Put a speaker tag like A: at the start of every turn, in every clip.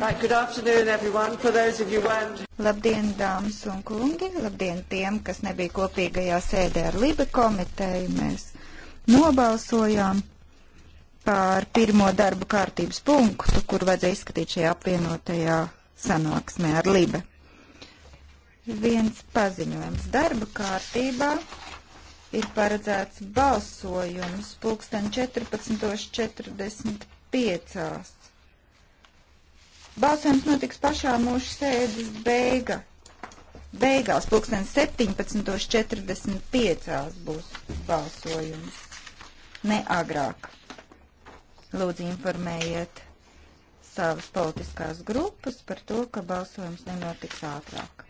A: Right, good afternoon everyone. For those of you weren't...
B: Labdien, dāmas un kungi! Labdien tiem, kas nebija kopīgajā sēdē ar Liba komiteju. Mēs nobalsojām pār pirmo darbu kārtības punktu, kur vajadzēja izskatīt šajā apvienotajā sanāksmē ar Liba. Viens paziņojums darba kārtībā ir paredzēts balsojums pulksten 14.45 Balsojums notiks pašā mūsu sēdes beiga. Beigās pulkstens 17.45 būs balsojums. Ne agrāk. Lūdzu informējiet savas politiskās grupas par to, ka balsojums nenotiks ātrāk.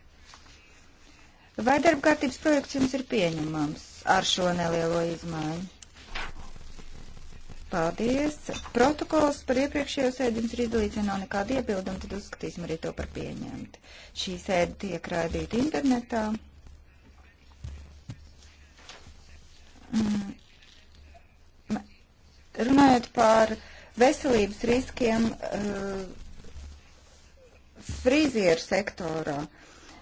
B: Vai darbkārtības projekts jums ir pieņemams ar šo nelielo izmaiņu? Paldies. Protokols par iepriekšējo sēdi jums ir izdalīts, ja nav nekāda iebilduma, tad uzskatīsim arī to par pieņemtu. Šī sēde tiek raidīta internetā. Mm. Runājot par veselības riskiem uh, frizieru sektorā,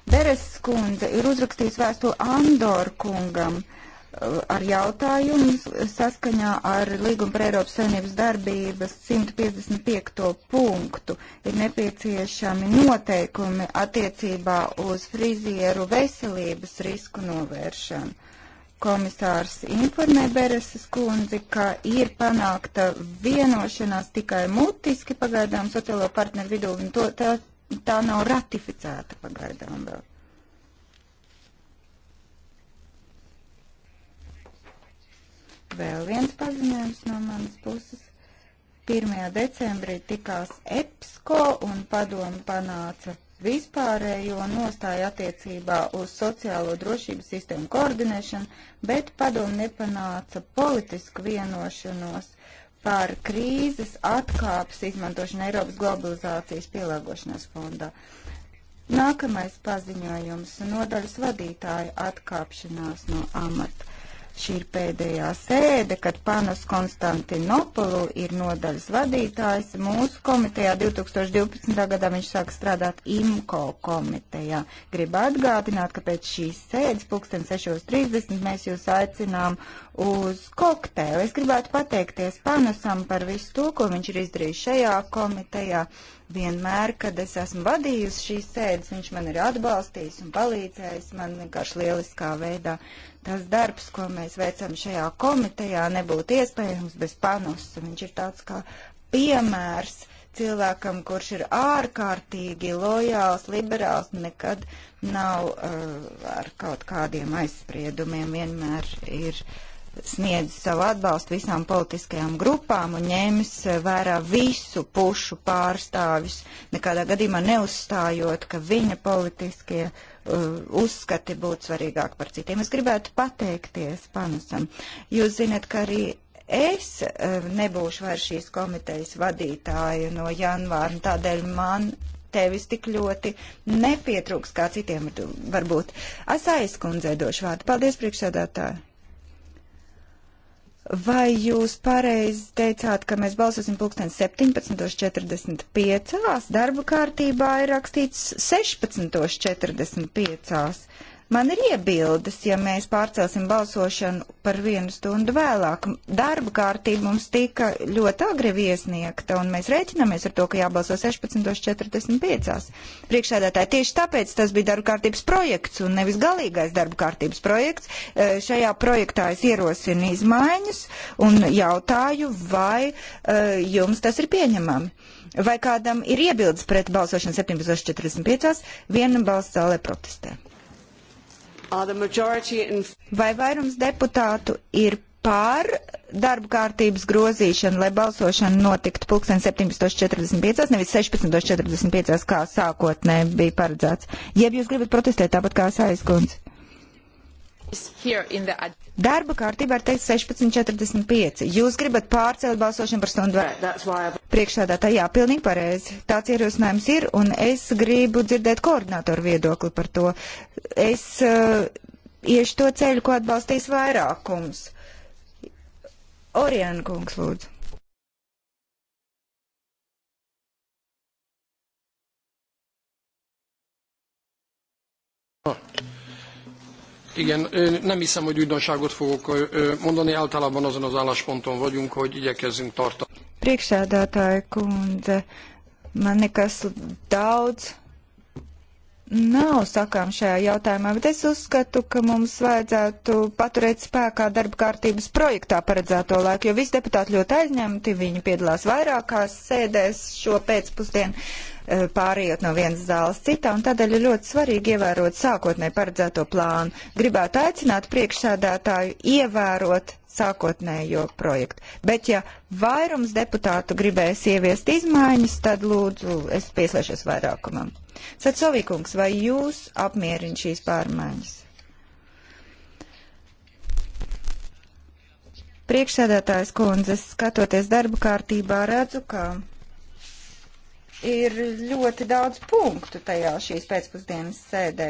B: Beres skundze ir uzrakstījusi vēstuli Andoru kungam. Uh, ar jautājumu saskaņā ar Līgumu par Eiropas Savienības darbības 155. punktu ir nepieciešami noteikumi attiecībā uz frizieru veselības risku novēršanu. Komisārs informē Bereses kundzi, ka ir panākta vienošanās tikai mutiski pagaidām sociālo partneru vidū, un to, tā, tā nav ratificēta pagaidām vēl. Vēl viens paziņojums no manas puses. 1. decembrī tikās EPSCO un padomu panāca vispārējo nostāju attiecībā uz sociālo drošības sistēmu koordinēšanu, bet padomu nepanāca politisku vienošanos par krīzes atkāpes izmantošanu Eiropas globalizācijas pielāgošanās fondā. Nākamais paziņojums - nodaļas vadītāja atkāpšanās no amata. Šī ir pēdējā sēde, kad Panas Konstantinopolu ir nodaļas vadītājs mūsu komitejā. 2012. gadā viņš sāk strādāt IMCO komitejā. Gribu atgādināt, ka pēc šīs sēdes pulksten 6.30 mēs jūs aicinām uz kokteili. Es gribētu pateikties Panasam par visu to, ko viņš ir izdarījis šajā komitejā. Vienmēr, kad es esmu vadījusi šīs sēdes, viņš man ir atbalstījis un palīdzējis man vienkārši lieliskā veidā tas darbs, ko mēs veicam šajā komitejā, nebūtu iespējams bez panusa. Viņš ir tāds kā piemērs cilvēkam, kurš ir ārkārtīgi lojāls, liberāls, nekad nav uh, ar kaut kādiem aizspriedumiem, vienmēr ir sniedz savu atbalstu visām politiskajām grupām un ņēmis vērā visu pušu pārstāvis, nekādā gadījumā neuzstājot, ka viņa politiskie uh, Uh, uzskati būtu svarīgāk par citiem. Es gribētu pateikties Panusam. Jūs zinat, ka arī es uh, nebūšu vairs šīs komitejas vadītāja no janvāra, un tādēļ man tevis tik ļoti nepietrūks kā citiem varbūt. Es aizkundzēdošu vārdu. Paldies, priekšsēdētāji! Vai jūs pareizi teicāt, ka mēs balsosim pulksten 17.45? Darba kārtībā ir rakstīts 16.45. Man ir iebildes, ja mēs pārcelsim balsošanu par vienu stundu vēlāk. Darba kārtība mums tika ļoti agri iesniegta, un mēs rēķināmies ar to, ka jābalso 16.45. Priekšsēdētāji, tieši tāpēc tas bija darba kārtības projekts un nevis galīgais darba kārtības projekts. Eh, šajā projektā es ierosinu izmaiņas un jautāju, vai eh, jums tas ir pieņemami. Vai kādam ir iebildes pret balsošanu 17.45. Viena balss zālē protestē. Vai vairums deputātu ir pār darba kārtības grozīšanu, lai balsošana notiktu 17.45, nevis 16.45, kā sākotnē bija paredzēts? Jeb jūs gribat protestēt tāpat kā Saiskundze? Darba kārtībā ir teikts 16.45. Jūs gribat pārcelt balsošanu par stundu vēl? Priekšādā tajā pilnīgi pareizi. Tāds ierosinājums ir, un es gribu dzirdēt koordinātoru viedokli par to. Es uh, iešu to ceļu, ko atbalstīs vairākums. Oriana kungs, lūdzu.
C: Oh. Igen, nem hiszem, hogy újdonságot fogok mondani, általában azon az állásponton vagyunk, hogy igyekezzünk tartani.
B: Priekšsēdētāja kundze, man nekas daudz nav sakām šajā jautājumā, bet es uzskatu, ka mums vajadzētu paturēt spēkā darba kārtības projektā paredzēto laiku, jo visi deputāti ļoti aizņemti, viņi piedalās vairākās sēdēs šo pēcpusdienu. Eh, pārējot no vienas zāles citā, un tādēļ ir ļoti svarīgi ievērot sākotnēji paredzēto plānu. Gribētu aicināt priekšsēdētāju ievērot sākotnējo projektu. Bet ja vairums deputātu gribēs ieviest izmaiņas, tad lūdzu es pieslēšos vairākumam. Satsovīkungs, vai jūs apmierin šīs pārmaiņas? Priekšsēdētājs kundzes, skatoties darba kārtībā, redzu, ka. Kā ir ļoti daudz punktu tajā šīs pēcpusdienas sēdē.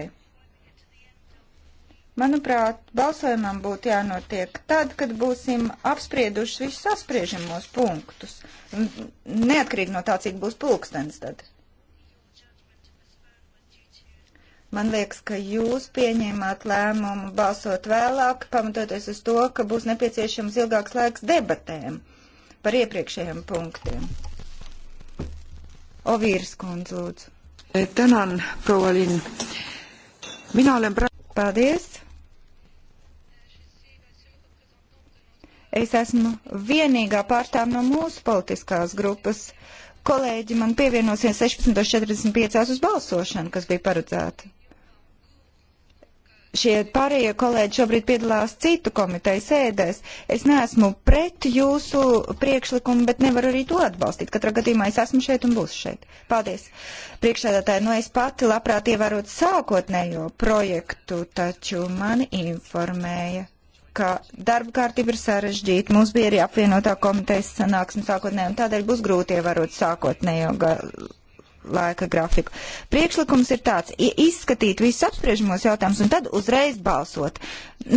B: Manuprāt, balsojumam būtu jānotiek tad, kad būsim apsprieduši visus aspriežamos punktus. Neatkarīgi no tā, cik būs pulkstens tad. Man liekas, ka jūs pieņēmāt lēmumu balsot vēlāk, pamatoties uz to, ka būs nepieciešams ilgāks laiks debatēm par iepriekšējiem punktiem. Ovīras kundze, lūdzu. Eh, tänan, proua Linn. Mina olen praegu... Paldies. Es esmu vienīgā pārstāv no mūsu politiskās grupas. Kolēģi man pievienosies 16.45 uz balsošanu, kas bija paredzēta šie pārējie kolēģi šobrīd piedalās citu komiteju sēdēs. Es neesmu pret jūsu priekšlikumu, bet nevaru arī to atbalstīt. Katrā gadījumā es esmu šeit un būšu šeit. Paldies. Priekšsēdētāji, no nu es pati labprāt ievērot sākotnējo projektu, taču mani informēja ka darba kārtība ir sarežģīta. Mums bija arī apvienotā komitejas sanāksme sākotnēji, un tādēļ būs grūti ievērot sākotnējo laika grafiku. Priekšlikums ir tāds - izskatīt visus apspriežamos jautājumus un tad uzreiz balsot.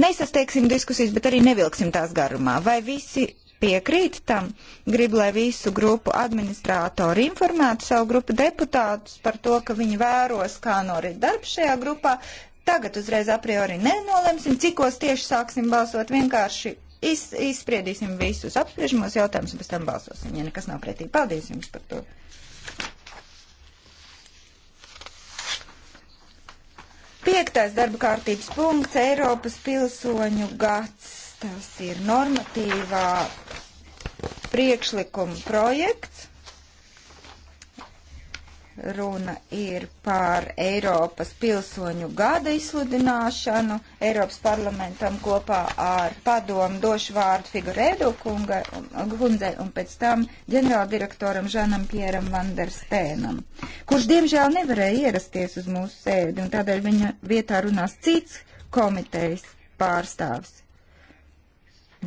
B: Nesasteiksim diskusijas, bet arī nevilksim tās garumā. Vai visi piekrīt tam? Gribu, lai visu grupu administrātori informētu savu grupu deputātus par to, ka viņi vēros, kā norit darbs šajā grupā. Tagad uzreiz a priori nenolemsim, cikos tieši sāksim balsot vienkārši iz, izspriedīsim visus apspriežamos jautājumus un pēc tam balsosim, ja nekas nav pretī. Paldies jums par to! Piektais darba kārtības punkts - Eiropas pilsoņu gads. Tas ir normatīvā priekšlikuma projekts. Runa ir par Eiropas pilsoņu gada izsludināšanu. Eiropas parlamentam kopā ar padomu došu vārdu Figurēdu kundzei un pēc tam ģenerāldirektoram Žanam Pieram Vanderstēnam, kurš diemžēl nevarēja ierasties uz mūsu sēdi un tādēļ viņa vietā runās cits komitejas pārstāvs.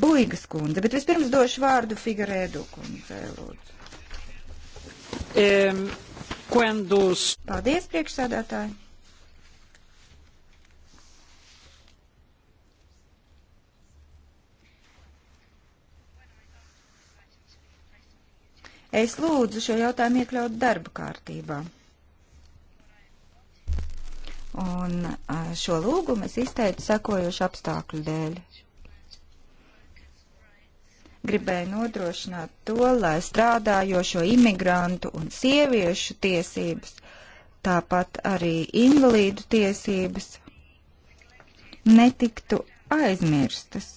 B: Buigas kundze, bet vispirms došu vārdu Figurēdu kundzei, lūdzu. Um quando... Paldies, priekšsēdētāji! Es lūdzu šo jautājumu iekļaut darba kārtībā. Un šo lūgumu es izteicu sekojušu apstākļu dēļ gribēja nodrošināt to, lai strādājošo imigrantu un sieviešu tiesības, tāpat arī invalīdu tiesības, netiktu aizmirstas.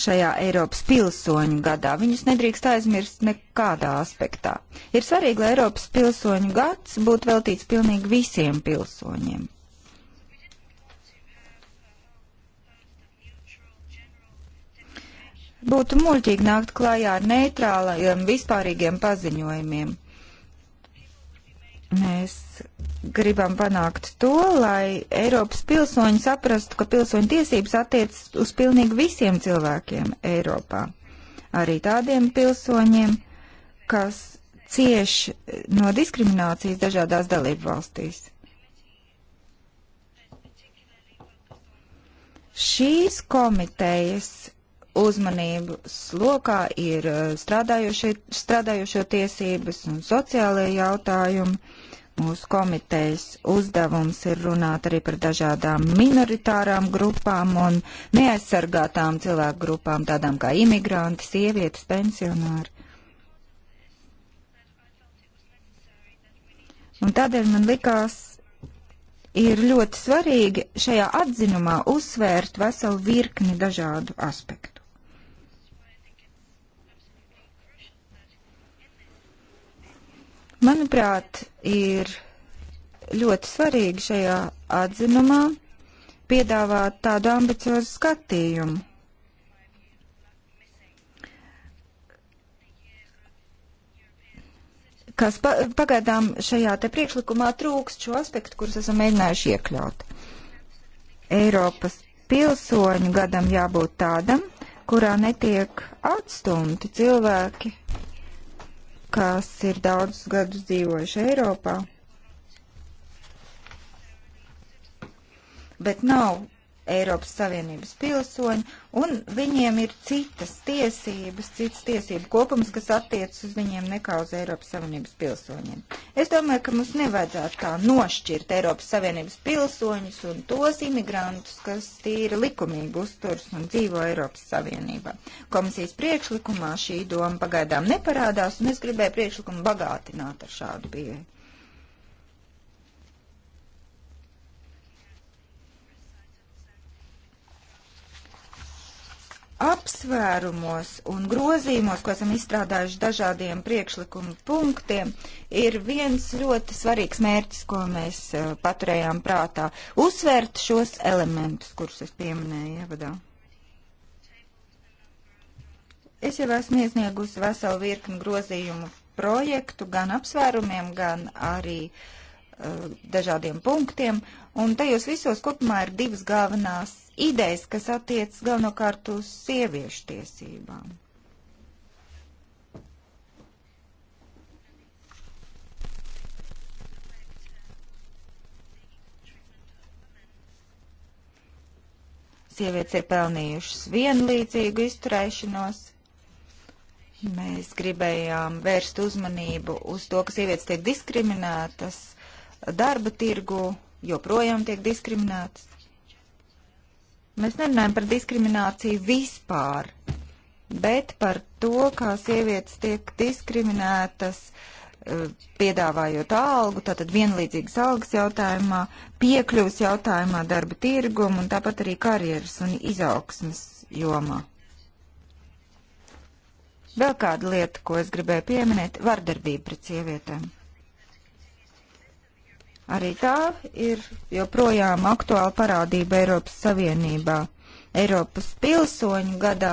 B: šajā Eiropas pilsoņu gadā. Viņus nedrīkst aizmirst nekādā aspektā. Ir svarīgi, lai Eiropas pilsoņu gads būtu veltīts pilnīgi visiem pilsoņiem. Būtu muļķīgi nākt klājā ar neitrālajiem vispārīgiem paziņojumiem. Mēs gribam panākt to, lai Eiropas pilsoņi saprastu, ka pilsoņu tiesības attiecas uz pilnīgi visiem cilvēkiem Eiropā. Arī tādiem pilsoņiem, kas cieš no diskriminācijas dažādās dalību valstīs. Šīs komitejas uzmanības lokā ir uh, strādājošo tiesības un sociālajie jautājumi. Mūsu komitejas uzdevums ir runāt arī par dažādām minoritārām grupām un neaizsargātām cilvēku grupām, tādām kā imigranti, sievietes, pensionāri. Un tādēļ man likās ir ļoti svarīgi šajā atzinumā uzsvērt veselu virkni dažādu aspektu. Manuprāt, ir ļoti svarīgi šajā atzinumā piedāvāt tādu ambiciozu skatījumu. kas pa, pagaidām šajā te priekšlikumā trūkst šo aspektu, kurus esam mēģinājuši iekļaut. Eiropas pilsoņu gadam jābūt tādam, kurā netiek atstumti cilvēki kas ir daudzus gadus dzīvojuši Eiropā, bet nav Eiropas Savienības pilsoņi, un viņiem ir citas tiesības, cits tiesību kopums, kas attiecas uz viņiem nekā uz Eiropas Savienības pilsoņiem. Es domāju, ka mums nevajadzētu tā nošķirt Eiropas Savienības pilsoņus un tos imigrantus, kas tīri likumīgi uzturs un dzīvo Eiropas Savienībā. Komisijas priekšlikumā šī doma pagaidām neparādās, un es gribēju priekšlikumu bagātināt ar šādu pieeju. apsvērumos un grozījumos, ko esam izstrādājuši dažādiem priekšlikumu punktiem, ir viens ļoti svarīgs mērķis, ko mēs uh, paturējām prātā - uzsvērt šos elementus, kurus es pieminēju ievadā. Es jau esmu iesniegusi veselu virkni grozījumu projektu, gan apsvērumiem, gan arī uh, dažādiem punktiem, un tajos visos kopumā ir divas galvenās idejas, kas attiecas galvenokārt uz sieviešu tiesībām. Sievietes ir pelnījušas vienlīdzīgu izturēšanos. Mēs gribējām vērst uzmanību uz to, ka sievietes tiek diskriminētas darba tirgu, joprojām tiek diskriminētas. Mēs nerunājam par diskrimināciju vispār, bet par to, kā sievietes tiek diskriminētas e, piedāvājot algu, tātad vienlīdzīgas algas jautājumā, piekļuvas jautājumā darba tirgumu un tāpat arī karjeras un izaugsmas jomā. Vēl kāda lieta, ko es gribēju pieminēt, vardarbība pret sievietēm. Arī tā ir joprojām aktuāla parādība Eiropas Savienībā. Eiropas pilsoņu gadā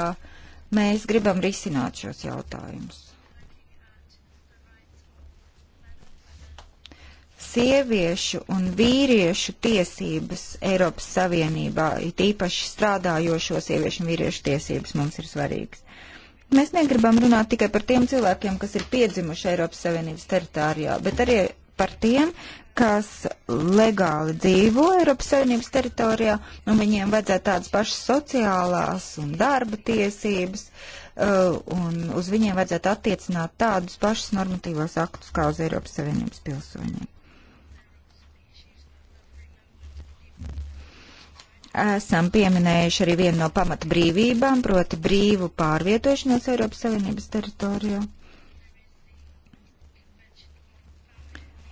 B: mēs gribam risināt šos jautājumus. Sieviešu un vīriešu tiesības Eiropas Savienībā, it īpaši strādājošo sieviešu un vīriešu tiesības mums ir svarīgas. Mēs negribam runāt tikai par tiem cilvēkiem, kas ir piedzimuši Eiropas Savienības teritorijā, bet arī par tiem, kas legāli dzīvo Eiropas Savienības teritorijā, un viņiem vajadzētu tādas pašas sociālās un darba tiesības, uh, un uz viņiem vajadzētu attiecināt tādus pašus normatīvos aktus kā uz Eiropas Savienības pilsoņiem. Esam pieminējuši arī vienu no pamata brīvībām, proti brīvu pārvietošanos Eiropas Savienības teritorijā.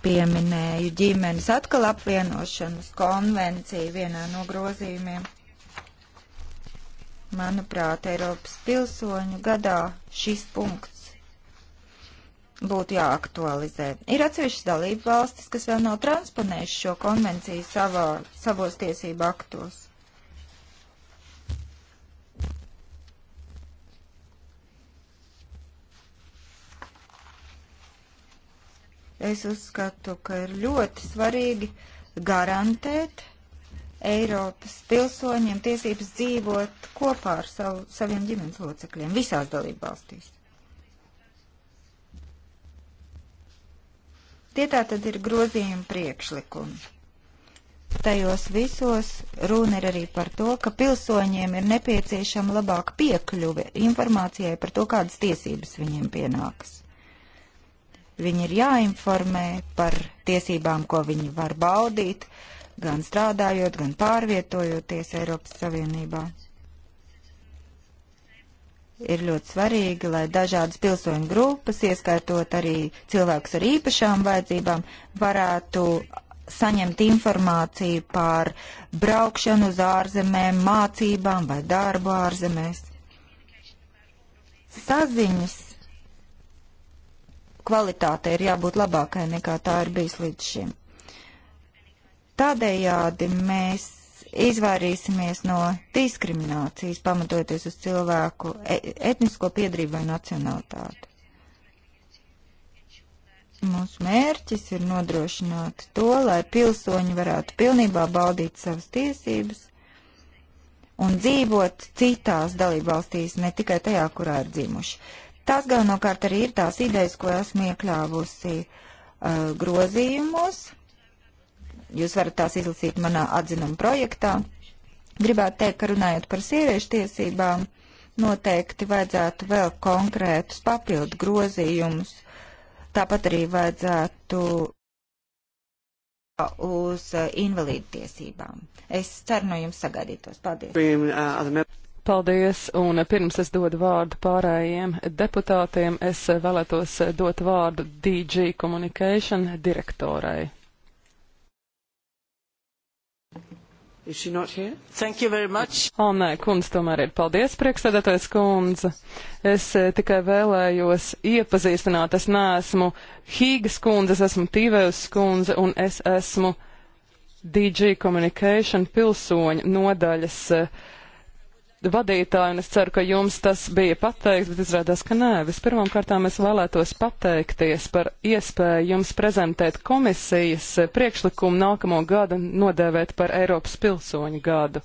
B: pieminēju ģimenes atkal apvienošanas konvenciju vienā no grozījumiem. Manuprāt, Eiropas pilsoņu gadā šis punkts būtu jāaktualizē. Ir atsevišķas dalību valstis, kas vēl nav transponējuši šo konvenciju savā, savos tiesību aktos. Es uzskatu, ka ir ļoti svarīgi garantēt Eiropas pilsoņiem tiesības dzīvot kopā ar savu, saviem ģimenes locekļiem visās dalību valstīs. Tie tā tad ir grozījumi priekšlikumi. Tajos visos runa ir arī par to, ka pilsoņiem ir nepieciešama labāka piekļuve informācijai par to, kādas tiesības viņiem pienākas. Viņi ir jāinformē par tiesībām, ko viņi var baudīt, gan strādājot, gan pārvietojoties Eiropas Savienībā. Ir ļoti svarīgi, lai dažādas pilsoņu grupas, ieskaitot arī cilvēkus ar īpašām vajadzībām, varētu saņemt informāciju par braukšanu uz ārzemēm, mācībām vai darbu ārzemēs. Saziņas kvalitāte ir jābūt labākai nekā tā ir bijis līdz šim. Tādējādi mēs izvairīsimies no diskriminācijas, pamatoties uz cilvēku e, etnisko piedrību vai nacionalitāti. Mūsu mērķis ir nodrošināt to, lai pilsoņi varētu pilnībā baudīt savas tiesības un dzīvot citās dalībvalstīs, ne tikai tajā, kurā ir dzimuši. Tās galvenokārt arī ir tās idejas, ko esmu iekļāvusi uh, grozījumos. Jūs varat tās izlasīt manā atzinuma projektā. Gribētu teikt, ka runājot par sieviešu tiesībām, noteikti vajadzētu vēl konkrētus papildu grozījumus. Tāpat arī vajadzētu uz uh, invalīdu tiesībām. Es ceru no jums sagaidītos. Paldies!
A: Uh,
B: Paldies,
D: un pirms es dodu vārdu pārējiem deputātiem, es vēlētos dot vārdu DG Communication direktorai.
A: Is she not here?
D: Thank you very much. O, nē, kundze tomēr ir. Paldies, priekšsēdētājs kundze. Es eh, tikai vēlējos iepazīstināt, es neesmu Hīgas kundze, es esmu Tīvēvs kundze, un es esmu DG Communication pilsoņu nodaļas uh, vadītāji, un es ceru, ka jums tas bija pateikts, bet izrādās, ka nē. Vispirmām kārtām es vēlētos pateikties par iespēju jums prezentēt komisijas priekšlikumu nākamo gadu nodēvēt par Eiropas pilsoņu gadu.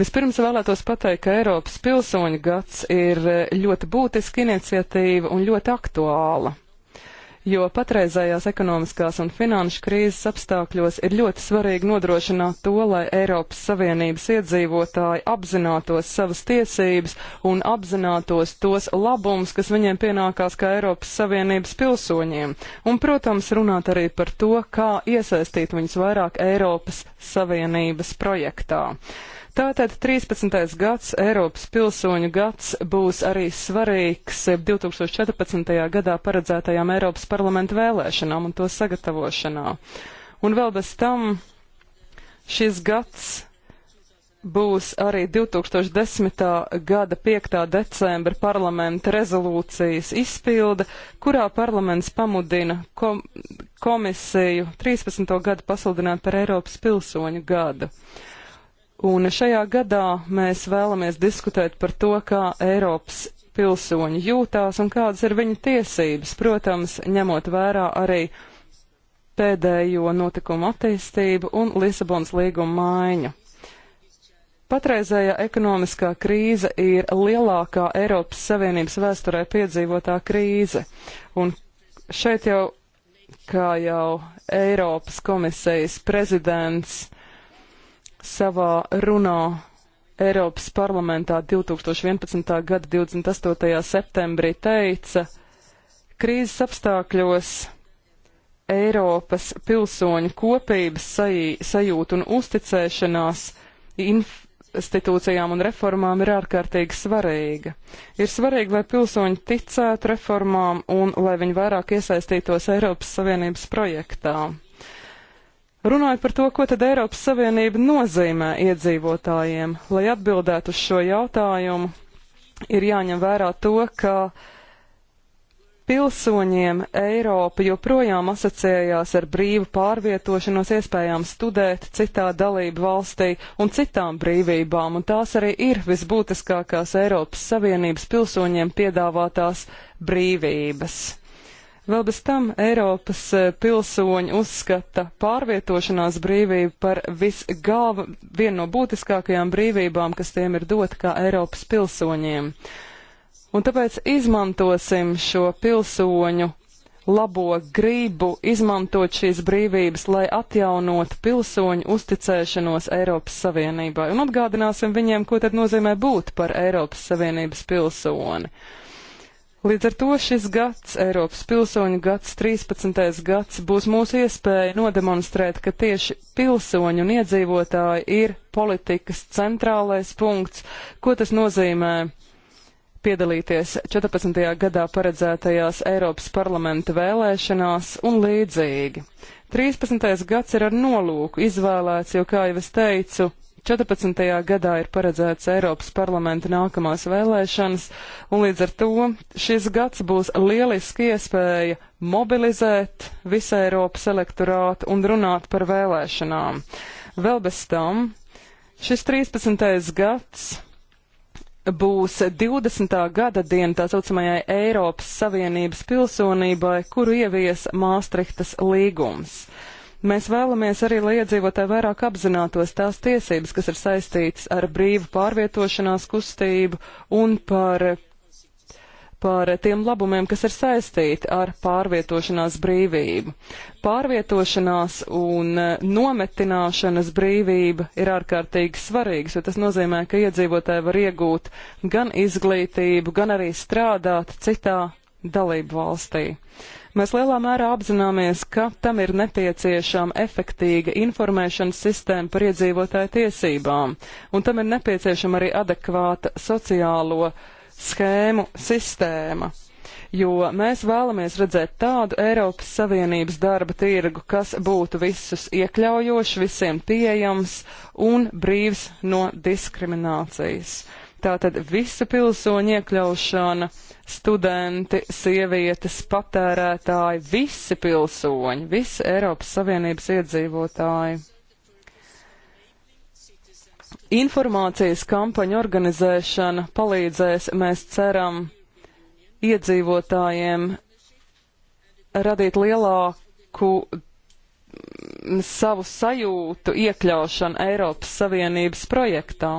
D: Vispirms vēlētos pateikt, ka Eiropas pilsoņu gads ir ļoti būtiska iniciatīva un ļoti aktuāla jo patreizējās ekonomiskās un finanšu krīzes apstākļos ir ļoti svarīgi nodrošināt to, lai Eiropas Savienības iedzīvotāji apzinātos savas tiesības un apzinātos tos labumus, kas viņiem pienākās kā Eiropas Savienības pilsoņiem. Un, protams, runāt arī par to, kā iesaistīt viņus vairāk Eiropas Savienības projektā. Tātad 13. gads, Eiropas pilsoņu gads, būs arī svarīgs 2014. gadā paredzētajām Eiropas parlamenta vēlēšanām un to sagatavošanā. Un vēl bez tam šis gads būs arī 2010. gada 5. decembra parlamenta rezolūcijas izpilde, kurā parlaments pamudina kom komisiju 13. gadu pasludināt par Eiropas pilsoņu gadu. Un šajā gadā mēs vēlamies diskutēt par to, kā Eiropas pilsoņi jūtās un kādas ir viņu tiesības, protams, ņemot vērā arī pēdējo notikumu attīstību un Lisabonas līguma maiņu. Patreizējā ekonomiskā krīze ir lielākā Eiropas Savienības vēsturē piedzīvotā krīze, un šeit jau, kā jau Eiropas komisijas prezidents savā runā Eiropas parlamentā 2011. gada 28. septembrī teica, krīzes apstākļos Eiropas pilsoņu kopības sajūta un uzticēšanās institūcijām un reformām ir ārkārtīgi svarīga. Ir svarīgi, lai pilsoņi ticētu reformām un lai viņi vairāk iesaistītos Eiropas Savienības projektām. Runājot par to, ko tad Eiropas Savienība nozīmē iedzīvotājiem, lai atbildētu uz šo jautājumu, ir jāņem vērā to, ka pilsoņiem Eiropa joprojām asociējās ar brīvu pārvietošanos, iespējām studēt citā dalību valstī un citām brīvībām, un tās arī ir visbūtiskākās Eiropas Savienības pilsoņiem piedāvātās brīvības. Vēl bez tam Eiropas eh, pilsoņi uzskata pārvietošanās brīvību par visgalva, vienu no būtiskākajām brīvībām, kas tiem ir dota kā Eiropas pilsoņiem. Un tāpēc izmantosim šo pilsoņu labo gribu izmantot šīs brīvības, lai atjaunotu pilsoņu uzticēšanos Eiropas Savienībai un atgādināsim viņiem, ko tad nozīmē būt par Eiropas Savienības pilsoni. Līdz ar to šis gads, Eiropas pilsoņu gads, 13. gads, būs mūsu iespēja nodemonstrēt, ka tieši pilsoņu un iedzīvotāji ir politikas centrālais punkts. Ko tas nozīmē? Piedalīties 14. gadā paredzētajās Eiropas parlamenta vēlēšanās un līdzīgi. 13. gads ir ar nolūku izvēlēts, jo, kā jau es teicu, 14. gadā ir paredzēts Eiropas parlamenta nākamās vēlēšanas, un līdz ar to šis gads būs lieliski iespēja mobilizēt visu Eiropas elektorātu un runāt par vēlēšanām. Vēl bez tam šis 13. gads būs 20. gada diena tā saucamajai Eiropas Savienības pilsonībai, kuru ievies Māstrihtas līgums. Mēs vēlamies arī, lai iedzīvotāji vairāk apzinātos tās tiesības, kas ir saistītas ar brīvu pārvietošanās kustību un par, par tiem labumiem, kas ir saistīti ar pārvietošanās brīvību. Pārvietošanās un eh, nometināšanas brīvība ir ārkārtīgi svarīgas, jo tas nozīmē, ka iedzīvotāji var iegūt gan izglītību, gan arī strādāt citā dalību valstī. Mēs lielā mērā apzināmies, ka tam ir nepieciešama efektīga informēšanas sistēma par iedzīvotāju tiesībām, un tam ir nepieciešama arī adekvāta sociālo schēmu sistēma. Jo mēs vēlamies redzēt tādu Eiropas Savienības darba tirgu, kas būtu visus iekļaujošs, visiem pieejams un brīvs no diskriminācijas. Tātad visu pilsoņu iekļaušana uh, studenti, sievietes, patērētāji, visi pilsoņi, visi Eiropas Savienības iedzīvotāji. Informācijas kampaņu organizēšana palīdzēs, mēs ceram, iedzīvotājiem radīt lielāku savu sajūtu iekļaušanu Eiropas Savienības projektā.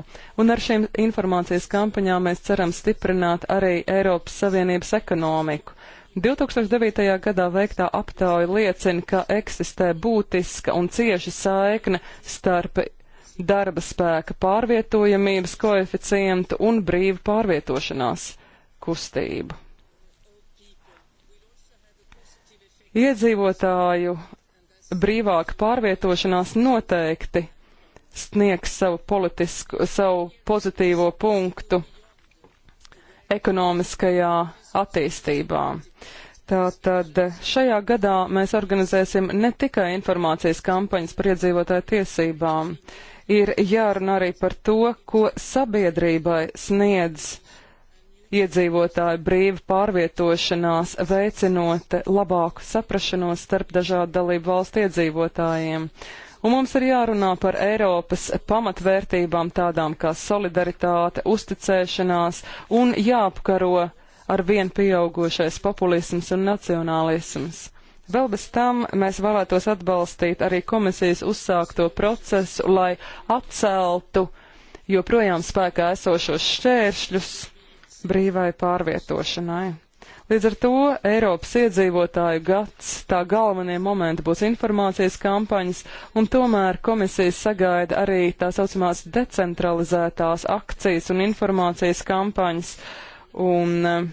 D: Un ar šīm informācijas kampaņām mēs ceram stiprināt arī Eiropas Savienības ekonomiku. 2009. gadā veiktā aptauja liecina, ka eksistē būtiska un cieša saikne starp darba spēka pārvietojamības koeficientu un brīvu pārvietošanās kustību. Iedzīvotāju brīvāka pārvietošanās noteikti sniegs savu politisku, savu pozitīvo punktu ekonomiskajā attīstībā. Tātad šajā gadā mēs organizēsim ne tikai informācijas kampaņas par iedzīvotāju tiesībām, ir jārunā arī par to, ko sabiedrībai sniedz iedzīvotāju brīvu pārvietošanās, veicinot labāku saprašanos starp dažādu dalību valstu iedzīvotājiem. Un mums ir jārunā par Eiropas pamatvērtībām tādām kā solidaritāte, uzticēšanās un jāapkaro ar vien pieaugošais populisms un nacionālisms. Vēl bez tam mēs vēlētos atbalstīt arī komisijas uzsākto procesu, lai atceltu joprojām spēkā esošos šķēršļus brīvai pārvietošanai. Līdz ar to Eiropas iedzīvotāju gads, tā galvenie momenti būs informācijas kampaņas, un tomēr komisijas sagaida arī tā saucamās decentralizētās akcijas un informācijas kampaņas, un eh,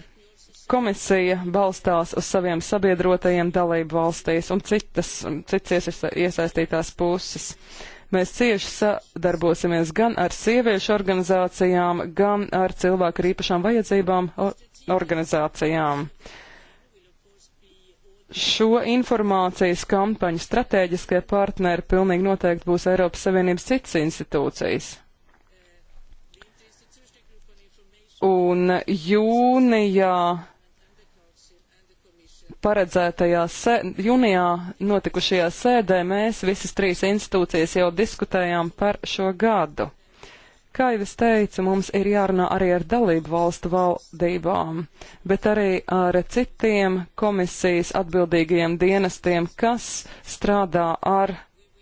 D: komisija balstās uz saviem sabiedrotajiem dalību valstīs un citas, un citas iesaistītās puses. Uh, Mēs cieši sadarbosimies gan ar sieviešu organizācijām, gan ar cilvēku ar īpašām vajadzībām organizācijām. Šo informācijas kampaņu strateģiskie partneri pilnīgi noteikti būs Eiropas Savienības citas institūcijas. Un jūnijā paredzētajā se, junijā notikušajā sēdē mēs visas trīs institūcijas jau diskutējām par šo gadu. Kā jau es teicu, mums ir jārunā arī ar dalību valstu valdībām, bet arī ar citiem komisijas atbildīgajiem dienestiem, kas strādā ar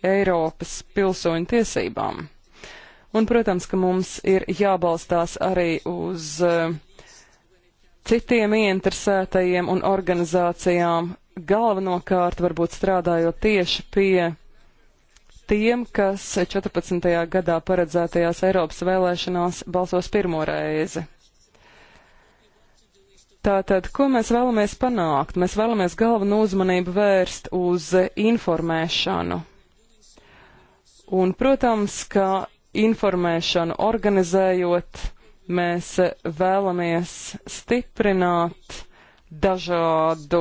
D: Eiropas pilsoņu tiesībām. Un, protams, ka mums ir jābalstās arī uz uh, citiem ieinteresētajiem un organizācijām, galvenokārt varbūt strādājot tieši pie tiem, kas 14. gadā paredzētajās Eiropas vēlēšanās balsos pirmo reizi. Tātad, ko mēs vēlamies panākt? Mēs vēlamies galvenu uzmanību vērst uz informēšanu. Un, protams, ka informēšanu organizējot, uh, Mēs vēlamies stiprināt dažādu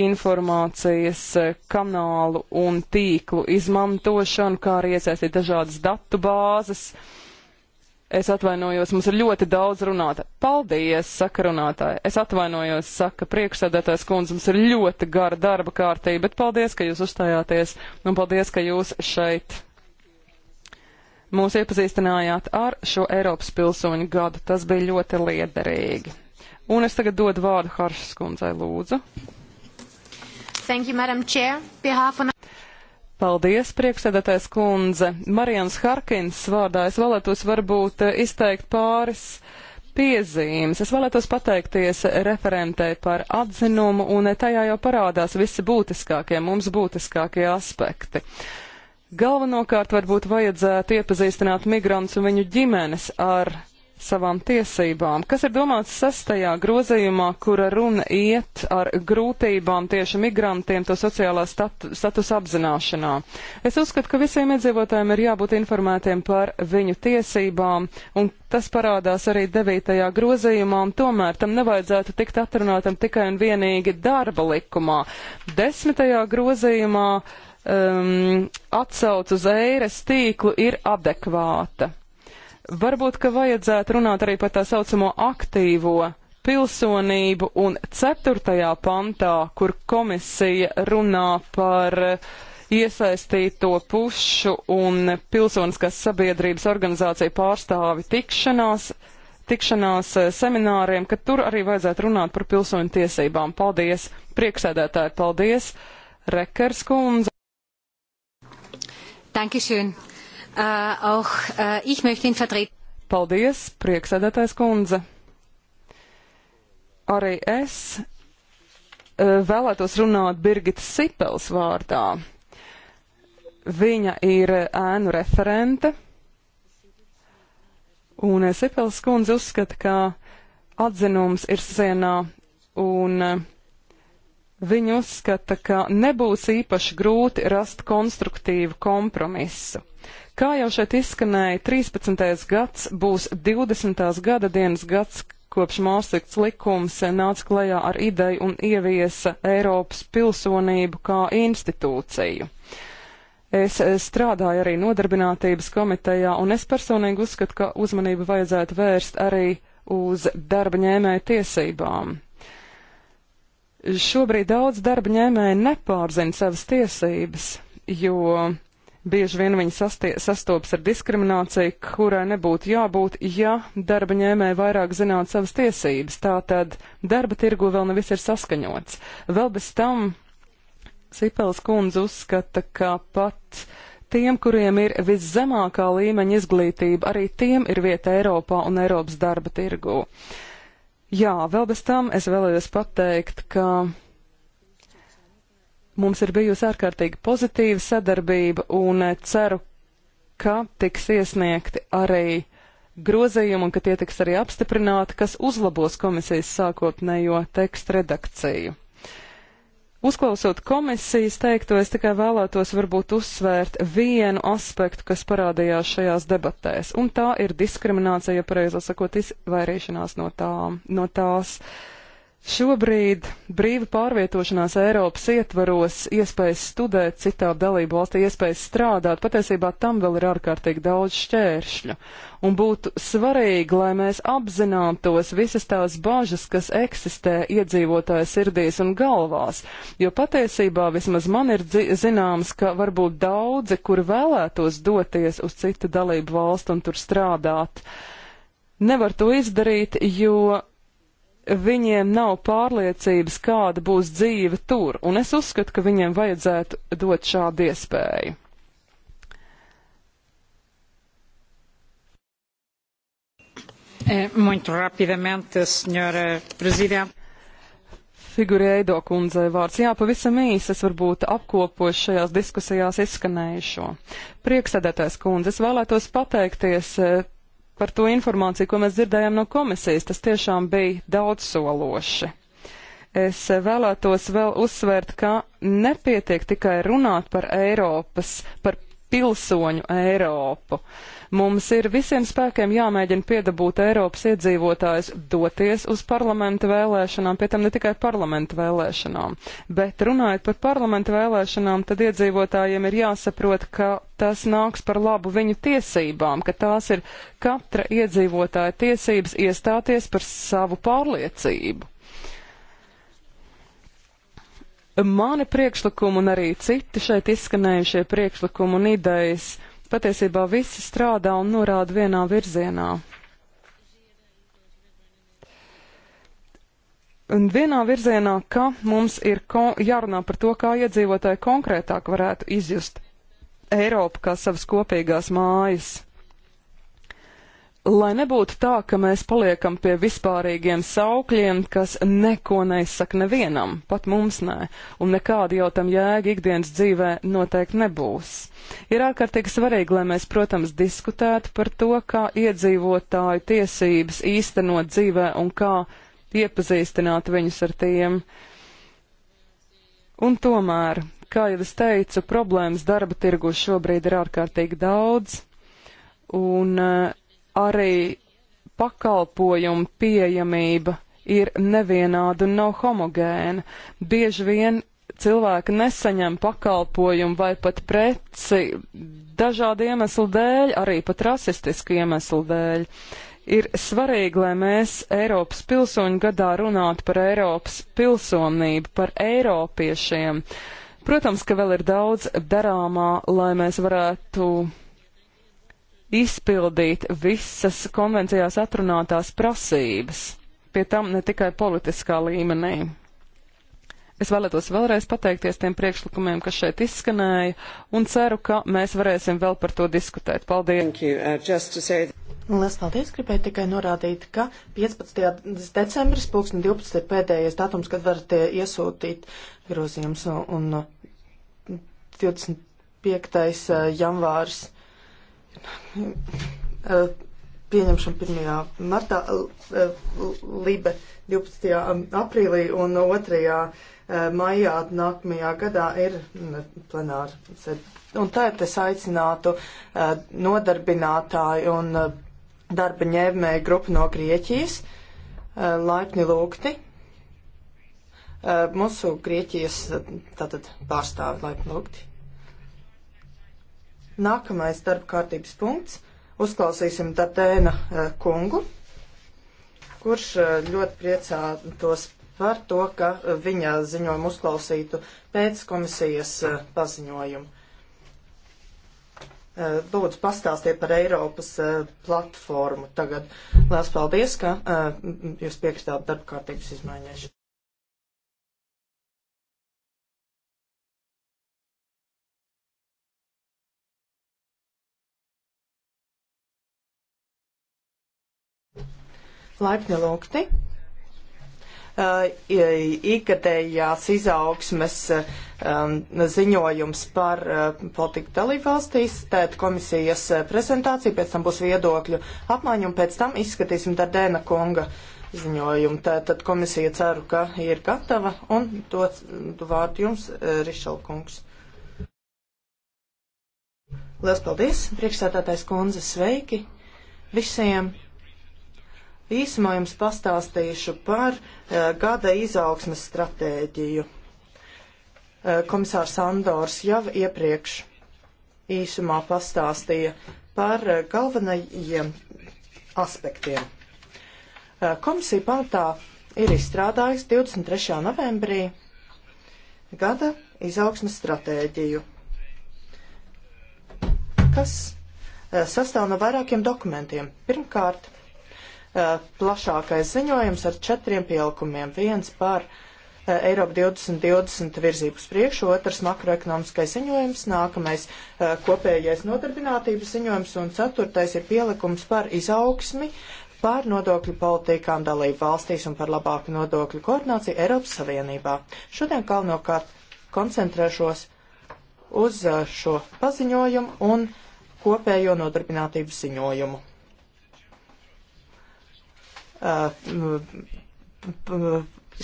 D: informācijas eh, kanālu un tīklu izmantošanu, kā arī iesaistīt dažādas datu bāzes. Es atvainojos, mums ir ļoti daudz runāta. Paldies, saka runātāji. Es atvainojos, saka priekšsēdētājs kundze, mums ir ļoti gara darba kārtība, bet paldies, ka jūs uzstājāties un paldies, ka jūs šeit mūs iepazīstinājāt ar šo Eiropas pilsoņu gadu. Tas bija ļoti liederīgi. Un es tagad dodu vārdu Haršas kundzei, lūdzu.
A: Thank you, Madam Chair. Behalf on...
D: Paldies, priekšsēdētājs kundze. Marijans Harkins vārdā es vēlētos varbūt eh, izteikt pāris piezīmes. Es vēlētos pateikties referentē par atzinumu, un tajā jau parādās visi būtiskākie, mums būtiskākie aspekti. Galvenokārt varbūt vajadzētu iepazīstināt migrantus un viņu ģimenes ar savām tiesībām, kas ir domāts sastajā grozījumā, kura runa iet ar grūtībām tieši migrantiem to sociālā statu, statusa apzināšanā. Es uzskatu, ka visiem iedzīvotājiem ir jābūt informētiem par viņu tiesībām, un tas parādās arī devītajā grozījumā, un tomēr tam nevajadzētu tikt atrunātam tikai un vienīgi darba likumā. Desmitajā grozījumā uh, um, atsauc uz eires tīklu ir adekvāta. Varbūt, ka vajadzētu runāt arī par tā saucamo aktīvo pilsonību un ceturtajā pantā, kur komisija runā par uh, iesaistīto pušu un pilsoniskās sabiedrības organizāciju pārstāvi tikšanās, tikšanās eh, semināriem, ka tur arī vajadzētu runāt par pilsoņu tiesībām. Paldies, prieksēdētāji, paldies, Rekers kundze. Dankeschön. Uh, auch uh, ich möchte in Vertretung. Paldies, prieksēdētājs kundze. Arī es uh, vēlētos runāt Birgitas Sipels vārdā. Viņa ir ēnu referente, un eh, Sipels kundze uzskata, ka atzinums ir sienā, un uh, Viņa uzskata, ka nebūs īpaši grūti rast konstruktīvu kompromisu. Kā jau šeit izskanēja, 13. gads būs 20. gada dienas gads, kopš Māsīks likums nāca klajā ar ideju un ieviesa Eiropas pilsonību kā institūciju. Es strādāju arī nodarbinātības komitejā, un es personīgi uzskatu, ka uzmanību vajadzētu vērst arī uz darba ņēmēju tiesībām. Šobrīd daudz darba ņēmēji nepārzina savas tiesības, jo bieži vien viņi sastie, sastopas ar diskrimināciju, kurai nebūtu jābūt, ja darba ņēmēji vairāk zinātu savas tiesības. Tātad darba tirgu vēl nevis ir saskaņots. Vēl bez tam Sipels kundze uzskata, ka pat tiem, kuriem ir viszemākā līmeņa izglītība, arī tiem ir vieta Eiropā un Eiropas darba tirgū. Uh, Jā, vēl bez tam es vēlējos pateikt, ka mums ir bijusi ārkārtīgi pozitīva sadarbība un ceru, ka tiks iesniegti arī grozījumi un ka tie tiks arī apstiprināti, kas uzlabos komisijas sākotnējo tekstu redakciju. Uzklausot komisijas teikto, es tikai vēlētos varbūt uzsvērt vienu aspektu, kas parādījās šajās debatēs, un tā ir diskriminācija, pareizāk sakot, izvairīšanās no, tā, no tās. Uh, Šobrīd brīva pārvietošanās Eiropas ietvaros, iespējas studēt citā dalību valstī, iespējas strādāt, patiesībā tam vēl ir ārkārtīgi daudz šķēršļu. Un būtu svarīgi, lai mēs apzinātos visas tās bažas, kas eksistē iedzīvotāju sirdīs un galvās, jo patiesībā vismaz man ir zināms, ka varbūt daudzi, kuri vēlētos doties uz citu dalību valstu un tur strādāt, nevar to izdarīt, jo viņiem nav pārliecības, kāda būs dzīve tur, un es uzskatu, ka viņiem vajadzētu dot šādu iespēju. Eh, muito rapidamente,
C: senhora Presidente.
D: Figureido kundzei vārds. Jā, pavisam īsi es varbūt apkopošu šajās diskusijās izskanējušo. Prieksēdētājs kundze, es vēlētos pateikties eh, par to informāciju, ko mēs dzirdējām no komisijas. Tas tiešām bija daudz sološi. Es vēlētos vēl uzsvērt, ka nepietiek tikai runāt par Eiropas, par pilsoņu Eiropu. Mums ir visiem spēkiem jāmēģina piedabūt Eiropas iedzīvotājs doties uz parlamenta vēlēšanām, pie tam ne tikai parlamenta vēlēšanām, bet runājot par parlamenta vēlēšanām, tad iedzīvotājiem ir jāsaprot, ka tas nāks par labu viņu tiesībām, ka tās ir katra iedzīvotāja tiesības iestāties par savu pārliecību. Mani priekšlikumi un arī citi šeit izskanējušie priekšlikumi un idejas patiesībā visi strādā un norāda vienā virzienā. Un vienā virzienā, ka mums ir jārunā par to, kā iedzīvotāji konkrētāk varētu izjust Eiropu kā savas kopīgās mājas lai nebūtu tā, ka mēs paliekam pie vispārīgiem saukļiem, kas neko neizsaka nevienam, pat mums nē, un nekāda jau tam jēga ikdienas dzīvē noteikti nebūs. Ir ārkārtīgi svarīgi, lai mēs, protams, diskutētu par to, kā iedzīvotāju tiesības īstenot dzīvē un kā iepazīstināt viņus ar tiem. Un tomēr, kā jau es teicu, problēmas darba tirgu šobrīd ir ārkārtīgi daudz, un uh, arī pakalpojumu pieejamība ir nevienāda un nav homogēna. Bieži vien cilvēki nesaņem pakalpojumu vai pat preci dažādu iemeslu dēļ, arī pat rasistisku iemeslu dēļ. Ir svarīgi, lai mēs Eiropas pilsoņu gadā runātu par Eiropas pilsonību, par Eiropiešiem. Protams, ka vēl ir daudz darāmā, lai mēs varētu izpildīt visas konvencijās atrunātās prasības, pie tam ne tikai politiskā līmenī. Es vēlētos vēlreiz pateikties tiem priekšlikumiem, kas šeit izskanēja, un ceru, ka mēs varēsim vēl par to diskutēt. Paldies! Uh,
A: Lielas paldies! Gribēju tikai norādīt, ka 15. decembris, 2012. ir pēdējais datums, kad varat eh, iesūtīt grozījums, un 25. Uh, eh, janvārs pieņemšanu 1. martā, Libe 12. aprīlī un 2. maijā nākamajā gadā ir plenāra sēde. Un tad es aicinātu nodarbinātāju un darba ņēmēju grupu no Grieķijas laipni lūgti. Mūsu Grieķijas tātad pārstāvi laipni lūgti. Nākamais darba kārtības punkts. Uzklausīsim Tatēna eh, kungu, kurš eh, ļoti priecātos par to, ka eh, viņa ziņojumu uzklausītu pēc komisijas paziņojumu. Lūdzu, pastāstiet par Eiropas platformu tagad. Lielas paldies, ka jūs piekritāt darba kārtības izmaiņai. Laipni lūgti. Uh, Ikgadējās izaugsmes um, ziņojums par uh, politiku dalībvalstīs, tēt komisijas uh, prezentācija, pēc tam būs viedokļu apmaiņa un pēc tam izskatīsim Dardēna kunga ziņojumu. Tātad komisija ceru, ka ir gatava un dot mm, vārdu jums, uh, Rišalkungs. Lielas paldies, priekšstādātais kundze, sveiki visiem! Īsumā jums pastāstīšu par eh, gada izaugsmes stratēģiju. Eh, komisārs Andors jau iepriekš īsumā pastāstīja par eh, galvenajiem aspektiem. Komisija pamatā ir izstrādājusi 23. novembrī gada izaugsmes stratēģiju, kas sastāv no vairākiem dokumentiem. Pirmkārt, Eh, plašākais ziņojums ar četriem pielikumiem. Viens par eh, Eiropa 2020 virzības priekšu, otrs makroekonomiskais ziņojums, nākamais eh, kopējais nodarbinātības ziņojums un ceturtais ir pielikums par izaugsmi, par nodokļu politikām dalību valstīs un par labāku nodokļu koordināciju Eiropas Savienībā. Šodien galvenokārt koncentrēšos uz šo paziņojumu un kopējo nodarbinātības ziņojumu. Uh,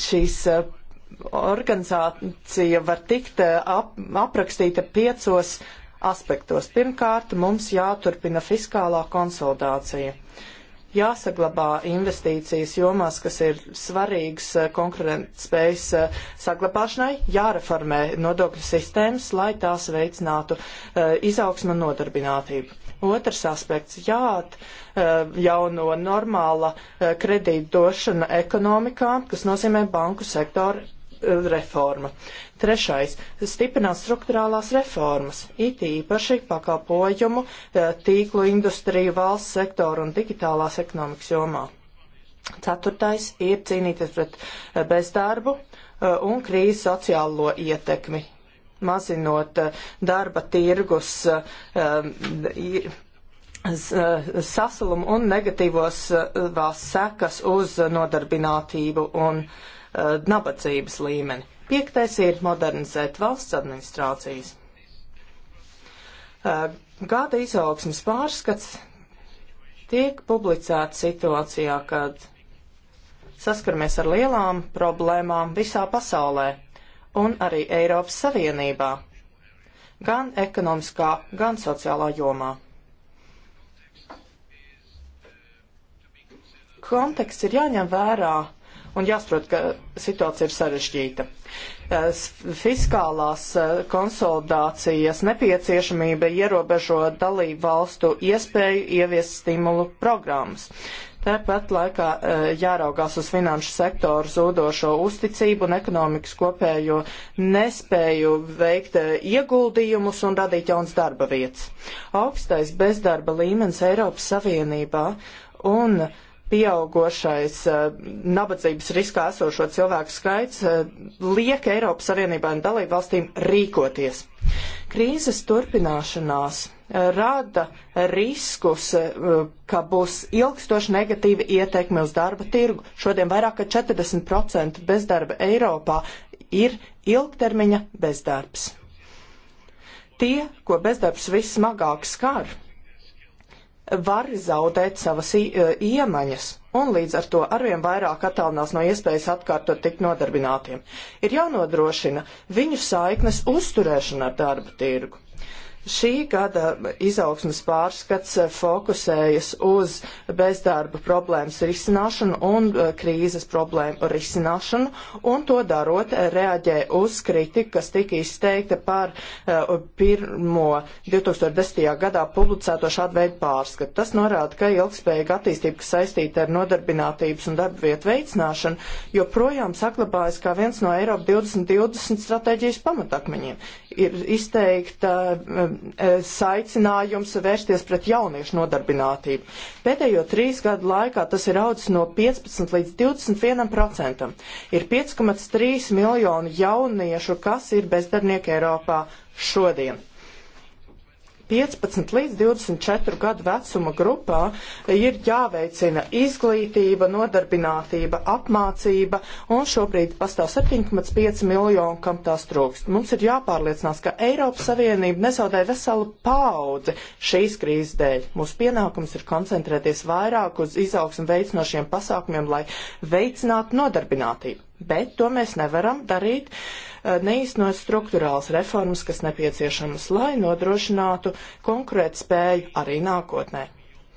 A: šīs uh, organizācija var tikt uh, ap, aprakstīta piecos aspektos. Pirmkārt, mums jāturpina fiskālā konsolidācija. Jāsaglabā investīcijas jomās, kas ir svarīgas konkurētspējas saglabāšanai, jāreformē nodokļu sistēmas, lai tās veicinātu izaugsmu un nodarbinātību. Otrs aspekts - jāat eh, jauno normāla eh, kredīta došana ekonomikā, kas nozīmē banku sektoru eh, reforma. Trešais - stiprināt struktūrālās reformas, it īpaši pakalpojumu, tīklu industriju, valsts sektoru un digitālās ekonomikas jomā. Ceturtais - ir cīnīties pret bezdarbu un krīzes sociālo ietekmi mazinot eh, darba tirgus eh, eh, saslumu un negatīvos valsts sekas uz nodarbinātību un nabadzības līmeni. Piektais ir modernizēt valsts administrācijas. Gada izaugsmas pārskats tiek publicēts situācijā, kad saskaramies ar lielām problēmām visā pasaulē, un arī Eiropas Savienībā, gan ekonomiskā, gan sociālā jomā. Konteksts ir jāņem vērā un jāsaprot, ka situācija ir sarežģīta. Fiskālās eh, konsolidācijas nepieciešamība ierobežo dalību valstu iespēju ieviest stimulu programmas. Tāpat laikā e, jāraugās uz finanšu sektoru zūdošo uzticību un ekonomikas kopējo nespēju veikt e, ieguldījumus un radīt jauns darba vietas. Augstais bezdarba līmenis Eiropas Savienībā un uh, pieaugošais eh, nabadzības riskā esošo cilvēku skaits eh, liek Eiropas Savienībā un dalību valstīm rīkoties. Krīzes turpināšanās eh, rada riskus, ka būs ilgstoši negatīva ietekme uz darba tirgu. Šodien vairāk kā 40% bezdarba Eiropā ir ilgtermiņa bezdarbs. Tie, ko bezdarbs vissmagāk skar, var zaudēt savas e, iemaņas un līdz ar to arvien vairāk attālinās no iespējas atkārtot tikt nodarbinātiem. Ir jānodrošina viņu saiknes uzturēšana ar darba tirgu. Šī gada izaugsmas pārskats eh, fokusējas uz bezdarba problēmas risināšanu un eh, krīzes problēmu risināšanu, un to darot eh, reaģē uz kritiku, kas tika izteikta par pirmo 2010. gadā publicēto šādu veidu pārskatu. Tas norāda, ka ilgspējīga attīstība, kas saistīta ar nodarbinātības un darba vietu veicināšanu, joprojām saklabājas kā viens no Eiropa 2020 stratēģijas pamatakmeņiem. Ir izteikta saicinājums eh, vērsties pret jauniešu nodarbinātību. Pēdējo trīs gadu laikā tas ir audzis no 15 līdz 21 procentam. Ir 5,3 miljoni jauniešu, kas ir bezdarbnieki Eiropā šodien. 15 līdz 24 gadu vecuma grupā ir jāveicina izglītība, nodarbinātība, apmācība, un šobrīd pastāv 7,5 miljonu, kam tās trūkst. Mums ir jāpārliecinās, ka Eiropas Savienība nezaudē veselu paudzi šīs krīzes dēļ. Mūsu pienākums ir koncentrēties vairāk uz izaugsmu veicinošiem pasākumiem, lai veicinātu nodarbinātību. Bet to mēs nevaram darīt. Uh, Uh, neīstenot struktūrāls reformas, kas nepieciešamas, lai nodrošinātu konkrētu spēju arī nākotnē.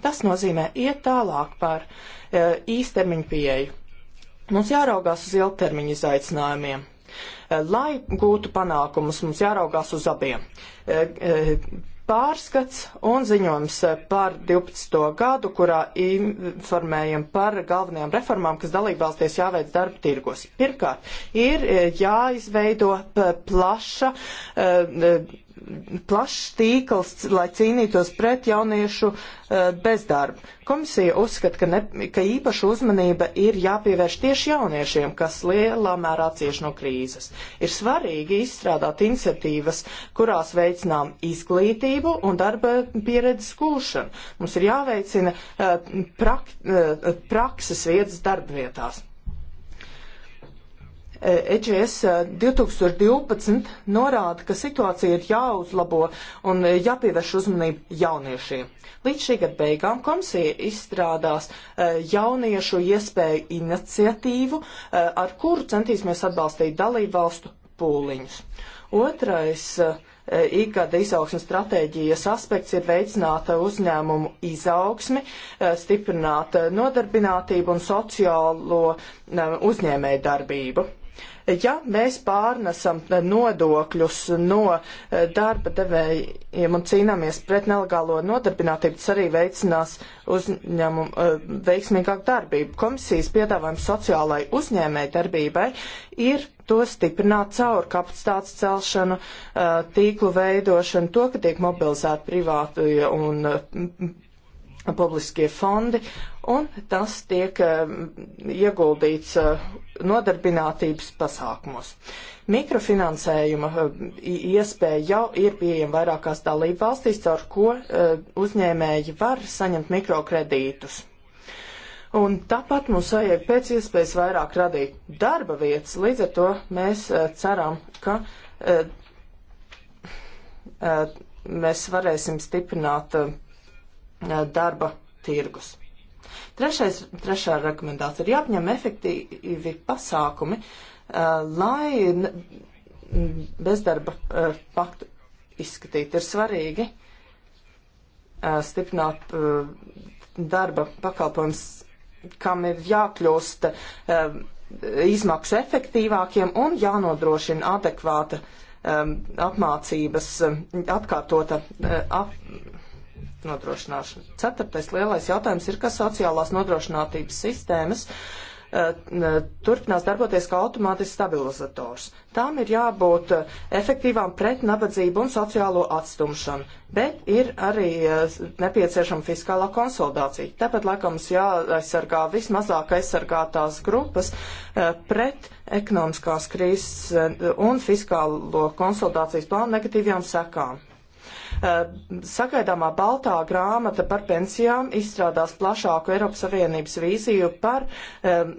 A: Tas nozīmē iet tālāk par uh, īstermiņu pieeju. Mums jāraugās uz ilgtermiņu izaicinājumiem. Uh, lai gūtu panākumus, mums jāraugās uz abiem pārskats un ziņojums par 12. gadu, kurā informējam par galvenajām reformām, kas dalībvalstīs jāveic darba tirgos. Pirmkārt, ir eh, jāizveido plaša eh, plašs tīkls, lai cīnītos pret jauniešu uh, bezdarbu. Komisija uzskata, ka, ne, ka īpaša uzmanība ir jāpievērš tieši jauniešiem, kas lielā mērā cieši no krīzes. Ir svarīgi izstrādāt iniciatīvas, kurās veicinām izglītību un darba pieredzes gūšanu. Mums ir jāveicina uh, prak, uh, prakses vietas darbvietās. EGS 2012 e, norāda, ka situācija ir jāuzlabo un jāpievērš uzmanība jauniešiem. Līdz šī gada beigām komisija izstrādās e, jauniešu iespēju iniciatīvu, e, ar kuru centīsimies atbalstīt dalībvalstu pūliņus. Otrais ikgada izaugsmas stratēģijas aspekts ir veicināt uzņēmumu izaugsmi, stiprināt nodarbinātību un sociālo uzņēmēju darbību. Ja mēs pārnesam nodokļus no eh, darba devējiem un cīnāmies pret nelegālo nodarbinātību, tas arī veicinās uzņēmumu eh, veiksmīgāku darbību. Komisijas piedāvājums sociālai uzņēmēji darbībai ir to stiprināt caur kapacitātes celšanu, eh, tīklu veidošanu, to, ka tiek mobilizēti privāti un publiskie fondi, un tas tiek eh, ieguldīts eh, nodarbinātības pasākumos. Mikrofinansējuma eh, iespēja jau ir pieejama vairākās dalību valstīs, caur ko uzņēmēji var saņemt mikrokredītus. Un tāpat mums vajag pēc iespējas vairāk radīt darba vietas, līdz ar to mēs ceram, ka mēs varēsim stiprināt darba tirgus. Trešais, trešā rekomendācija ir jāapņem efektīvi pasākumi, lai bezdarba paktu izskatīt. Ir svarīgi stiprināt darba pakalpojums, kam ir jākļūst izmaksu efektīvākiem un jānodrošina adekvāta apmācības atkārtota. Ap, nodrošināšanu. Ceturtais lielais jautājums ir, kas sociālās nodrošinātības sistēmas eh, turpinās darboties kā automātisks stabilizators. Tām ir jābūt eh, efektīvām pret nabadzību un sociālo atstumšanu, bet ir arī eh, nepieciešama fiskālā konsolidācija. Tāpat laikam mums jāaizsargā vismazāk aizsargātās grupas pret ekonomiskās krīzes un fiskālo konsolidācijas plānu negatīvajām sekām. Eh, sagaidāmā baltā grāmata par pensijām izstrādās plašāku Eiropas Savienības vīziju par eh,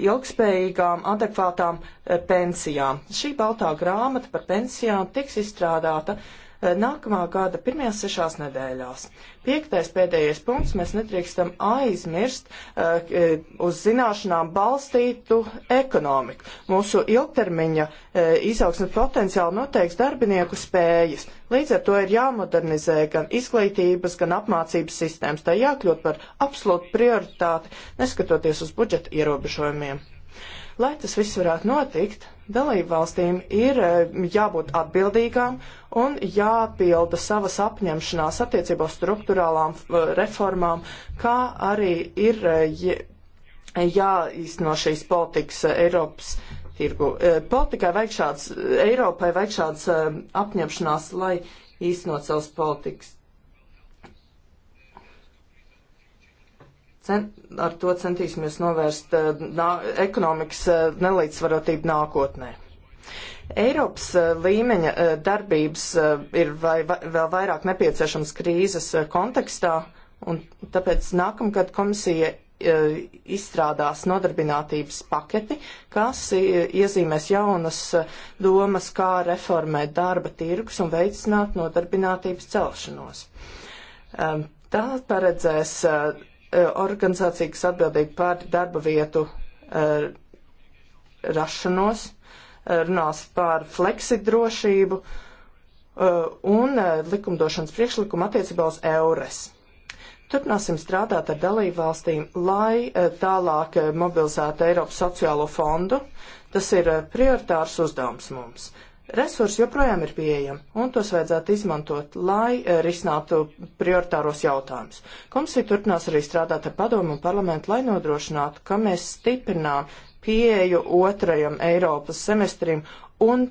A: ilgspējīgām, adekvātām eh, pensijām. Šī baltā grāmata par pensijām tiks izstrādāta uh, nākamā gada pirmajās sešās nedēļās. Piektais pēdējais punkts - mēs nedrīkstam aizmirst uh, uz zināšanām balstītu ekonomiku. Mūsu ilgtermiņa uh, izaugsmes potenciāli noteiks darbinieku spējas. Līdz ar to ir jāmodernizē gan izglītības, gan apmācības sistēmas. Tā jākļūt par absolūtu prioritāti, neskatoties uz budžeta ierobežojumiem. Lai tas viss varētu notikt, Dalību valstīm ir eh, jābūt atbildīgām un jāpilda savas apņemšanās attiecībā struktūrālām eh, reformām, kā arī ir eh, jāīsteno šīs politikas Eiropas tirgu. Politikai vajag šāds, Eiropai vajag šāds apņemšanās, lai īstenot savas politikas. ar to centīsimies novērst eh, nā, ekonomikas eh, nelīdzsvarotību nākotnē. Eiropas eh, līmeņa darbības ir vai, vai, vēl vairāk nepieciešams krīzes kontekstā, un tāpēc nākamgad komisija izstrādās nodarbinātības paketi, kas iezīmēs jaunas domas, kā reformēt darba tirgus un veicināt nodarbinātības celšanos. Ehm, tā paredzēs E, organizācija, kas atbildīga par darba vietu e, rašanos, e, runās par fleksidrošību un likumdošanas priekšlikumu attiecībā uz eures. Turpināsim strādāt ar dalību valstīm, lai tālāk mobilizētu Eiropas sociālo fondu. Tas ir prioritārs uzdevums mums. Resursi joprojām ir pieejami, un tos vajadzētu izmantot, lai e, risinātu prioritāros jautājumus. Komisija turpinās arī strādāt ar padomu un parlamentu, lai nodrošinātu, ka mēs stiprinām pieeju otrajam Eiropas semestrim un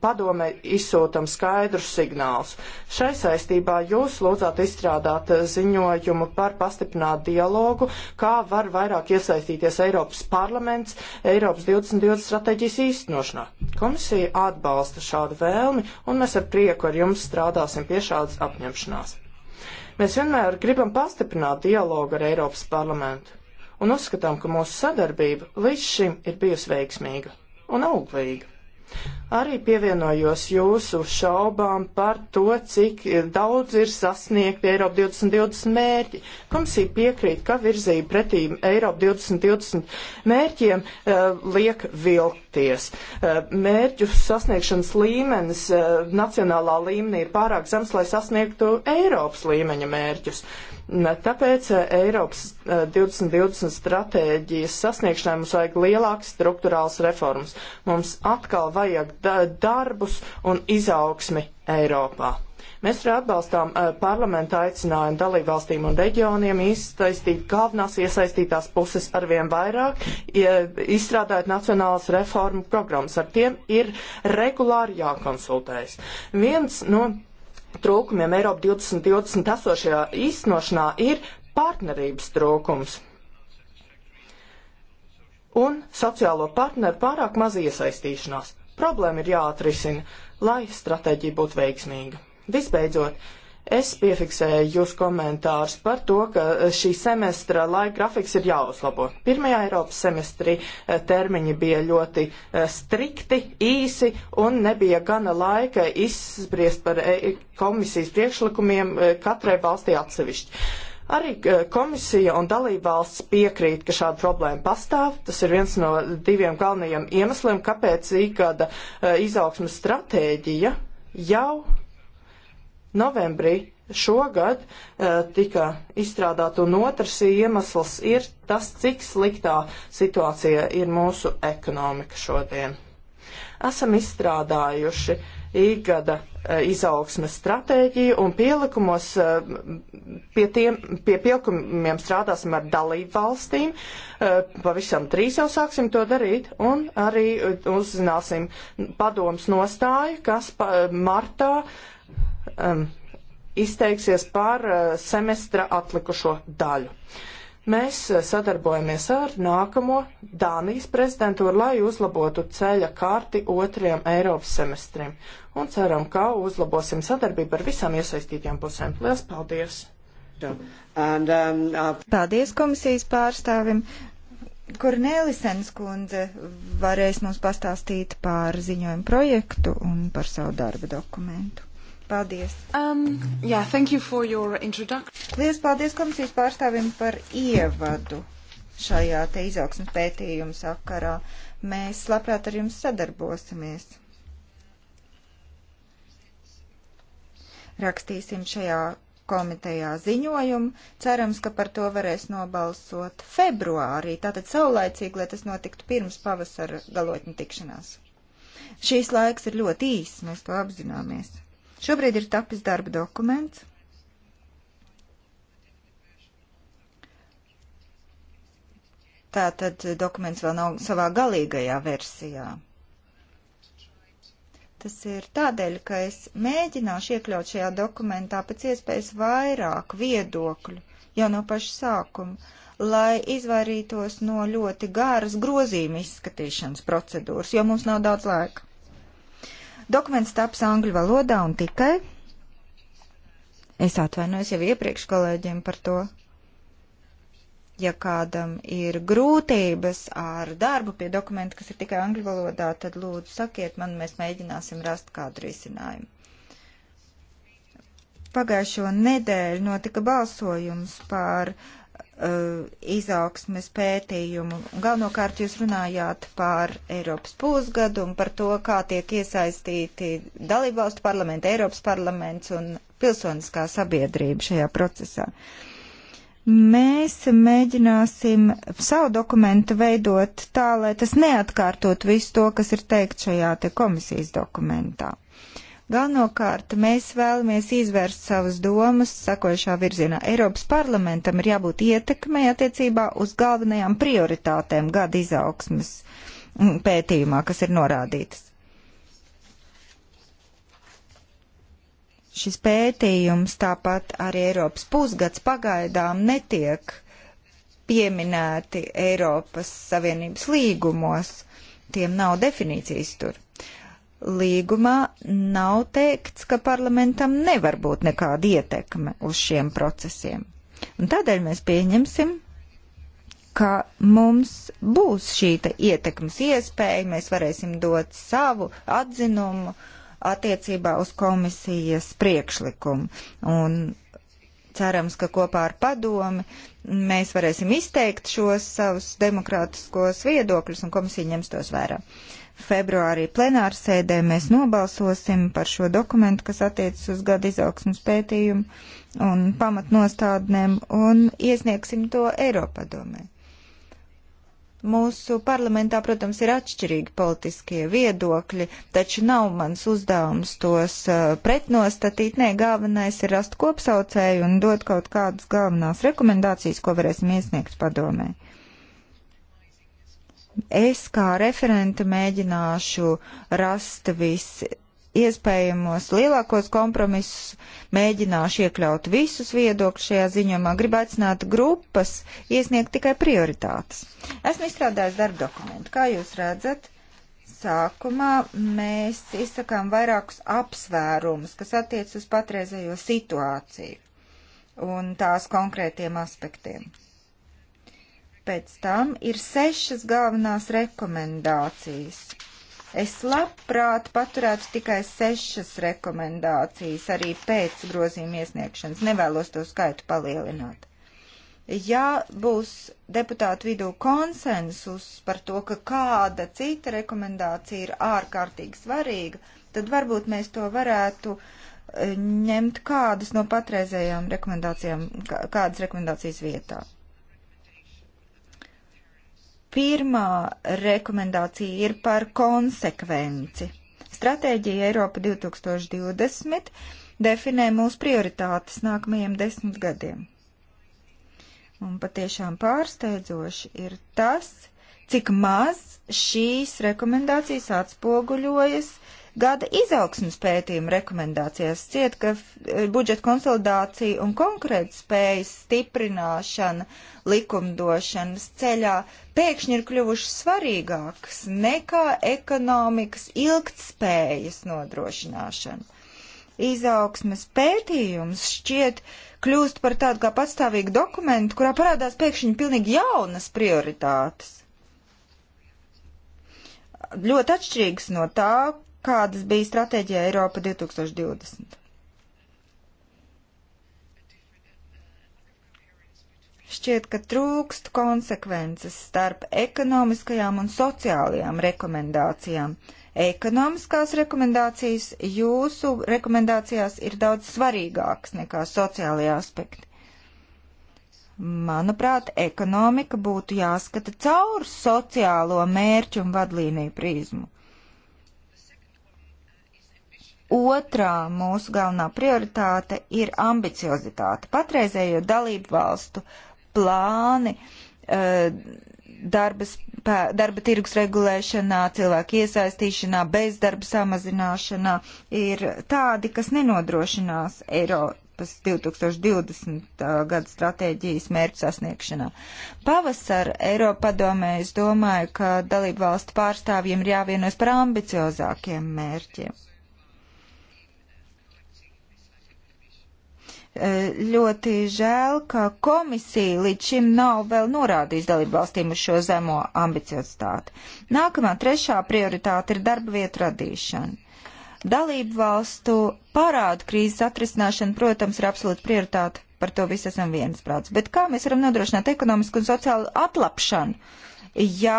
A: padome izsūtam skaidrus signālus. Šai saistībā jūs lūdzāt izstrādāt ziņojumu par pastiprinātu dialogu, kā var vairāk iesaistīties Eiropas parlaments Eiropas 2020 stratēģijas īstenošanā. Komisija atbalsta šādu vēlmi, un mēs ar prieku ar jums strādāsim pie šādas apņemšanās. Mēs vienmēr gribam pastiprināt dialogu ar Eiropas parlamentu, un uzskatām, ka mūsu sadarbība līdz šim ir bijusi veiksmīga un auglīga. Arī pievienojos jūsu šaubām par to, cik daudz ir sasniegti Eiropa 2020 mērķi. Komisija piekrīt, ka virzība pretī Eiropa 2020 mērķiem uh, liek vilkties. Uh, mērķu sasniegšanas līmenis uh, nacionālā līmenī ir pārāk zems, lai sasniegtu Eiropas līmeņa mērķus. Uh, Tāpēc eh, Eiropas 2020 eh, stratēģijas sasniegšanai mums vajag lielākas struktūrāls reformas. Mums atkal vajag darbus un izaugsmi Eiropā. Mēs arī atbalstām eh, parlamentu aicinājumu dalībvalstīm un reģioniem iztaistīt galvenās iesaistītās puses arvien vairāk, izstrādājot nacionālas reformu programmas. Ar tiem ir regulāri jākonsultējas. Viens no trūkumiem Eiropa 2020 esošajā īstenošanā ir partnerības trūkums. Un sociālo partneru pārāk maz iesaistīšanās. Problēma ir jāatrisina, lai stratēģija būtu veiksmīga. Visbeidzot, Es piefiksēju jūs komentārus par to, ka eh, šī semestra laika grafiks ir jāuzlabo. Pirmajā Eiropas semestrī eh, termiņi bija ļoti eh, strikti, īsi un nebija gana laika izspriest par komisijas priekšlikumiem katrai valstī atsevišķi. Arī komisija un dalībvalsts piekrīt, ka šāda problēma pastāv. Tas ir viens no diviem galvenajiem iemesliem, kāpēc īkāda izaugsmas stratēģija jau Novembrī šogad uh, tika izstrādāta, un otrs iemesls ir tas, cik sliktā situācija ir mūsu ekonomika šodien. Esam izstrādājuši īgada uh, izaugsmes stratēģiju un pielikumos uh, pie, tiem, pie pielikumiem strādāsim ar dalību valstīm. Pavisam trīs jau sāksim to darīt un arī uzzināsim padoms nostāju, kas pa, martā um, izteiksies par uh, semestra atlikušo daļu. Mēs uh, sadarbojamies ar nākamo Dānijas prezidentūru, lai uzlabotu ceļa kārti otrajam Eiropas semestrim. Un ceram, ka uzlabosim sadarbību ar visām iesaistītajām pusēm. Lielas paldies! And, um, uh...
B: Paldies komisijas pārstāvim! Kornēlisens kundze varēs mums pastāstīt par ziņojumu projektu un par savu darba dokumentu. Paldies. Um, yeah, thank you for your introduction. Lielas paldies komisijas pārstāvim par ievadu šajā te izaugsmas pētījuma sakarā. Mēs labprāt ar jums sadarbosimies. Rakstīsim šajā komitejā ziņojumu. Cerams, ka par to varēs nobalsot februārī, tātad saulaicīgi, lai tas notiktu pirms pavasara galotņu tikšanās. Šīs laiks ir ļoti īs, mēs to apzināmies. Šobrīd ir tapis darba dokuments. Tātad dokuments vēl nav savā galīgajā versijā. Tas ir tādēļ, ka es mēģināšu iekļaut šajā dokumentā pēc iespējas vairāk viedokļu jau no paša sākuma, lai izvairītos no ļoti gāras grozījuma izskatīšanas procedūras, jo mums nav daudz laika. Dokuments taps angļu valodā un tikai. Es atvainojos jau iepriekš kolēģiem par to. Ja kādam ir grūtības ar darbu pie dokumenta, kas ir tikai angļu valodā, tad lūdzu sakiet man, mēs mēģināsim rast kādu risinājumu. Pagājušo nedēļu notika balsojums par uh, Uh, izaugsmes pētījumu. Galvenokārt jūs runājāt par Eiropas pusgadu un par to, kā tiek iesaistīti dalībvalstu parlamenti, Eiropas parlaments un pilsoniskā sabiedrība šajā procesā. Mēs mēģināsim savu dokumentu veidot tā, lai tas neatkārtot visu to, kas ir teikt šajā te komisijas dokumentā. Galvenokārt mēs vēlamies izvērst savas domas sakojušā virzienā. Eiropas parlamentam ir jābūt ietekmei attiecībā uz galvenajām prioritātēm gada izaugsmas mm, pētījumā, kas ir norādītas. Šis pētījums, tāpat arī Eiropas pusgads pagaidām netiek pieminēti Eiropas Savienības līgumos, tiem nav definīcijas tur. Līgumā nav teikts, ka parlamentam nevar būt nekāda ietekme uz šiem procesiem. Un tādēļ mēs pieņemsim, ka mums būs šī ietekmes iespēja, mēs varēsim dot savu atzinumu attiecībā uz komisijas priekšlikumu. Un cerams, ka kopā ar padomi mēs varēsim izteikt šos savus demokrātiskos viedokļus un komisija ņems tos vērā. Uh, Februārī plenārsēdē mēs nobalsosim par šo dokumentu, kas attiecas uz gada izaugsmas pētījumu un pamatnostādnēm, un iesniegsim to Eiropadomē. Mūsu parlamentā, protams, ir atšķirīgi politiskie viedokļi, taču nav mans uzdevums tos uh, pretnostatīt. Nē, galvenais ir rast kopsaucēju un dot kaut kādas galvenās rekomendācijas, ko varēsim iesniegt padomē. Uh, Es kā referenta mēģināšu rast visi iespējamos lielākos kompromisus, mēģināšu iekļaut visus viedokļus šajā ziņojumā, gribu aicināt grupas iesniegt tikai prioritātes. Esmu izstrādājis darba dokumentu. Kā jūs redzat, sākumā mēs izsakām vairākus apsvērumus, kas attiec uz patreizējo situāciju un tās konkrētiem aspektiem. Pēc tam ir sešas galvenās rekomendācijas. Es labprāt paturētu tikai sešas rekomendācijas arī pēc grozījuma iesniegšanas. Nevēlos to skaitu palielināt. Ja būs deputātu vidū konsensus par to, ka kāda cita rekomendācija ir ārkārtīgi svarīga, tad varbūt mēs to varētu eh, ņemt kādas no patreizējām rekomendācijām, kādas rekomendācijas vietā. Pirmā rekomendācija ir par konsekvenci. Stratēģija Eiropa 2020 definē mūsu prioritātes nākamajiem desmit gadiem. Un patiešām pārsteidzoši ir tas, cik maz šīs rekomendācijas atspoguļojas uh, Gada izaugsmas pētījuma rekomendācijās ciet, ka eh, budžeta konsolidācija un konkrēta spējas stiprināšana likumdošanas ceļā pēkšņi ir kļuvušas svarīgākas nekā ekonomikas ilgtspējas nodrošināšana izaugsmes pētījums šķiet kļūst par tādu kā pastāvīgu dokumentu, kurā parādās pēkšņi pilnīgi jaunas prioritātes. Ļoti atšķirīgs no tā, kādas bija stratēģija Eiropa 2020. Šķiet, ka trūkst konsekvences starp ekonomiskajām un sociālajām rekomendācijām. Ekonomiskās rekomendācijas jūsu rekomendācijās ir daudz svarīgākas nekā sociālajie aspekti. Manuprāt, ekonomika būtu jāskata caur sociālo mērķu un vadlīniju prizmu. Otrā mūsu galvenā prioritāte ir ambiciozitāte. Patreizējo dalību valstu plāni eh, darbas, darba tirgus regulēšanā, cilvēku iesaistīšanā, bezdarba samazināšanā ir tādi, kas nenodrošinās Eiropas 2020. Eh, gada stratēģijas mērķu sasniegšanā. Pavasar Eiropa padomē es domāju, ka dalību valstu pārstāvjiem ir jāvienos par ambiciozākiem mērķiem Eh, ļoti žēl, ka komisija līdz šim nav vēl norādījusi dalību valstīm uz šo zemo ambiciozitāti. Nākamā trešā prioritāte ir darba vietu radīšana. Dalību valstu parādu krīzes atrisināšana, protams, ir absolūta prioritāte. Par to visu esam viensprāts. Bet kā mēs varam nodrošināt ekonomisku un sociālu atlapšanu, ja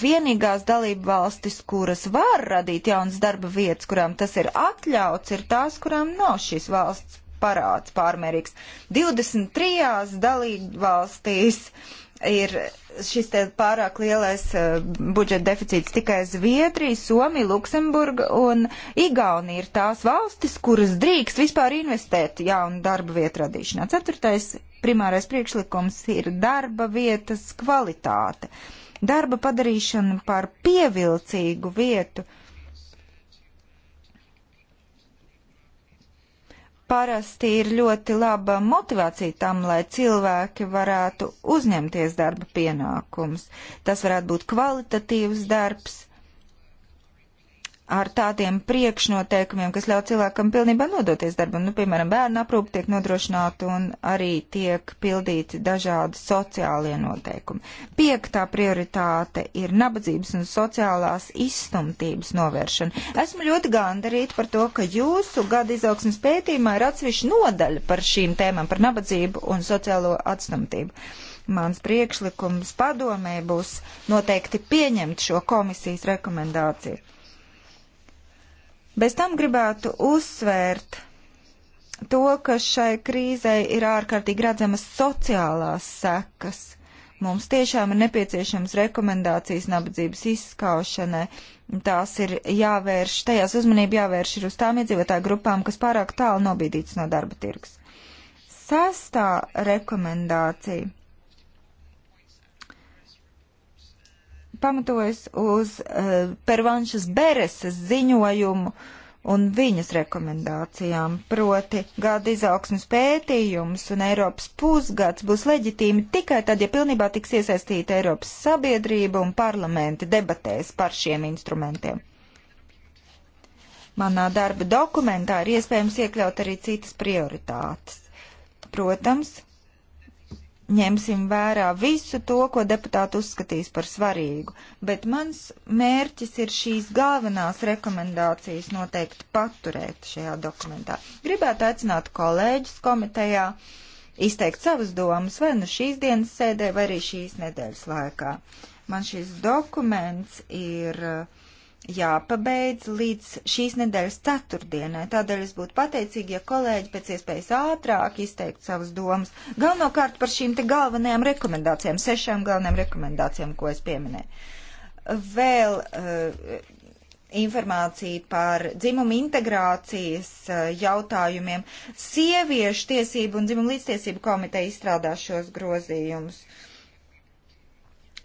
B: vienīgās dalība valstis, kuras var radīt jaunas darba vietas, kurām tas ir atļauts, ir tās, kurām nav šīs valsts parāds pārmērīgs. 23 dalība valstīs ir šis te pārāk lielais uh, budžeta deficīts tikai Zviedrija, Somija, Luksemburga un Igaunija ir tās valstis, kuras drīkst vispār investēt jaunu darba vietu radīšanā. Ceturtais primārais priekšlikums ir darba vietas kvalitāte. Uh, darba padarīšanu par pievilcīgu vietu. Parasti ir ļoti laba motivācija tam, lai cilvēki varētu uzņemties darba pienākums. Tas varētu būt kvalitatīvs darbs ar tādiem priekšnoteikumiem, kas ļauj cilvēkam pilnībā nodoties darbam. Nu, piemēram, bērnu aprūpe tiek nodrošināta un arī tiek pildīti dažādi sociālie noteikumi. Piektā prioritāte ir nabadzības un sociālās izstumtības novēršana. Esmu ļoti gandarīta par to, ka jūsu gada izaugsmas pētījumā ir atsevišķa nodaļa par šīm tēmām, par nabadzību un sociālo atstumtību mans priekšlikums padomē būs noteikti pieņemt šo komisijas rekomendāciju. Bez tam gribētu uzsvērt to, ka šai krīzei ir ārkārtīgi redzamas sociālās sekas. Mums tiešām ir nepieciešams rekomendācijas nabadzības izskaušanai. Tās ir jāvērš, tajās uzmanība jāvērš ir uz tām iedzīvotāju grupām, kas pārāk tālu nobīdīts no darba tirgus. Sestā rekomendācija pamatojas uz uh, Pervanšas Bereses ziņojumu un viņas rekomendācijām. Proti, gada izaugsmas pētījums un Eiropas pusgads būs leģitīmi tikai tad, ja pilnībā tiks iesaistīta Eiropas sabiedrība un parlamenti debatēs par šiem instrumentiem. Manā darba dokumentā ir iespējams iekļaut arī citas prioritātes. Protams, ņemsim vērā visu to, ko deputāti uzskatīs par svarīgu, bet mans mērķis ir šīs galvenās rekomendācijas noteikti paturēt šajā dokumentā. Gribētu aicināt kolēģis komitejā izteikt savas domas vai nu šīs dienas sēdē, vai arī šīs nedēļas laikā. Man šis dokuments ir uh, jāpabeidz līdz šīs nedēļas ceturtdienai. Tādēļ es būtu pateicīgi, ja kolēģi pēc iespējas ātrāk izteikt savas domas. Galvenokārt par šīm te galvenajām rekomendācijām, sešām galvenajām rekomendācijām, ko es pieminēju. Vēl uh, informācija par dzimumu integrācijas uh, jautājumiem. Sieviešu tiesību un dzimumu līdztiesību komiteja izstrādā šos grozījumus. Uh,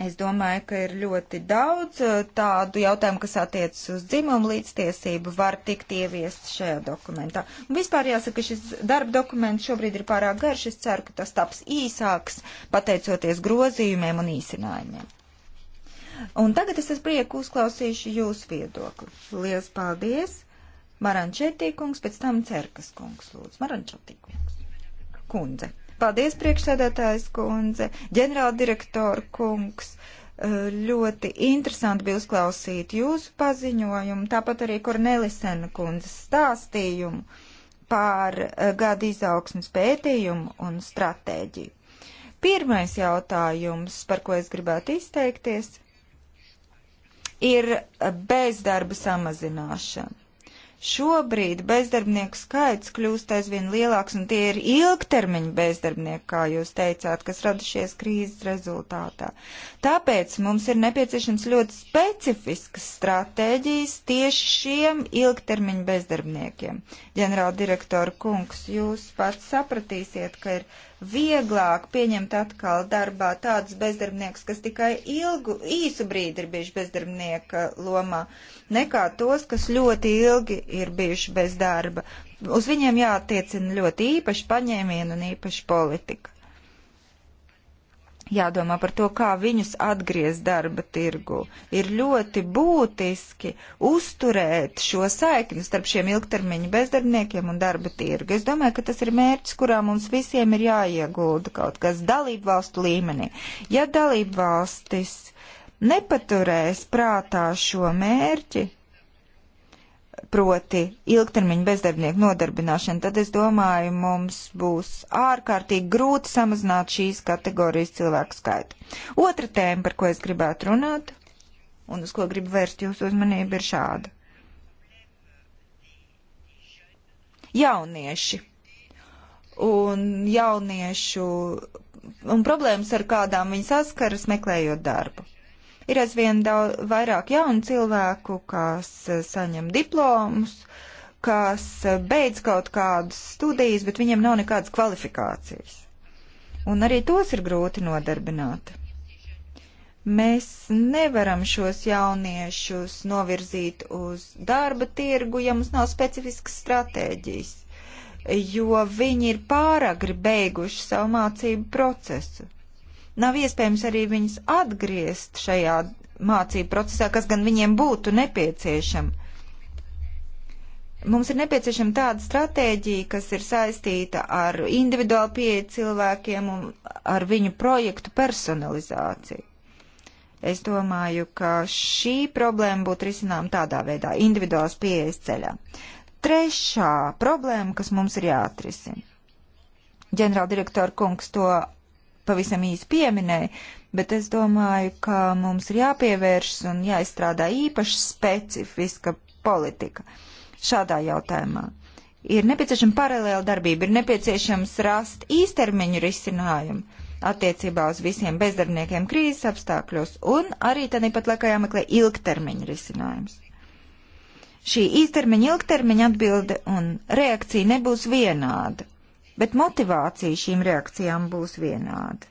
B: Es domāju, ka ir ļoti daudz uh, tādu jautājumu, kas attiecas uz dzimumu līdztiesību, var tikt ieviest šajā dokumentā. Un vispār jāsaka, ka šis darba dokuments šobrīd ir pārāk garš. Es ceru, ka tas taps īsāks, pateicoties grozījumiem un īsinājumiem. Un tagad es ar prieku uzklausīšu jūsu viedokli. Lielas paldies! Marančetī kungs, pēc tam Cerkas kungs, lūdzu. Marančetī kungs. Kundze. Paldies, priekšsēdētājs kundze, ģenerāldirektora kungs. Eh, ļoti interesanti bija uzklausīt jūsu paziņojumu, tāpat arī Kornelisena kundzes stāstījumu par eh, gada izaugsmas pētījumu un stratēģiju. Pirmais jautājums, par ko es gribētu izteikties, ir eh, bezdarba samazināšana. Šobrīd bezdarbnieku skaits kļūst aizvien lielāks, un tie ir ilgtermiņa bezdarbnieki, kā jūs teicāt, kas radušies krīzes rezultātā. Tāpēc mums ir nepieciešams ļoti specifiskas stratēģijas tieši šiem ilgtermiņa bezdarbniekiem. Ģenerāldirektora kungs, jūs pats sapratīsiet, ka ir vieglāk pieņemt atkal darbā tādus bezdarbniekus, kas tikai ilgu, īsu brīdi ir bijuši bezdarbnieka lomā, nekā tos, kas ļoti ilgi ir bijuši bez darba. Uz viņiem jātiecina ļoti īpaši paņēmienu un īpaši politika jādomā par to, kā viņus atgriezt darba tirgu. Ir ļoti būtiski uzturēt šo saikni starp šiem ilgtermiņa bezdarbniekiem un darba tirgu. Es domāju, ka tas ir mērķis, kurā mums visiem ir jāiegulda kaut kas dalību valstu līmenī. Ja dalību valstis nepaturēs prātā šo mērķi, proti ilgtermiņa bezdarbnieku nodarbināšana, tad es domāju, mums būs ārkārtīgi grūti samazināt šīs kategorijas cilvēku skaitu. Otra tēma, par ko es gribētu runāt un uz ko gribu vērst jūsu uzmanību, ir šāda. Jaunieši un jauniešu un problēmas, ar kādām viņi saskaras meklējot darbu. Ir aizvien daudz vairāk jaunu cilvēku, kas eh, saņem diplomus, kas eh, beidz kaut kādas studijas, bet viņiem nav nekādas kvalifikācijas. Un arī tos ir grūti nodarbināt. Mēs nevaram šos jauniešus novirzīt uz darba tirgu, ja mums nav specifiskas stratēģijas, jo viņi ir pāragri beiguši savu mācību procesu. Nav iespējams arī viņus atgriezt šajā mācību procesā, kas gan viņiem būtu nepieciešama. Mums ir nepieciešama tāda stratēģija, kas ir saistīta ar individuālu pieeju cilvēkiem un ar viņu projektu personalizāciju. Es domāju, ka šī problēma būtu risinām tādā veidā, individuāls pieejas ceļā. Trešā problēma, kas mums ir jāatrisina. Ģenerāldirektora kungs to pavisam īsi pieminēja, bet es domāju, ka mums ir jāpievēršas un jāizstrādā īpaši specifiska politika šādā jautājumā. Ir nepieciešama paralēla darbība, ir nepieciešams rast īstermiņu risinājumu attiecībā uz visiem bezdarbniekiem krīzes apstākļos, un arī tad nepat laikā jāmeklē ilgtermiņa risinājums. Šī īstermiņa, ilgtermiņa atbilde un reakcija nebūs vienāda bet motivācija šīm reakcijām būs vienāda.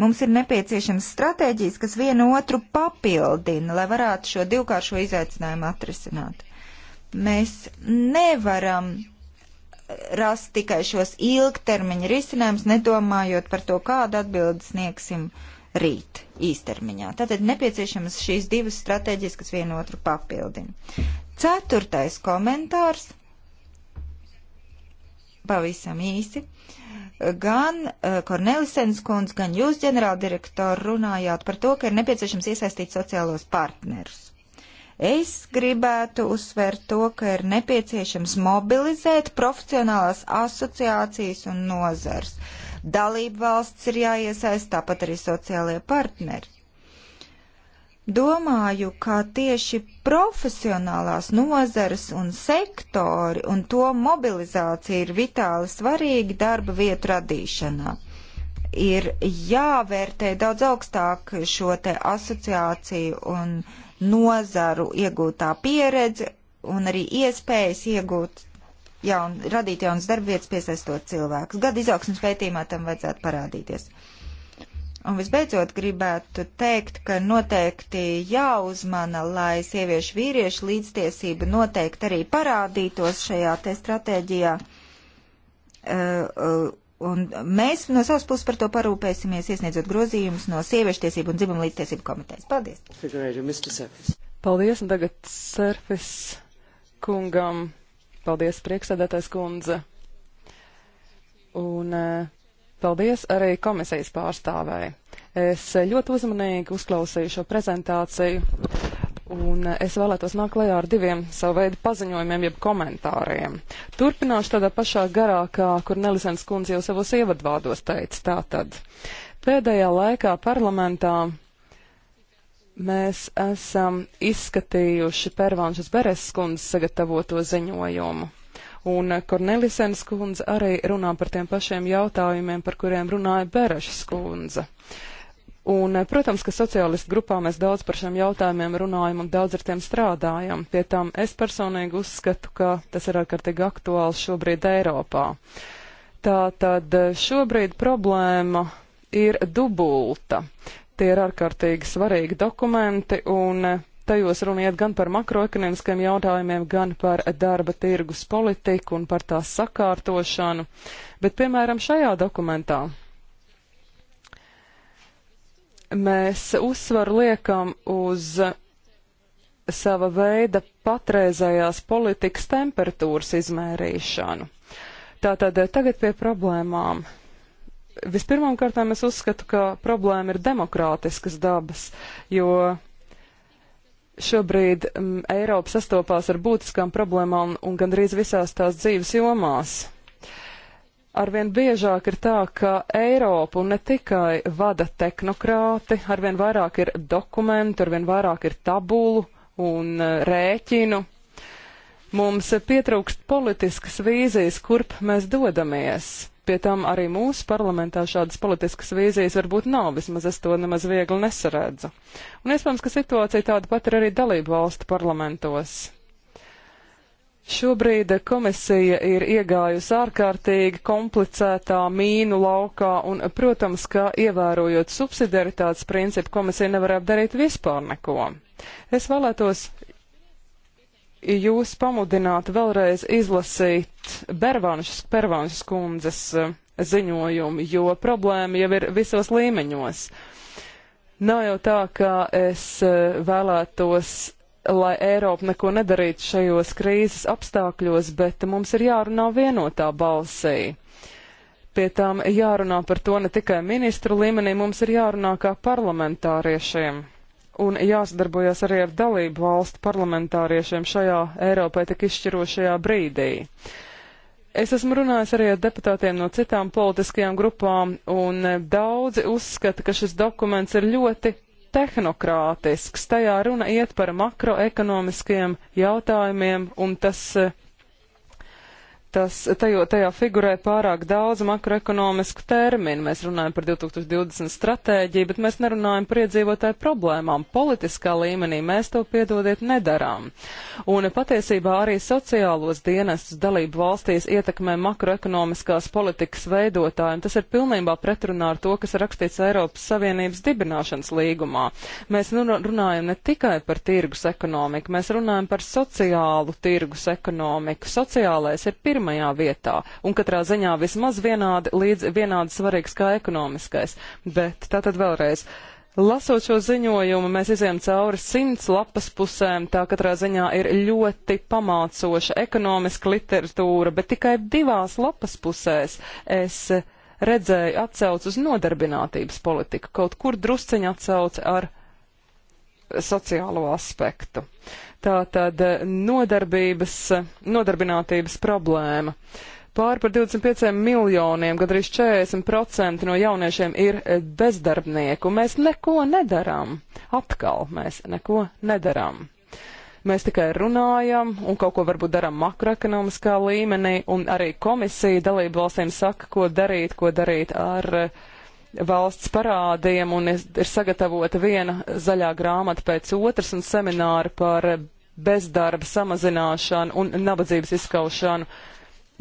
B: Mums ir nepieciešams stratēģijas, kas vienu otru papildina, lai varētu šo divkāršo izaicinājumu atrisināt. Mēs nevaram rast tikai šos ilgtermiņa risinājumus, nedomājot par to, kādu atbildi sniegsim rīt īstermiņā. Tātad nepieciešamas šīs divas stratēģijas, kas vienotru papildina. Ceturtais komentārs pavisam īsi. Gan eh, Kornelisens kundz, gan jūs, ģenerāldirektori, runājāt par to, ka ir nepieciešams iesaistīt sociālos partnerus. Es gribētu uzsvērt to, ka ir nepieciešams mobilizēt profesionālās asociācijas un nozars. Dalību valsts ir jāiesaist, tāpat arī sociālie partneri. Domāju, ka tieši profesionālās nozares un sektori un to mobilizācija ir vitāli svarīgi darba vietu radīšanā. Ir jāvērtē daudz augstāk šo te asociāciju un nozaru iegūtā pieredze un arī iespējas iegūt jaun, radīt jaunas darbvietas, piesaistot cilvēkus. Gada izaugsmas pētījumā tam vajadzētu parādīties. Un visbeidzot gribētu teikt, ka noteikti jāuzmana, lai sieviešu vīriešu līdztiesība noteikti arī parādītos šajā te stratēģijā. Uh, uh, un mēs no savas puses par to parūpēsimies, iesniedzot grozījumus no sieviešu tiesību un dzimumu līdztiesību komitejas.
D: Paldies!
B: Paldies, un tagad Serfis
D: kungam. Paldies, priekšsēdētājs kundze. Un uh, Paldies arī komisijas pārstāvēji. Es ļoti uzmanīgi uzklausīju šo prezentāciju, un es vēlētos nākt klajā ar diviem savu veidu paziņojumiem, jeb komentāriem. Turpināšu tādā pašā garā, kā kur Nelisens kundze jau savos ievadvārdos teica. Tātad, pēdējā laikā parlamentā mēs esam izskatījuši Pervāņšas Beres kundzes sagatavoto ziņojumu un Kornelisens kundze arī runā par tiem pašiem jautājumiem, par kuriem runāja Berešas kundze. Un, protams, ka sociālistu grupā mēs daudz par šiem jautājumiem runājam un daudz ar tiem strādājam. Pie tam es personīgi uzskatu, ka tas ir ārkārtīgi aktuāls šobrīd Eiropā. Tātad šobrīd problēma ir dubulta. Tie ir ārkārtīgi svarīgi dokumenti, un Tajos runiet gan par makroekonomiskiem jautājumiem, gan par darba tirgus politiku un par tās sakārtošanu. Bet, piemēram, šajā dokumentā mēs uzsvaru liekam uz sava veida patreizējās politikas temperatūras izmērīšanu. Tātad eh, tagad pie problēmām. Vispirmām kārtām es uzskatu, ka problēma ir demokrātiskas dabas, jo Šobrīd um, Eiropa sastopās ar būtiskām problēmām un gandrīz visās tās dzīves jomās. Arvien biežāk ir tā, ka Eiropu ne tikai vada tehnokrāti, arvien vairāk ir dokumentu, arvien vairāk ir tabulu un eh, rēķinu. Mums pietrūkst politiskas vīzijas, kurp mēs dodamies Pie tam arī mūsu parlamentā šādas politiskas vīzijas varbūt nav, vismaz es to nemaz viegli nesaredzu. Un iespējams, ka situācija tāda pat ir arī dalību valstu parlamentos. Šobrīd komisija ir iegājusi ārkārtīgi komplicētā mīnu laukā, un, protams, ka ievērojot subsidiaritātes principu, komisija nevarētu darīt vispār neko. Es vēlētos jūs pamudinātu vēlreiz izlasīt Bervanšas, Pervanšas kundzes eh, ziņojumu, jo problēma jau ir visos līmeņos. Nav jau tā, ka es eh, vēlētos, lai Eiropa neko nedarītu šajos krīzes apstākļos, bet mums ir jārunā vienotā balsī. Pie tām jārunā par to ne tikai ministru līmenī, mums ir jārunā kā parlamentāriešiem un jāsadarbojas arī ar dalību valstu parlamentāriešiem šajā Eiropai tik izšķirošajā brīdī. Es esmu runājis arī ar deputātiem no citām politiskajām grupām, un daudzi uzskata, ka šis dokuments ir ļoti tehnokrātisks. Tajā runa iet par makroekonomiskiem jautājumiem, un tas tas tajā, tajā figurē pārāk daudz makroekonomisku terminu. Mēs runājam par 2020 stratēģiju, bet mēs nerunājam par iedzīvotāju problēmām. Politiskā līmenī mēs to piedodiet nedarām. Un patiesībā arī sociālos dienestus dalību valstīs ietekmē makroekonomiskās politikas veidotāji. Tas ir pilnībā pretrunā ar to, kas ir rakstīts Eiropas Savienības dibināšanas līgumā. Mēs nu, runājam ne tikai par tirgus ekonomiku, mēs runājam par sociālu tirgus ekonomiku. Sociālais ir pirmais pirmajā vietā, un katrā ziņā vismaz vienādi, līdz, vienādi svarīgs kā ekonomiskais. Bet tātad vēlreiz. Lasot šo ziņojumu, mēs izējām cauri simts lapas pusēm, tā katrā ziņā ir ļoti pamācoša ekonomiska literatūra, bet tikai divās lapas pusēs es redzēju atcauc uz nodarbinātības politiku, kaut kur drusceņa atcauc ar sociālo aspektu. Uh, Tātad eh, nodarbības, eh, nodarbinātības problēma. Pāri par 25 miljoniem, gadrīz 40% no jauniešiem ir eh, bezdarbnieku. Mēs neko nedaram. Atkal mēs neko nedaram. Mēs tikai runājam un kaut ko varbūt daram makroekonomiskā līmenī, un arī komisija dalību valstīm saka, ko darīt, ko darīt ar uh, valsts parādiem un ir sagatavota viena zaļā grāmata pēc otras un semināri par bezdarba samazināšanu un nabadzības izskaušanu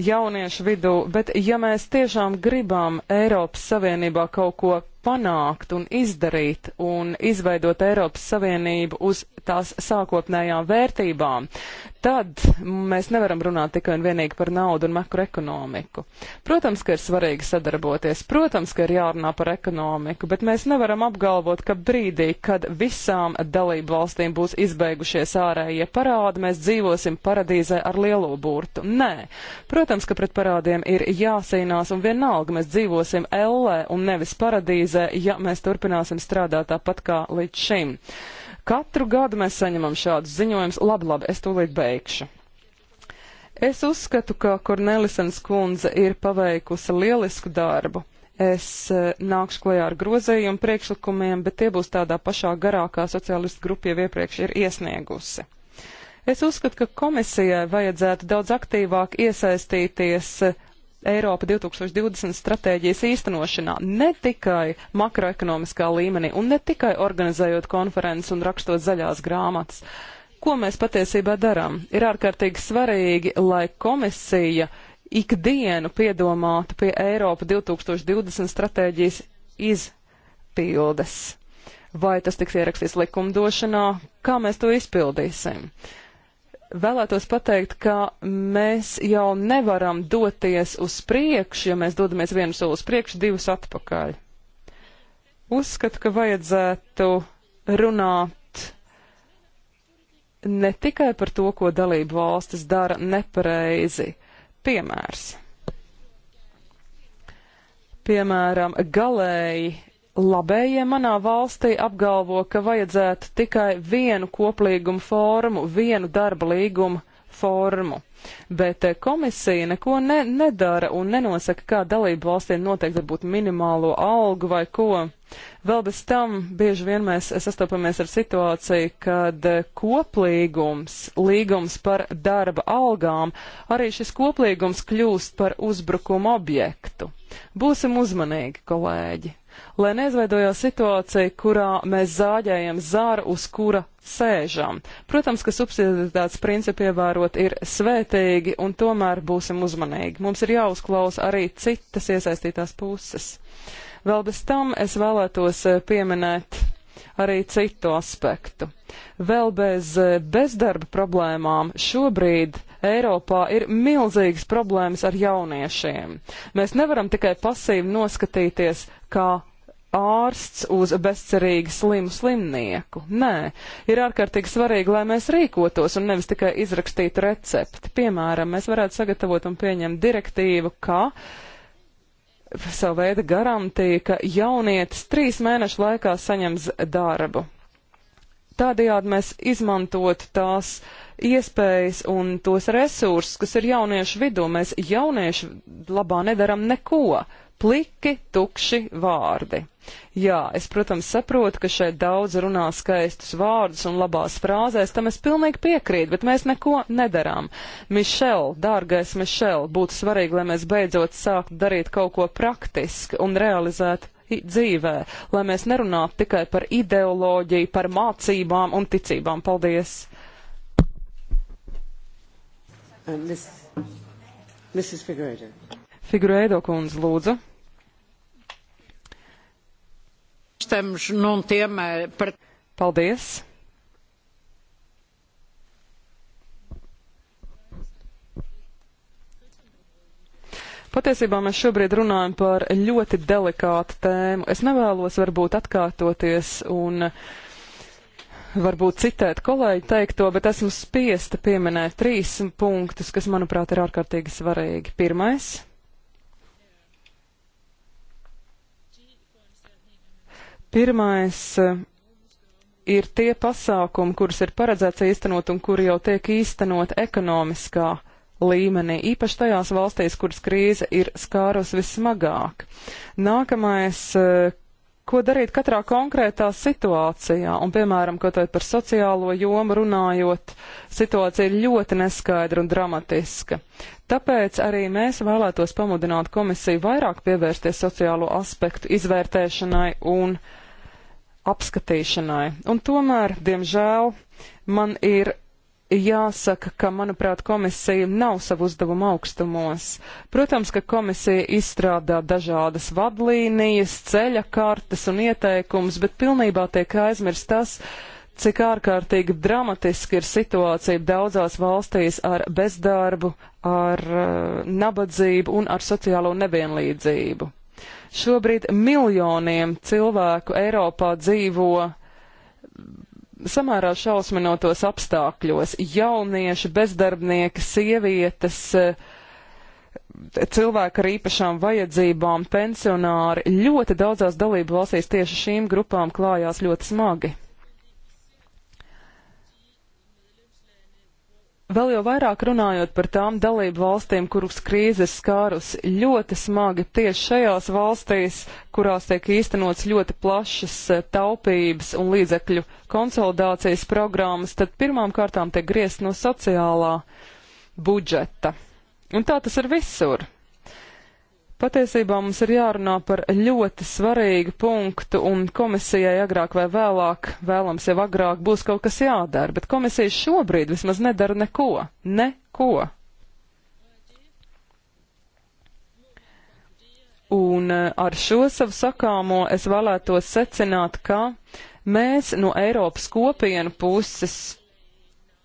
D: jauniešu vidū, bet ja mēs tiešām gribam Eiropas Savienībā kaut ko panākt un izdarīt un izveidot Eiropas Savienību uz tās sākotnējām vērtībām, tad mēs nevaram runāt tikai un vienīgi par naudu un makroekonomiku. Protams, ka ir svarīgi sadarboties, protams, ka ir jārunā par ekonomiku, bet mēs nevaram apgalvot, ka brīdī, kad visām dalību valstīm būs izbeigušies ārējie parādi, mēs dzīvosim paradīzē ar lielo burtu. Nē, protams, ka pret parādiem ir jācīnās un vienalga mēs dzīvosim ellē un nevis paradīzē, ja mēs turpināsim strādāt tāpat kā līdz šim. Katru gadu mēs saņemam šādus ziņojumus. Labi, labi, es tūlīt beigšu. Es uzskatu, ka Kornelisens kundze ir paveikusi lielisku darbu. Es eh, nākšu klajā ar grozējumu priekšlikumiem, bet tie būs tādā pašā garā, kā sociālistu grupa jau iepriekš ir iesniegusi. Es uzskatu, ka komisijai vajadzētu daudz aktīvāk iesaistīties eh, Eiropa 2020 stratēģijas īstenošanā, ne tikai makroekonomiskā līmenī un ne tikai organizējot konferences un rakstot zaļās grāmatas. Ko mēs patiesībā darām? Ir ārkārtīgi svarīgi, lai komisija ikdienu piedomātu pie Eiropa 2020 stratēģijas izpildes. Vai tas tiks ierakstīts likumdošanā, kā mēs to izpildīsim? Uh, vēlētos pateikt, ka mēs jau nevaram doties uz priekšu, ja mēs dodamies vienu soli uz priekšu, divus atpakaļ. Uzskatu, ka vajadzētu runāt ne tikai par to, ko dalību valstis dara nepareizi. Piemērs. Piemēram, galēji Labējie manā valstī apgalvo, ka vajadzētu tikai vienu koplīgumu formu, vienu darba līgumu formu, bet eh, komisija neko ne, nedara un nenosaka, kā dalību valstīm noteikti būtu minimālo algu vai ko. Vēl bez tam bieži vien mēs sastopamies ar situāciju, kad eh, koplīgums, līgums par darba algām, arī šis koplīgums kļūst par uzbrukuma objektu. Būsim uzmanīgi, kolēģi! lai neizveidojās situācija, kurā mēs zāģējam zāru, uz kura sēžam. Protams, ka subsidiaritātes principu ievērot ir svētīgi, un tomēr būsim uzmanīgi. Mums ir jāuzklausa arī citas iesaistītās puses. Vēl bez tam es vēlētos eh, pieminēt arī citu aspektu. Vēl bez eh, bezdarba problēmām šobrīd Eiropā ir milzīgas problēmas ar jauniešiem. Mēs nevaram tikai pasīvi noskatīties, kā ārsts uz bezcerīgu slimu slimnieku. Nē, ir ārkārtīgi svarīgi, lai mēs rīkotos un nevis tikai izrakstītu recepti. Piemēram, mēs varētu sagatavot un pieņemt direktīvu, ka savu veidu garantija, ka jaunietis trīs mēnešu laikā saņems darbu. Tādējādi mēs izmantotu tās iespējas un tos resursus, kas ir jauniešu vidū. Mēs jauniešu labā nedaram neko pliki, tukši vārdi. Jā, es, protams, saprotu, ka šeit daudz runā skaistus vārdus un labās frāzēs, tam es pilnīgi piekrītu, bet mēs neko nedarām. Mišel, dārgais Mišel, būtu svarīgi, lai mēs beidzot sāktu darīt kaut ko praktiski un realizētu dzīvē, lai mēs nerunātu tikai par ideoloģiju, par mācībām un ticībām. Paldies! Um, Miss, Mrs. Figueiredo. Figurēdo kundze, lūdzu. Paldies! Patiesībā mēs šobrīd runājam par ļoti delikātu tēmu. Es nevēlos varbūt atkārtoties un varbūt citēt kolēģi teikto, bet esmu spiesta pieminēt trīs punktus, kas, manuprāt, ir ārkārtīgi svarīgi. Pirmais Pirmais eh, ir tie pasākumi, kurus ir paredzēts īstenot un kuri jau tiek īstenot ekonomiskā līmenī, īpaši tajās valstīs, kuras krīze ir skārus vismagāk. Nākamais, eh, ko darīt katrā konkrētā situācijā, un, piemēram, kaut vai par sociālo jomu runājot, situācija ir ļoti neskaidra un dramatiska. Tāpēc arī mēs vēlētos pamudināt komisiju vairāk pievērsties sociālo aspektu izvērtēšanai un uh, apskatīšanai. Un tomēr, diemžēl, man ir jāsaka, ka, manuprāt, komisija nav savu uzdevumu augstumos. Protams, ka komisija izstrādā dažādas vadlīnijas, ceļa kartes un ieteikums, bet pilnībā tiek aizmirst tas, cik ārkārtīgi dramatiski ir situācija daudzās valstīs ar bezdarbu, ar uh, nabadzību un ar sociālo nevienlīdzību. Šobrīd miljoniem cilvēku Eiropā dzīvo samērā šausminotos apstākļos. Jaunieši, bezdarbnieki, sievietes, cilvēki ar īpašām vajadzībām, pensionāri ļoti daudzās dalību valstīs tieši šīm grupām klājās ļoti smagi. Vēl jau vairāk runājot par tām dalību valstīm, kuras krīzes skārus ļoti smagi tieši šajās valstīs, kurās tiek īstenots ļoti plašas e, taupības un līdzekļu konsolidācijas programmas, tad pirmām kārtām tiek griezt no sociālā budžeta. Un tā tas ir visur. Patiesībā mums ir jārunā par ļoti svarīgu punktu, un komisijai agrāk vai vēlāk, vēlams jau agrāk, būs kaut kas jādara, bet komisija šobrīd vismaz nedara neko. Neko. Un eh, ar šo savu sakāmo es vēlētos secināt, ka mēs no Eiropas kopienu puses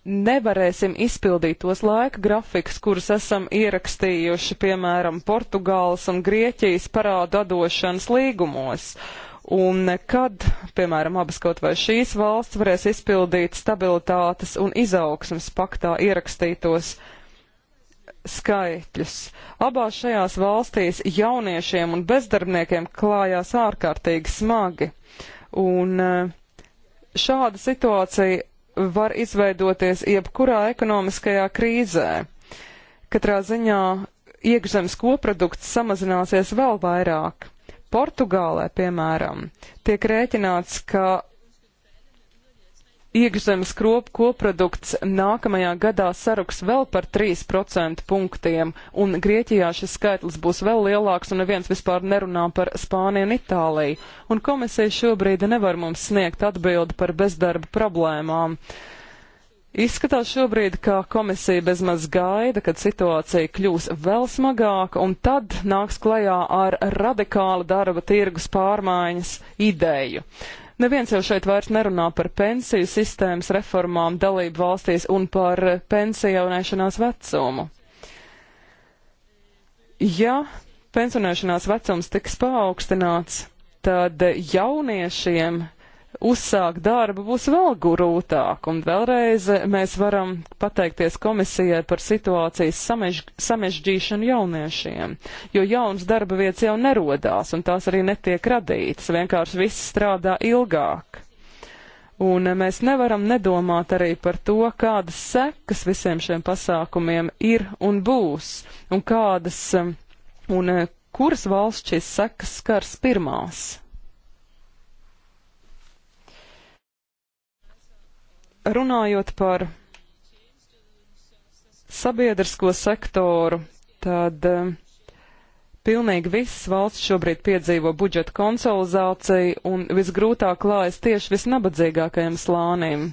D: nevarēsim izpildīt tos laika grafikus, kurus esam ierakstījuši, piemēram, Portugāles un Grieķijas parādu atdošanas līgumos. Un kad, piemēram, abas kaut vai šīs valsts varēs izpildīt stabilitātes un izaugsmas paktā ierakstītos skaitļus. Abās šajās valstīs jauniešiem un bezdarbniekiem klājās ārkārtīgi smagi. Un eh, šāda situācija var izveidoties jebkurā ekonomiskajā krīzē. Katrā ziņā iekšzemes koprodukts samazināsies vēl vairāk. Portugālē, piemēram, tiek rēķināts, ka iekšzemes koprodukts nākamajā gadā saruks vēl par 3% punktiem, un Grieķijā šis skaitlis būs vēl lielāks, un neviens vispār nerunā par Spāniju un Itāliju. Un komisija šobrīd nevar mums sniegt atbildi par bezdarba problēmām. Izskatās šobrīd, ka komisija bezmaz gaida, kad situācija kļūs vēl smagāka, un tad nāks klajā ar radikālu darba tirgus pārmaiņas ideju. Neviens jau šeit vairs nerunā par pensiju sistēmas reformām dalību valstīs un par pensionēšanās vecumu. Ja pensionēšanās vecums tiks paaugstināts, tad jauniešiem uzsākt darbu būs vēl grūtāk, un vēlreiz mēs varam pateikties komisijai par situācijas samež, samežģīšanu jauniešiem, jo jauns darba vietas jau nerodās, un tās arī netiek radītas, vienkārši viss strādā ilgāk. Un mēs nevaram nedomāt arī par to, kādas sekas visiem šiem pasākumiem ir un būs, un kādas un eh, kuras valsts šīs sekas skars pirmās. runājot par sabiedrisko sektoru, tad eh, pilnīgi viss valsts šobrīd piedzīvo budžeta konsolidāciju un visgrūtāk klājas tieši visnabadzīgākajiem slānim.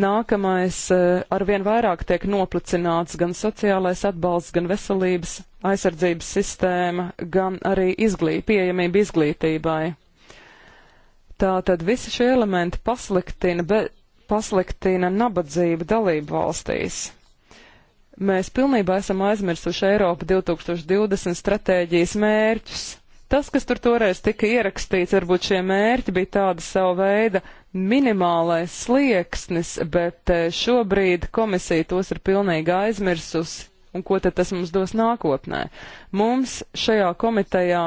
D: Nākamais eh, arvien vairāk tiek noplicināts gan sociālais atbalsts, gan veselības aizsardzības sistēma, gan arī izglī, pieejamība izglītībai. Tātad visi šie elementi pasliktina be, pasliktina nabadzību dalību valstīs. Mēs pilnībā esam aizmirsuši Eiropa 2020 stratēģijas mērķus. Tas, kas tur toreiz tika ierakstīts, varbūt šie mērķi bija tāda sava veida minimālais slieksnis, bet eh, šobrīd komisija tos ir pilnīgi aizmirsusi. Un ko tad tas mums dos nākotnē? Mums šajā komitejā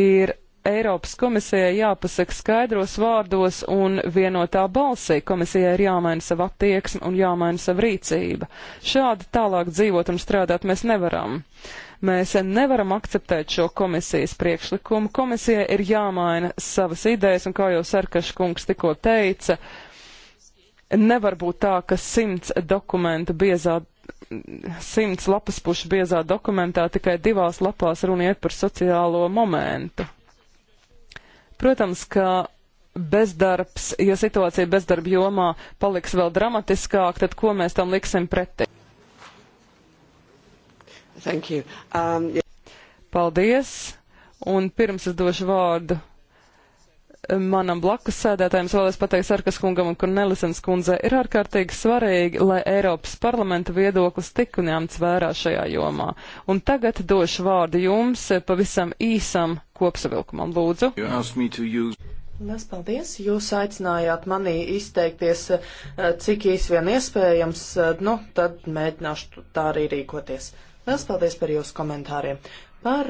D: ir Eiropas komisijai jāpasaka skaidros vārdos un vienotā balsī. Komisijai ir jāmaina sava attieksme un jāmaina sava rīcība. Šādi tālāk dzīvot un strādāt mēs nevaram. Mēs nevaram akceptēt šo komisijas priekšlikumu. Komisijai ir jāmaina savas idejas, un kā jau Sarkaškungs tikko teica, nevar būt tā, ka simts dokumentu biezā simts lapas pušu biezā dokumentā tikai divās lapās runiet par sociālo momentu. Protams, ka bezdarbs, ja situācija bezdarba jomā paliks vēl dramatiskāk, tad ko mēs tam liksim pretī? Um, yeah. Paldies! Un pirms es došu vārdu manam blakus sēdētājiem vēlēs pateikt Sarkas kungam un Kornelisens kundzei, ir ārkārtīgi svarīgi, lai Eiropas parlamenta viedoklis tiku ņemts vērā šajā jomā. Un tagad došu vārdu jums eh, pavisam īsam kopsavilkumam, lūdzu.
A: Lielas paldies! Jūs aicinājāt manī izteikties, eh, cik īsi vien iespējams, eh, nu, tad mēģināšu tā arī rīkoties. Lielas paldies par jūsu komentāriem par,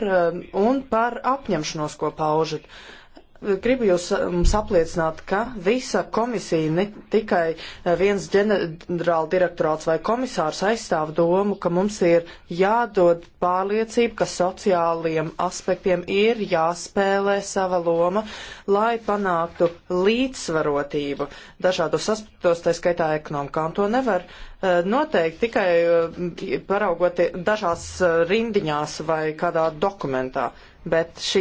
A: un par apņemšanos, ko paužat. Uh, gribu jūs mums apliecināt, ka visa komisija, ne tikai uh, viens ģenerāla direktorāts vai komisārs aizstāv domu, ka mums ir jādod pārliecība, ka sociālajiem aspektiem ir jāspēlē sava loma, lai panāktu līdzsvarotību dažādos aspektos, tā skaitā ekonomikā. Un to nevar uh, noteikt tikai uh, paraugoties dažās rindiņās vai kādā dokumentā bet šī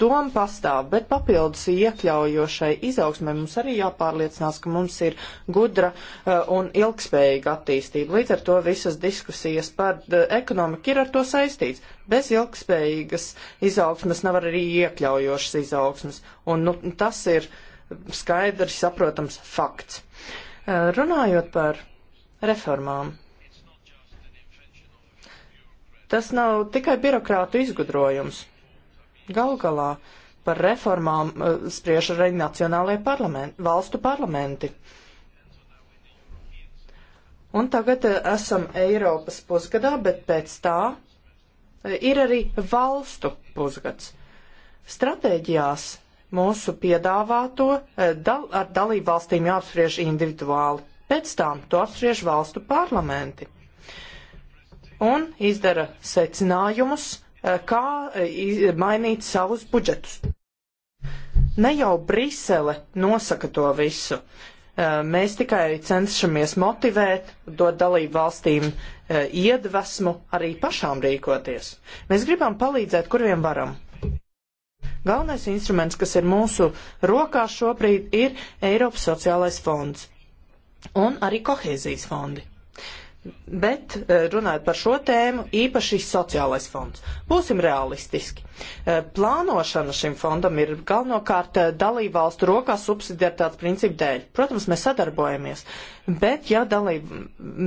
A: doma pastāv, bet papildus iekļaujošai izaugsmai mums arī jāpārliecinās, ka mums ir gudra uh, un ilgspējīga attīstība. Līdz ar to visas diskusijas par uh, ekonomiku ir ar to saistīts. Bez ilgspējīgas izaugsmas nav arī iekļaujošas izaugsmas, un nu, tas ir skaidrs, saprotams fakts. Uh, runājot par reformām. Tas nav tikai birokrātu izgudrojums. Gal galā par reformām eh, spriež arī nacionālajie parlamenti, valstu parlamenti. Un tagad eh, esam Eiropas pusgadā, bet pēc tā eh, ir arī valstu pusgads. Stratēģijās mūsu piedāvāto dal, ar dalību valstīm jāapspriež individuāli, pēc tām to apspriež valstu parlamenti un izdara secinājumus, eh, kā eh, mainīt savus budžetus. Ne jau Brisele nosaka to visu. Eh, mēs tikai cenšamies motivēt, dot dalību valstīm iedvesmu arī pašām rīkoties. Mēs gribam palīdzēt, kur vien varam. Galvenais instruments, kas ir mūsu rokās šobrīd, ir Eiropas sociālais fonds un arī kohēzijas fondi. Uh, Bet eh, runājot par šo tēmu, īpaši sociālais fonds. Būsim realistiski. Eh, plānošana šim fondam ir galvenokārt eh, dalībvalstu rokās subsidiaritātes principu dēļ. Protams, mēs sadarbojamies, Bet, ja dalība,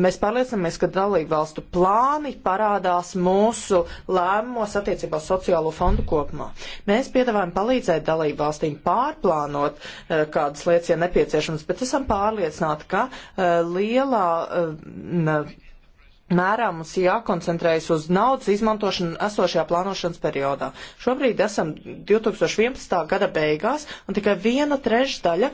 A: mēs pārliecinamies, ka dalību valstu plāni parādās mūsu lēmumos attiecībā uz sociālo fondu kopumā, mēs piedāvājam palīdzēt dalību valstīm pārplānot uh, kādas lietas, ja nepieciešams, bet esam pārliecināti, ka uh, lielā. Uh, mērā mums jākoncentrējas uz naudas izmantošanu esošajā plānošanas periodā. Šobrīd esam 2011. gada beigās, un tikai viena trešdaļa e,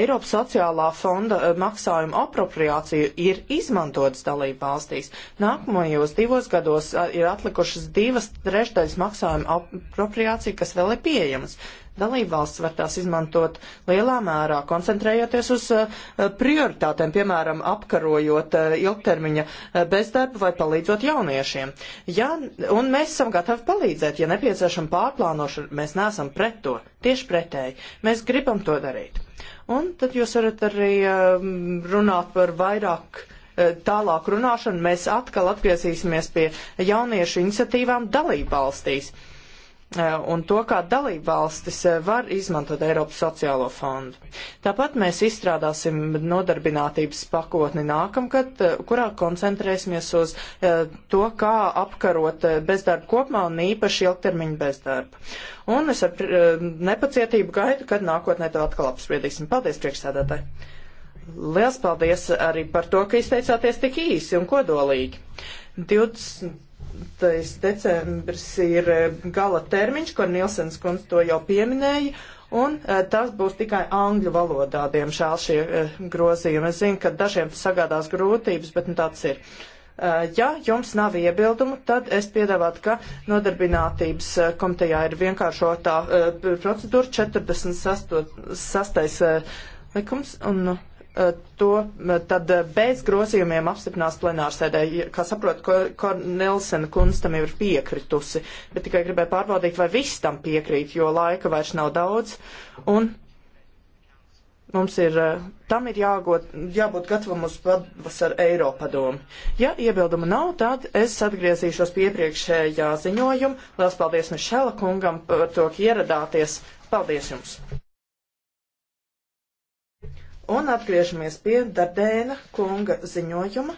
A: Eiropas sociālā fonda e, maksājuma apropriāciju ir izmantotas dalība valstīs. Nākamajos divos gados a, ir atlikušas divas trešdaļas maksājuma apropriāciju, kas vēl ir pieejamas. Dalībvalsts var tās izmantot lielā mērā, koncentrējoties uz eh, prioritātēm, piemēram, apkarojot eh, ilgtermiņa eh, bezdarbu vai palīdzot jauniešiem. Ja, un mēs esam gatavi palīdzēt, ja nepieciešama pārplānošana, mēs neesam pret to, tieši pretēji, mēs gribam to darīt. Un tad jūs varat arī ehm, runāt par vairāk tālāk runāšanu mēs atkal atgriezīsimies pie jauniešu iniciatīvām dalībvalstīs. valstīs Eh, un to, kā dalībvalstis eh, var izmantot Eiropas sociālo fondu. Tāpat mēs izstrādāsim nodarbinātības pakotni nākamgad, eh, kurā koncentrēsimies uz to, kā apkarot bezdarbu kopumā un īpaši ilgtermiņu bezdarbu. Un es ar nepacietību gaidu, kad nākotnē to atkal apspriedīsim. Paldies, priekšsēdētāji! Liels paldies arī par to, ka izteicāties tik īsi un kodolīgi. 20 decembris ir eh, gala termiņš, kur Nilsens kundze to jau pieminēja, un eh, tas būs tikai angļu valodā, diemžēl, šie eh, grozījumi. Es zinu, ka dažiem tas sagādās grūtības, bet nu tāds ir. Ja jums nav iebildumu, tad es piedāvātu, ka nodarbinātības komitejā ir vienkāršotā procedūra 46. likums. Un, nu, Eh, to eh, tad eh, bez grozījumiem apstiprinās plenārsēdē. Kā saprotu, Kornelsena kundze tam jau ir piekritusi, bet tikai gribēju pārbaudīt, vai viss tam piekrīt, jo laika vairs nav daudz. Un mums ir, tam ir jāgot, jābūt gatavam uz pavasara Eiropadomu. Ja iebildumu nav, tad es atgriezīšos pie iepriekšējā ziņojuma. Lielas paldies Mišela kungam par to, ka ieradāties. Paldies jums! Un atgriežamies pie Dardēna kunga ziņojuma.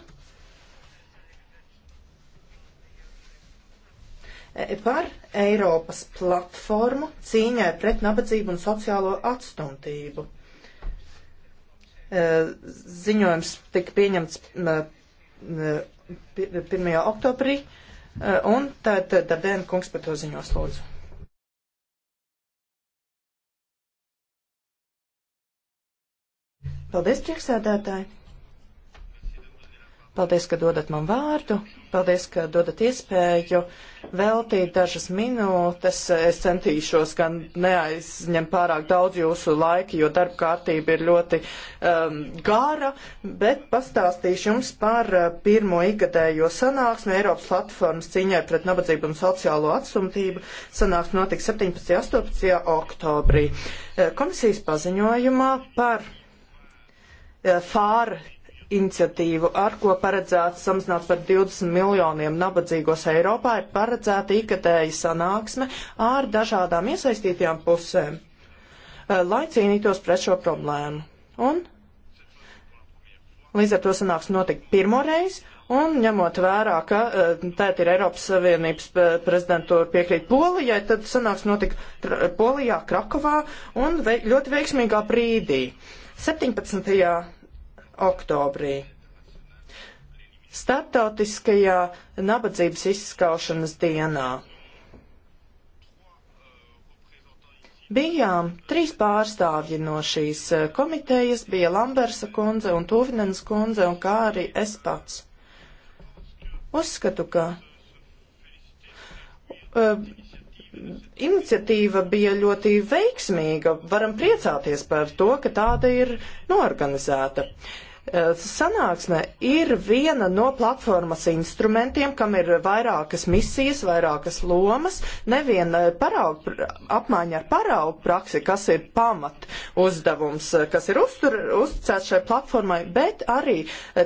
A: E, par Eiropas platformu cīņai pret nabadzību un sociālo atstumtību. E, ziņojums tika pieņemts 1. oktobrī, e, un tad Dardēna kungs par to ziņos lūdzu. Paldies, priekšsēdētāji! Paldies, ka dodat man vārdu, paldies, ka dodat iespēju veltīt dažas minūtes. Es centīšos gan neaizņemt pārāk daudz jūsu laika, jo darba kārtība ir ļoti um, gara, bet pastāstīšu jums par uh, pirmo ikgadējo sanāksmi Eiropas platformas cīņai pret nabadzību un sociālo atsumtību. Sanāksme notiks 17. un 18. oktobrī. Uh, komisijas paziņojumā par Eh, FAR iniciatīvu, ar ko paredzēts samazināt par 20 miljoniem nabadzīgos Eiropā, ir paredzēta ikatēja sanāksme ar dažādām iesaistītajām pusēm, eh, lai cīnītos pret šo problēmu. Un līdz ar to sanāks notikt pirmoreiz, un ņemot vērā, ka eh, tēt ir Eiropas Savienības prezidentūra piekrīt Polijai, tad sanāks notikt Polijā, Krakovā un vei ļoti veiksmīgā brīdī. 17 oktobrī. Startautiskajā nabadzības izskaušanas dienā bijām trīs pārstāvji no šīs eh, komitejas, bija Lambersa kundze un Tuvinens kundze un kā arī es pats. Uzskatu, ka uh, iniciatīva bija ļoti veiksmīga, varam priecāties par to, ka tāda ir norganizēta. Uh, Eh, sanāksme ir viena no platformas instrumentiem, kam ir vairākas misijas, vairākas lomas, nevien eh, paraugu, apmaiņa ar paraugu praksi, kas ir pamat uzdevums, eh, kas ir uztur, uzticēts šai platformai, bet arī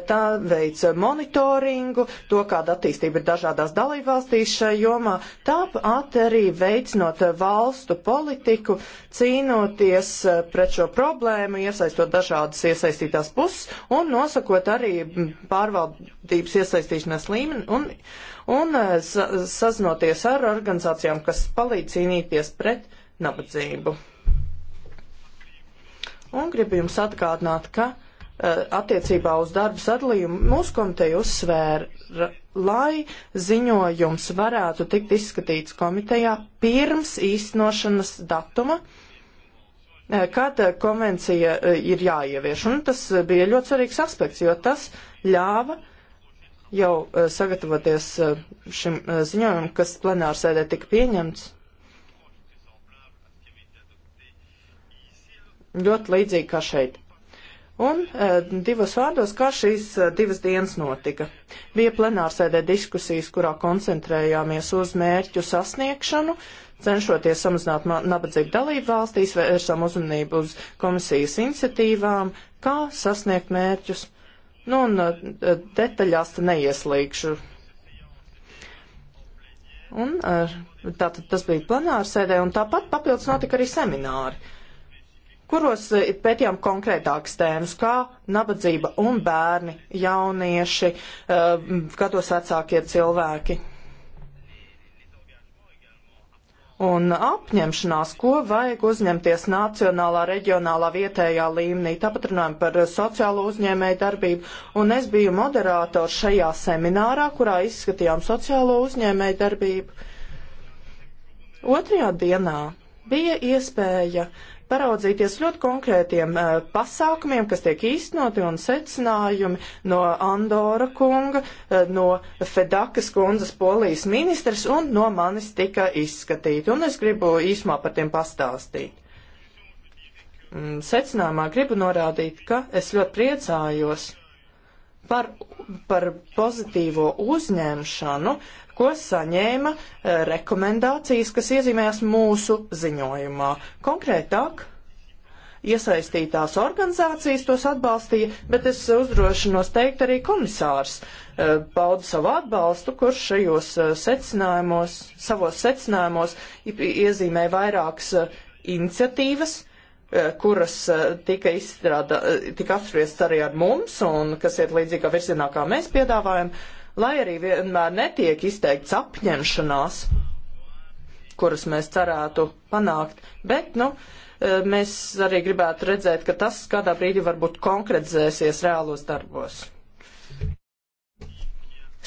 A: tā veids monitoringu, to, kāda attīstība ir dažādās dalībvalstīs šai jomā, tāpat arī veicinot valstu politiku, cīnoties pret šo problēmu, iesaistot dažādas iesaistītās puses un nosakot arī pārvaldības iesaistīšanās līmeni un, un eh, sa sazinoties ar organizācijām, kas palīdz cīnīties pret nabadzību. Un gribu jums atgādināt, ka eh, attiecībā uz darbu sadalījumu mūsu komiteja uzsvēra, lai ziņojums varētu tikt izskatīts komitejā pirms īstenošanas datuma. Uh, Eh, kad eh, konvencija eh, ir jāievieš. Un tas bija ļoti svarīgs aspekts, jo tas ļāva jau sagatavoties šim ziņojumam, kas plenārsēdē tika pieņemts. Ļoti līdzīgi kā šeit. Un e, divos vārdos, kā šīs e, divas dienas notika. Bija plenārsēdē diskusijas, kurā koncentrējāmies uz mērķu sasniegšanu, cenšoties samazināt nabadzību dalību valstīs, vērsām uzmanību uz komisijas iniciatīvām, kā sasniegt mērķus. Nu, un uh, detaļās te neieslīgšu. Un uh, tātad tas bija plenārsēdē, un tāpat papildus notika arī semināri, kuros uh, pētījām konkrētākas tēmas, kā nabadzība un bērni, jaunieši, kādos vecākie cilvēki. un apņemšanās, ko vajag uzņemties nacionālā, reģionālā, vietējā līmenī. Tāpat runājam par sociālo uzņēmēju darbību, un es biju moderators šajā seminārā, kurā izskatījām sociālo uzņēmēju darbību. Otrajā dienā bija iespēja uh, paraudzīties ļoti konkrētiem uh, pasākumiem, kas tiek īstenoti un secinājumi no Andora kunga, uh, no Fedakas kundzes polijas ministrs un no manis tika izskatīti. Un es gribu īsumā par tiem pastāstīt. Mm, secinājumā gribu norādīt, ka es ļoti priecājos par, par pozitīvo uzņemšanu, ko saņēma eh, rekomendācijas, kas iezīmējās mūsu ziņojumā. Konkrētāk, iesaistītās organizācijas tos atbalstīja, bet es uzdrošinos teikt arī komisārs eh, pauda savu atbalstu, kurš šajos eh, secinājumos, savos secinājumos iezīmē vairākas iniciatīvas, kuras tika izstrādā, tika apspriestas arī ar mums un kas iet līdzīgā virzienā, kā mēs piedāvājam. Uh, lai arī vienmēr netiek izteikts apņemšanās, kuras mēs cerētu panākt, bet, nu, e, mēs arī gribētu redzēt, ka tas kādā brīdī varbūt konkretizēsies reālos darbos.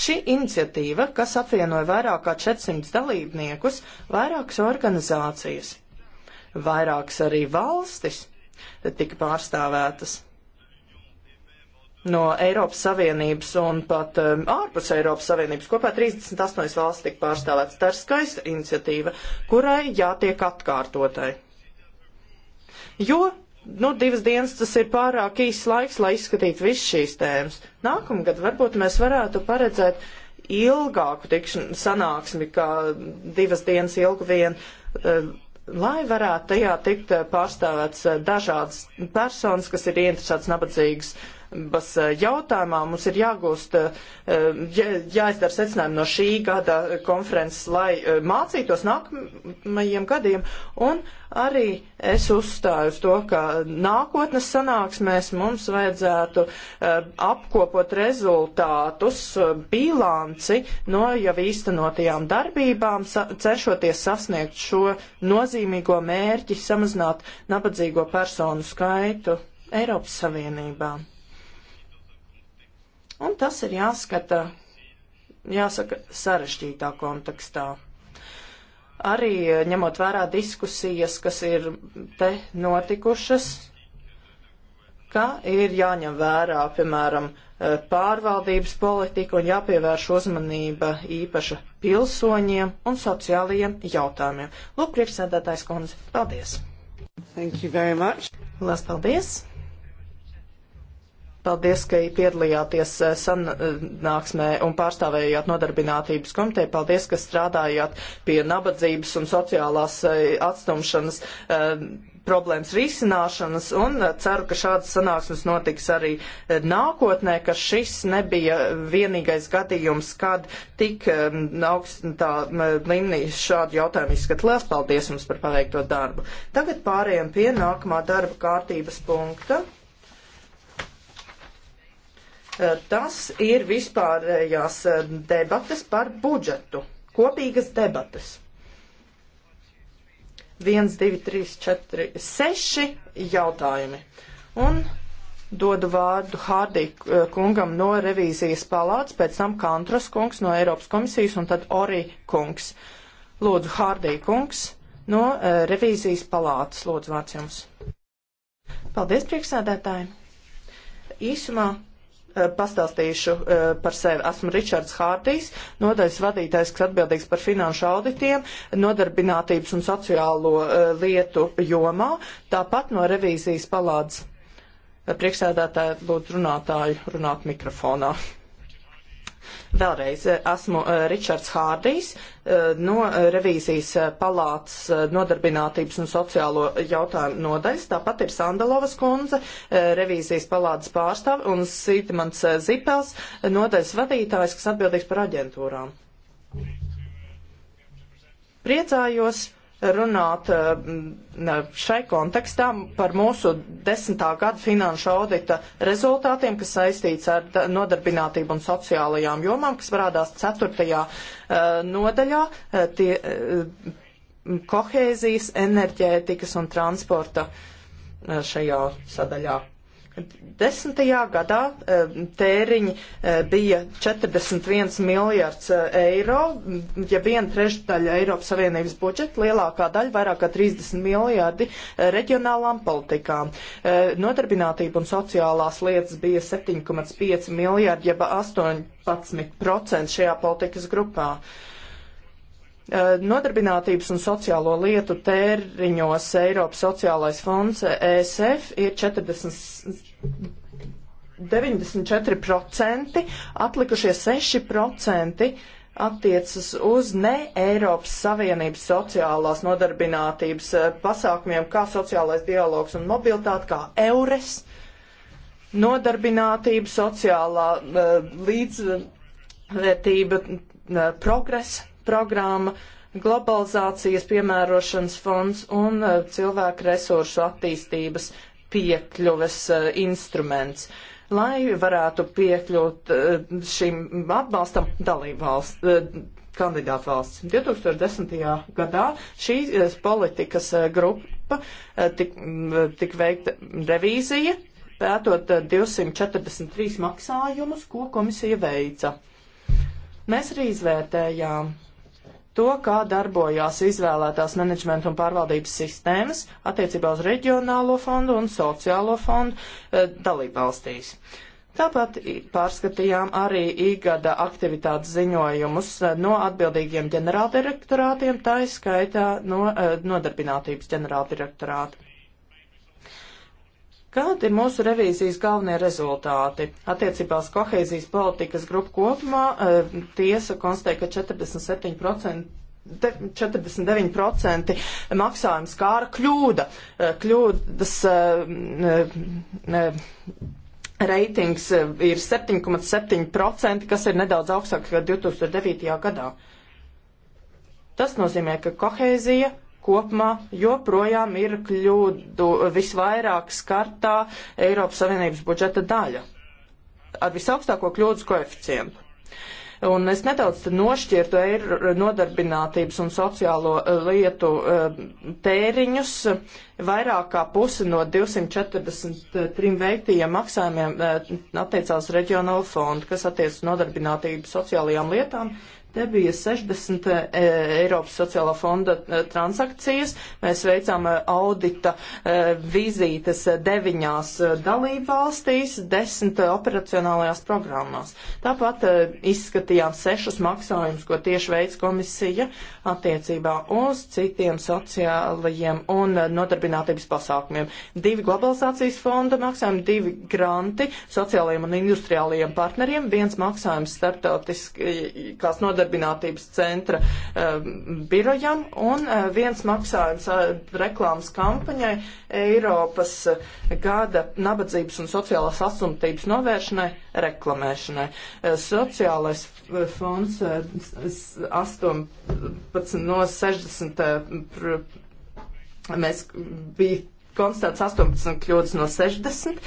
A: Šī iniciatīva, kas apvienoja vairāk kā 400 dalībniekus, vairākas organizācijas, vairākas arī valstis, tika pārstāvētas no Eiropas Savienības un pat um, ārpus Eiropas Savienības. Kopā 38 valsts tika pārstāvētas. Tā ir skaista iniciatīva, kurai jātiek atkārtotai. Jo, nu, divas dienas tas ir pārāk īsts laiks, lai izskatītu visu šīs tēmas. Nākamgad varbūt mēs varētu paredzēt ilgāku tikšanu sanāksmi, kā divas dienas ilgu vien. Uh, lai varētu tajā tikt uh, pārstāvēts uh, dažādas personas, kas ir ieinteresētas nabadzīgas uh, darbas eh, jautājumā mums ir jāgūst, eh, jā, jāizdara secinājumi no šī gada konferences, lai eh, mācītos nākamajiem gadiem. Un arī es uzstāju uz to, ka nākotnes sanāksmēs mums vajadzētu apkopot rezultātus, bilanci no jau īstenotajām darbībām, cenšoties sasniegt šo nozīmīgo mērķi samazināt nabadzīgo personu skaitu. Eiropas Savienībā. Un tas ir jāskata, jāsaka, sarežģītā kontekstā. Arī eh, ņemot vērā diskusijas, kas ir te notikušas, ka ir jāņem vērā, piemēram, eh, pārvaldības politika un jāpievērš uzmanība īpaša pilsoņiem un sociālajiem jautājumiem. Lūk, priekšsēdētājs kundze, paldies! Thank you very much! Lielas paldies! Paldies, ka piedalījāties eh, sanāksmē un pārstāvējāt nodarbinātības komiteju. Paldies, ka strādājāt pie nabadzības un sociālās eh, atstumšanas eh, problēmas risināšanas un ceru, ka šādas sanāksmes notiks arī nākotnē, ka šis nebija vienīgais gadījums, kad tik augstā līmenī šādu jautājumu izskat. Lielas paldies jums par paveikto darbu. Tagad pārējām pie nākamā darba kārtības punkta. Eh, tas ir vispārējās eh, debates par budžetu, kopīgas debates. 1, 2, 3, 4, 6 jautājumi. Un dodu vārdu Hārdī eh, kungam no revīzijas palāts, pēc tam Kantras kungs no Eiropas komisijas un tad Orī kungs. Lūdzu, Hārdī kungs no uh, revīzijas palātas. Lūdzu, vārds jums. Paldies, priekšsēdētāji. Īsumā Eh, pastāstīšu eh, par sevi. Esmu Ričards Hārdijs, nodaļas vadītājs, kas atbildīgs par finanšu auditiem, nodarbinātības un sociālo eh, lietu jomā, tāpat no revīzijas palādes. Priekšsēdētāji lūdzu runātāju runāt mikrofonā. Vēlreiz eh, esmu eh, Ričards Hārdijs eh, no revīzijas palātas nodarbinātības un sociālo jautājumu nodaļas. Tāpat ir Sandalovas kundze, revīzijas palātas pārstāve un Sītimans Zipels, nodaļas vadītājs, kas atbildīgs par aģentūrām. Priecājos runāt eh, šai kontekstā par mūsu desmitā gada finanšu audita rezultātiem, kas saistīts ar nodarbinātību un sociālajām jomām, kas parādās ceturtajā eh, nodaļā. Eh, tie, kohēzijas, enerģētikas un transporta šajā sadaļā. Desmitajā gadā eh, tēriņi eh, bija 41 miljārds eh, eiro, ja viena trešdaļa Eiropas Savienības budžeta, lielākā daļa, vairāk kā 30 miljārdi reģionālām politikām. Nodarbinātība un sociālās lietas bija 7,5 miljārdi, jeb 18% šajā politikas grupā. Uh, Uh, nodarbinātības un sociālo lietu tēriņos Eiropas sociālais fonds ESF ir 40, 94%, atlikušie 6% attiecas uz ne Eiropas Savienības sociālās nodarbinātības uh, pasākumiem, kā sociālais dialogs un mobilitāte, kā eures, nodarbinātība, sociālā uh, līdzvērtība, progresa programma, globalizācijas piemērošanas fonds un eh, cilvēku resursu attīstības piekļuves eh, instruments lai varētu piekļūt eh, šim atbalstam dalību valsts, kandidātu valsts. 2010. gadā šīs politikas grupa tik, tik veikta revīzija, pētot 243 maksājumus, ko komisija veica. Mēs arī izvērtējām to, kā darbojās izvēlētās menedžmenta un pārvaldības sistēmas attiecībā uz reģionālo fondu un sociālo fondu e, dalībvalstīs. Tāpat pārskatījām arī īgada aktivitātes ziņojumus e, no atbildīgiem ģenerāldirektorātiem, tā izskaitā no e, nodarbinātības ģenerāldirektorāta. Kādi ir mūsu revīzijas galvenie rezultāti? Attiecībā uz kohēzijas politikas grupu kopumā eh, tiesa konstatē, ka 47% 49% maksājums skāra kļūda. Eh, kļūdas eh, reitings ir 7,7%, kas ir nedaudz augstāks kā 2009. gadā. Tas nozīmē, ka kohēzija kopumā joprojām ir kļūdu visvairāk skartā Eiropas Savienības budžeta daļa ar visaugstāko kļūdas koeficientu. Un es nedaudz nošķirtu eiro nodarbinātības un sociālo eh, lietu eh, tēriņus. Vairāk kā pusi no 243 veiktajiem maksājumiem eh, attiecās reģionāla fonda, kas attiec nodarbinātību sociālajām lietām, Te bija 60 e, Eiropas sociālā fonda e, transakcijas. Mēs veicām e, audita vizītes deviņās dalību valstīs, desmit operacionālajās programmās. Tāpat izskatījām sešus maksājumus, ko tieši veids komisija attiecībā uz citiem sociālajiem un nodarbinātības pasākumiem. Divi globalizācijas fonda maksājumi, divi granti sociālajiem un industriālajiem partneriem, viens maksājums starptautiskās nodarbinātības nodarbinātības centra ehm, birojam un eh, viens maksājums eh, reklāmas kampaņai Eiropas eh, gada nabadzības un sociālās atsumtības novēršanai reklamēšanai. Sociālais fonds 18 no 60 mēs bija konstatēts 18 kļūdas no 60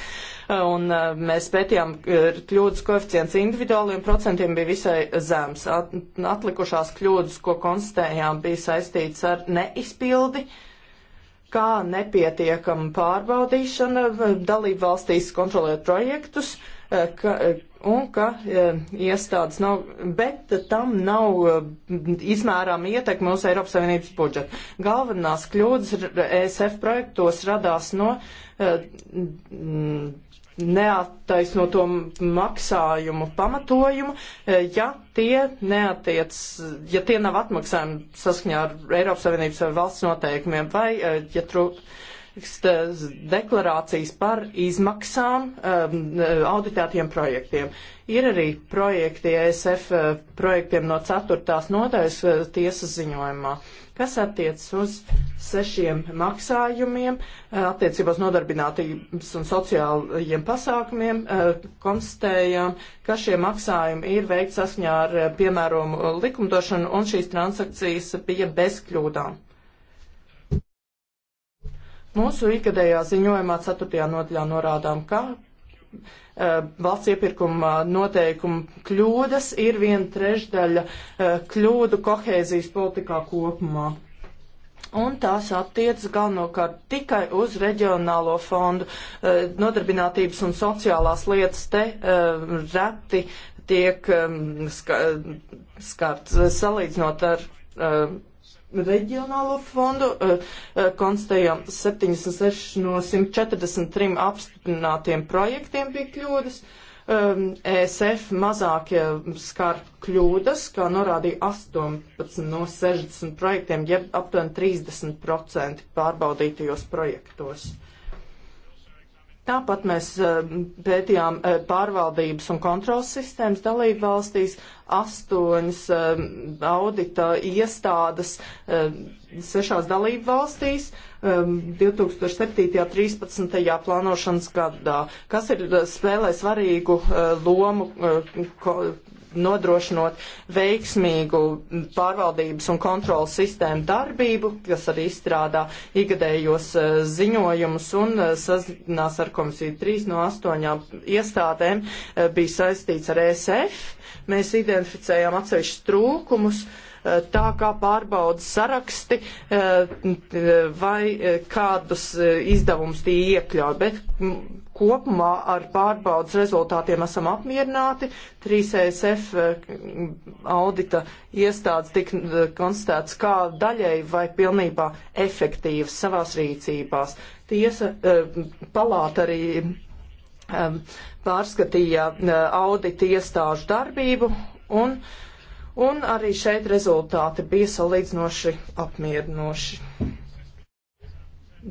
A: un uh, mēs pētījām uh, kļūdas koeficients individuāliem procentiem bija visai zems. Atlikušās kļūdas, ko konstatējām, bija saistīts ar neizpildi, kā nepietiekama pārbaudīšana uh, dalību valstīs kontrolēt projektus, ka, un ka iestādes nav, bet tam nav izmērām ietekme uz Eiropas Savienības budžetu. Galvenās kļūdas ESF projektos radās no neattaisno to maksājumu pamatojumu, e, ja tie neatiec, ja tie nav atmaksājumi saskaņā ar Eiropas Savienības vai valsts noteikumiem, vai e, ja trūkst deklarācijas par izmaksām um, auditētiem projektiem. Ir arī projekti ESF uh, projektiem no 4. nodaļas uh, tiesas ziņojumā, kas attiecas uz sešiem maksājumiem uh, attiecībās nodarbinātības un sociālajiem pasākumiem. Konstatējām, ka šie maksājumi ir veikti saskaņā ar piemēromu likumdošanu un šīs transakcijas bija bez kļūdām. Mūsu ikgadējā ziņojumā 4. nodaļā norādām, ka e, valsts iepirkuma noteikuma kļūdas ir viena trešdaļa e, kļūdu kohēzijas politikā kopumā. Un tās attiecas galvenokārt tikai uz reģionālo fondu. E, nodarbinātības un sociālās lietas te reti tiek skarts salīdzinot ar reģionālo fondu eh, eh, konstatējām 76 no 143 apstiprinātiem projektiem bija kļūdas. ESF ehm, e mazāk skar kļūdas, kā norādīja 18 no 60 projektiem, jeb aptuveni 30% pārbaudītajos projektos. Tāpat mēs eh, pētījām eh, pārvaldības un kontrolas sistēmas dalību valstīs, astoņas eh, audita iestādes sešās dalību valstīs 2007.13. plānošanas gadā, kas ir spēlē svarīgu lomu nodrošinot veiksmīgu pārvaldības un kontrolas sistēmu darbību, kas arī izstrādā ikgadējos eh, ziņojumus un eh, sazinās ar komisiju 3 no 8 iestādēm eh, bija saistīts ar ESF. Mēs identificējām atsevišķus trūkumus. Uh, tā kā pārbauda saraksti eh, vai eh, kādus eh, izdevumus tie iekļauj, bet mm, kopumā ar pārbaudas rezultātiem esam apmierināti. 3SF e audita iestādes tika konstatēts kā daļai vai pilnībā efektīvas savās rīcībās. Tiesa palāta arī pārskatīja audita iestāžu darbību un uh, Un arī šeit rezultāti bija salīdzinoši apmierinoši.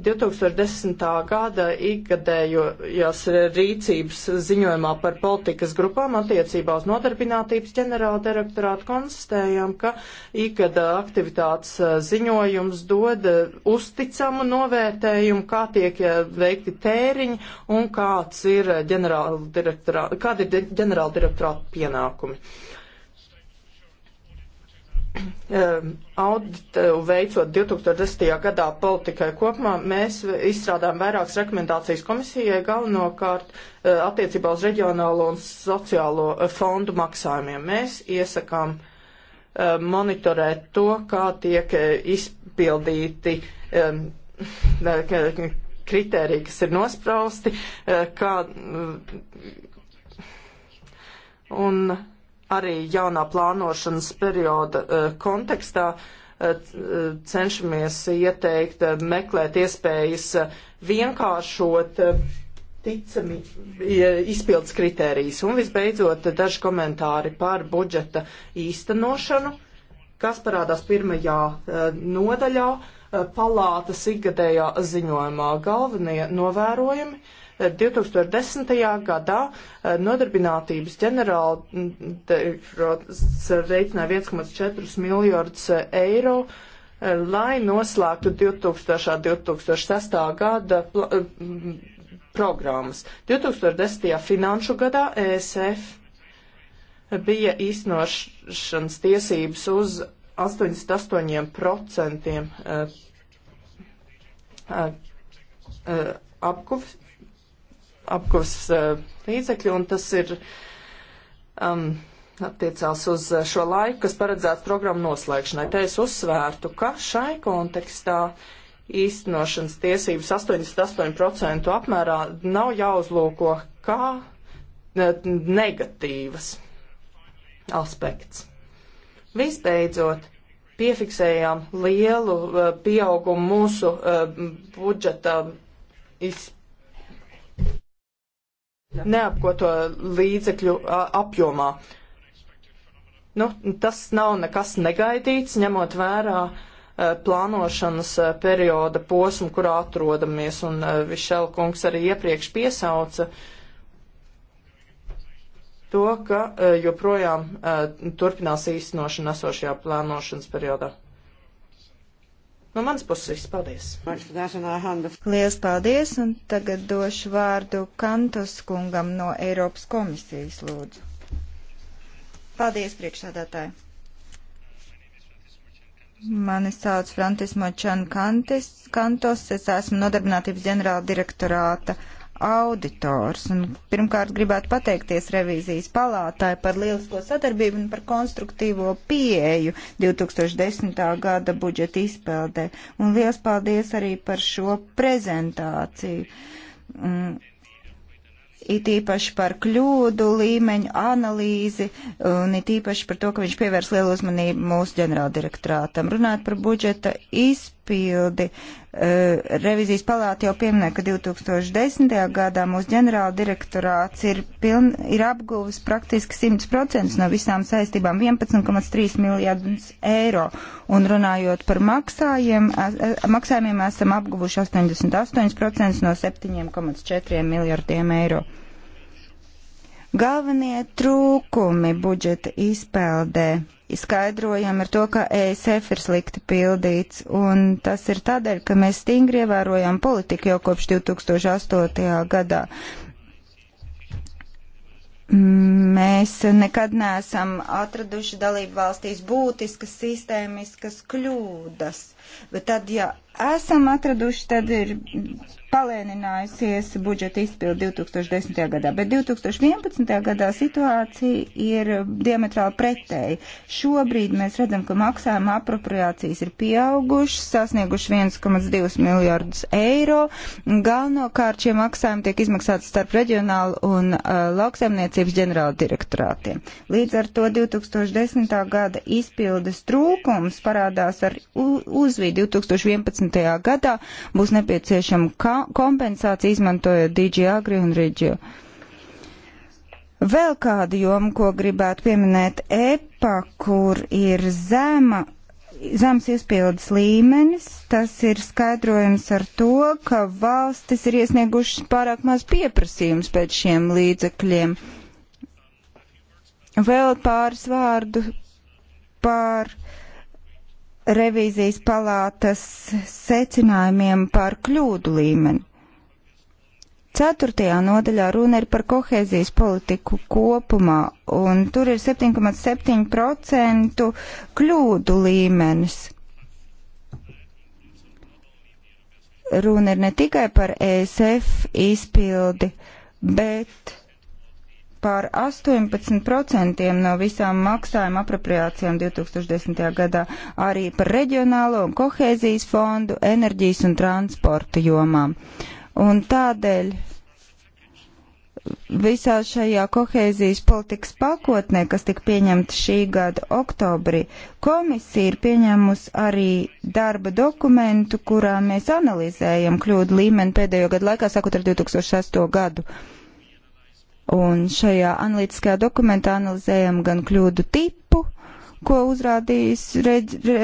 A: 2010. gada ikgadējos rīcības ziņojumā par politikas grupām attiecībā uz nodarbinātības ģenerāla direktorātu konstatējām, ka ikgada aktivitātes eh, ziņojums dod eh, uzticamu novērtējumu, kā tiek eh, veikti tēriņi un kāds ir ģenerāla direktorāta, kāda ir ģenerāla direktorāta pienākumi. Uh, Ehm, auditu eh, veicot 2010. gadā politikai kopumā, mēs izstrādājam vairākas rekomendācijas komisijai galvenokārt eh, attiecībā uz reģionālo un sociālo eh, fondu maksājumiem. Mēs iesakām monitorēt to, kā tiek izpildīti ehm, kritēriji, kas ir nosprausti, kā mm, un arī jaunā plānošanas perioda e, kontekstā e, e, cenšamies ieteikt, meklēt iespējas vienkāršot ticami izpildes kritērijas. Un visbeidzot, daži komentāri par budžeta īstenošanu, kas parādās pirmajā nodaļā palātas ikgadējā ziņojumā. Galvenie novērojumi 2010. gadā eh, nodarbinātības ģenerāldirektors reicināja eh, 1,4 miljardus eh, eiro lai noslēgtu 2000. 2006. gada programmas. 2010. finanšu gadā ESF bija īstenošanas tiesības uz 88% apkuvis apgūs uh, līdzekļi, un tas ir um, attiecās uz eh, šo laiku, kas paredzēts programmu noslēgšanai. Te es uzsvērtu, ka šai kontekstā īstenošanas tiesības 88% apmērā nav jāuzlūko kā eh, negatīvas aspekts. Visbeidzot, piefiksējām lielu pieaugumu mūsu budžeta iz, neapkoto līdzekļu apjomā. Nu, tas nav nekas negaidīts, ņemot vērā plānošanas perioda posmu, kurā atrodamies, un Višela kungs arī iepriekš piesauca to, ka joprojām turpinās īstenošana esošajā plānošanas periodā. No manas puses viss, paldies.
B: Lielas paldies, un tagad došu vārdu Kantos kungam no Eiropas komisijas, lūdzu. Paldies, priekšsādātāji. Mani sauc Frantis Močan Kantis, Kantos, es esmu nodarbinātības ģenerāla direktorāta auditors. Un pirmkārt gribētu pateikties revīzijas palātai par lielisko sadarbību un par konstruktīvo pieeju 2010. gada budžeta izpildē. Un liels paldies arī par šo prezentāciju. Mm. It īpaši par kļūdu līmeņu analīzi un it īpaši par to, ka viņš pievērs lielu uzmanību mūsu ģenerāldirektorātam. Runājot par budžeta izpildu izpildi. Eh, revizijas palāta jau pieminēja, ka 2010. gadā mūsu ģenerāla direktorāts ir, piln, ir apguvis praktiski 100% no visām saistībām 11,3 miljardus eiro. Un runājot par maksājiem, eh, maksājumiem esam apguvuši 88% no 7,4 miljardiem eiro. Galvenie trūkumi budžeta izpildē skaidrojam ar to, ka ESF ir slikti pildīts, un tas ir tādēļ, ka mēs stingri ievērojam politiku jau kopš 2008. gadā. Mēs nekad neesam atraduši dalību valstīs būtiskas sistēmiskas kļūdas. Bet tad, ja esam atraduši, tad ir palēninājusies budžeta izpildi 2010. gadā, bet 2011. gadā situācija ir diametrāli pretēji. Šobrīd mēs redzam, ka maksājuma apropriācijas ir pieaugušas, sasnieguši 1,2 miljārdus eiro. Galvenokārt šie maksājumi tiek izmaksāti starp reģionālu un uh, lauksaimniecības ģenerāla direktorātiem. Līdz ar to 2010. gada izpildes trūkums parādās ar uz tas bija 2011. gadā, būs nepieciešama kompensācija izmantojot DG Agri un Regio. Vēl kāda joma, ko gribētu pieminēt, EPA, kur ir zema zems izpildes līmenis, tas ir skaidrojums ar to, ka valstis ir iesniegušas pārāk maz pieprasījums pēc šiem līdzekļiem. Vēl pāris vārdu par revīzijas palātas secinājumiem par kļūdu līmeni. Ceturtajā nodaļā runa ir par kohēzijas politiku kopumā, un tur ir 7,7% kļūdu līmenis. Runa ir ne tikai par ESF izpildi, bet par 18% no visām maksājuma apropriācijām 2010. gadā, arī par reģionālo un kohēzijas fondu, enerģijas un transporta jomām. Un tādēļ visā šajā kohēzijas politikas pakotnē, kas tika pieņemta šī gada oktobrī, komisija ir pieņēmusi arī darba dokumentu, kurā mēs analizējam kļūdu līmeni pēdējo gadu laikā, sakot ar 2008. gadu. Uh, Un šajā analītiskajā dokumentā analizējam gan kļūdu tipu, ko uzrādījis re, re,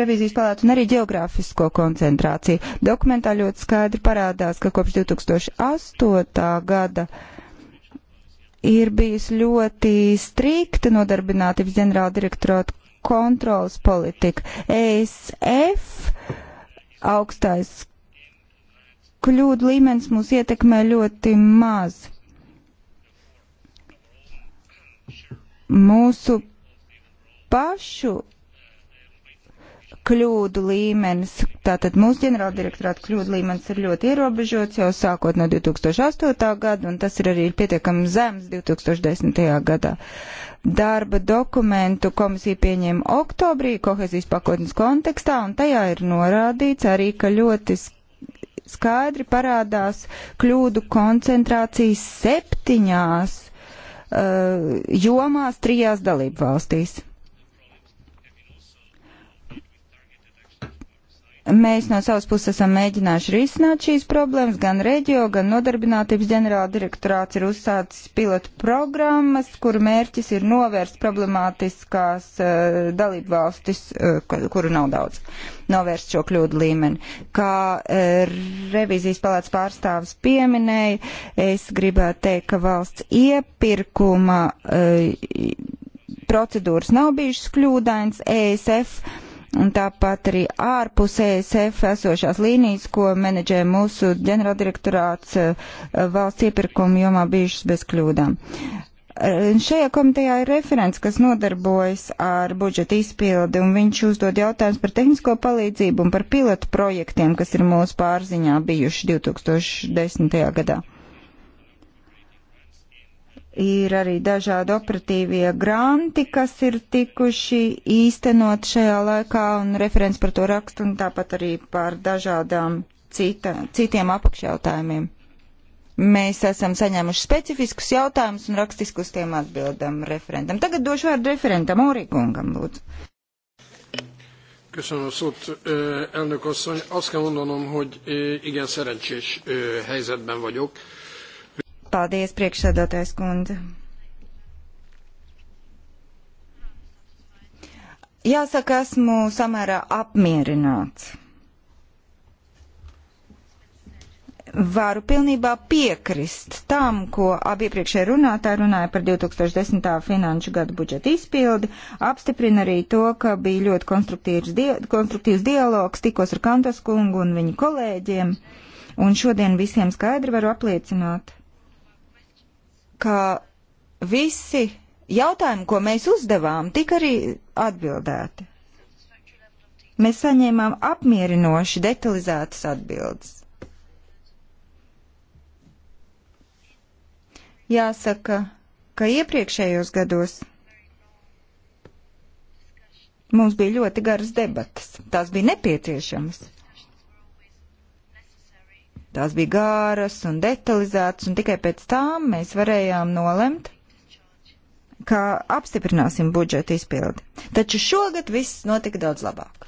B: revizijas palāta, un arī geogrāfisko koncentrāciju. Dokumentā ļoti skaidri parādās, ka kopš 2008. gada ir bijusi ļoti strikta nodarbinātības ģenerāla direktorāta kontrolas politika. ESF augstais kļūdu līmenis mūs ietekmē ļoti maz mūsu pašu kļūdu līmenis, tātad mūsu ģenerāldirektorāta kļūdu līmenis ir ļoti ierobežots jau sākot no 2008. gada, un tas ir arī pietiekami zems 2010. gadā. Darba dokumentu komisija pieņēma oktobrī kohezijas pakotnes kontekstā, un tajā ir norādīts arī, ka ļoti skaidri parādās kļūdu koncentrācijas septiņās Uh, jomās trijās dalību valstīs. Mēs no savas puses esam mēģinājuši risināt šīs problēmas, gan reģio, gan nodarbinātības ģenerāla direktorāts ir uzsācis pilotu programmas, kur mērķis ir novērst problemātiskās uh, dalību valstis, uh, kuru nav daudz, novērst šo kļūdu līmeni. Kā uh, eh, revizijas palāts pārstāvis pieminēja, es gribētu teikt, ka valsts iepirkuma uh, procedūras nav bijušas kļūdainas, ESF un tāpat arī ārpus ESF esošās līnijas, ko menedžē mūsu ģenerāldirektorāts eh, valsts iepirkumu jomā bijušas bez kļūdām. Eh, šajā komitejā ir referents, kas nodarbojas ar budžeta izpildi, un viņš uzdod jautājumus par tehnisko palīdzību un par pilotu projektiem, kas ir mūsu pārziņā bijuši 2010. gadā. Ir arī dažādi operatīvie granti, kas ir tikuši īstenot šajā laikā, un referents par to rakstu, un tāpat arī par dažādām cita, citiem apakšjautājumiem. Mēs esam saņēmuši specifiskus jautājumus un rakstisku uz tiem atbildam referentam. Tagad došu vārdu referentam Orikungam, lūdzu.
C: Köszönöm a szót, elnök asszony. Azt kell mondanom, hogy igen szerencsés helyzetben vagyok.
B: Paldies, priekšsēdotājs kundze. Jāsaka, esmu samērā apmierināts. varu pilnībā piekrist tam, ko abi iepriekšēji runātāji runāja par 2010. finanšu gadu budžeta izpildi. Apstiprina arī to, ka bija ļoti konstruktīvs, di konstruktīvs dialogs, tikos ar Kantas kungu un viņa kolēģiem. Un šodien visiem skaidri varu apliecināt, ka visi jautājumi, ko mēs uzdevām, tika arī atbildēti. Mēs saņēmām apmierinoši detalizētas atbildes. Jāsaka, ka iepriekšējos gados mums bija ļoti garas debatas. Tās bija nepieciešamas. Tās bija gāras un detalizētas, un tikai pēc tām mēs varējām nolemt, ka apstiprināsim budžeta izpildi. Taču šogad viss notika daudz labāk.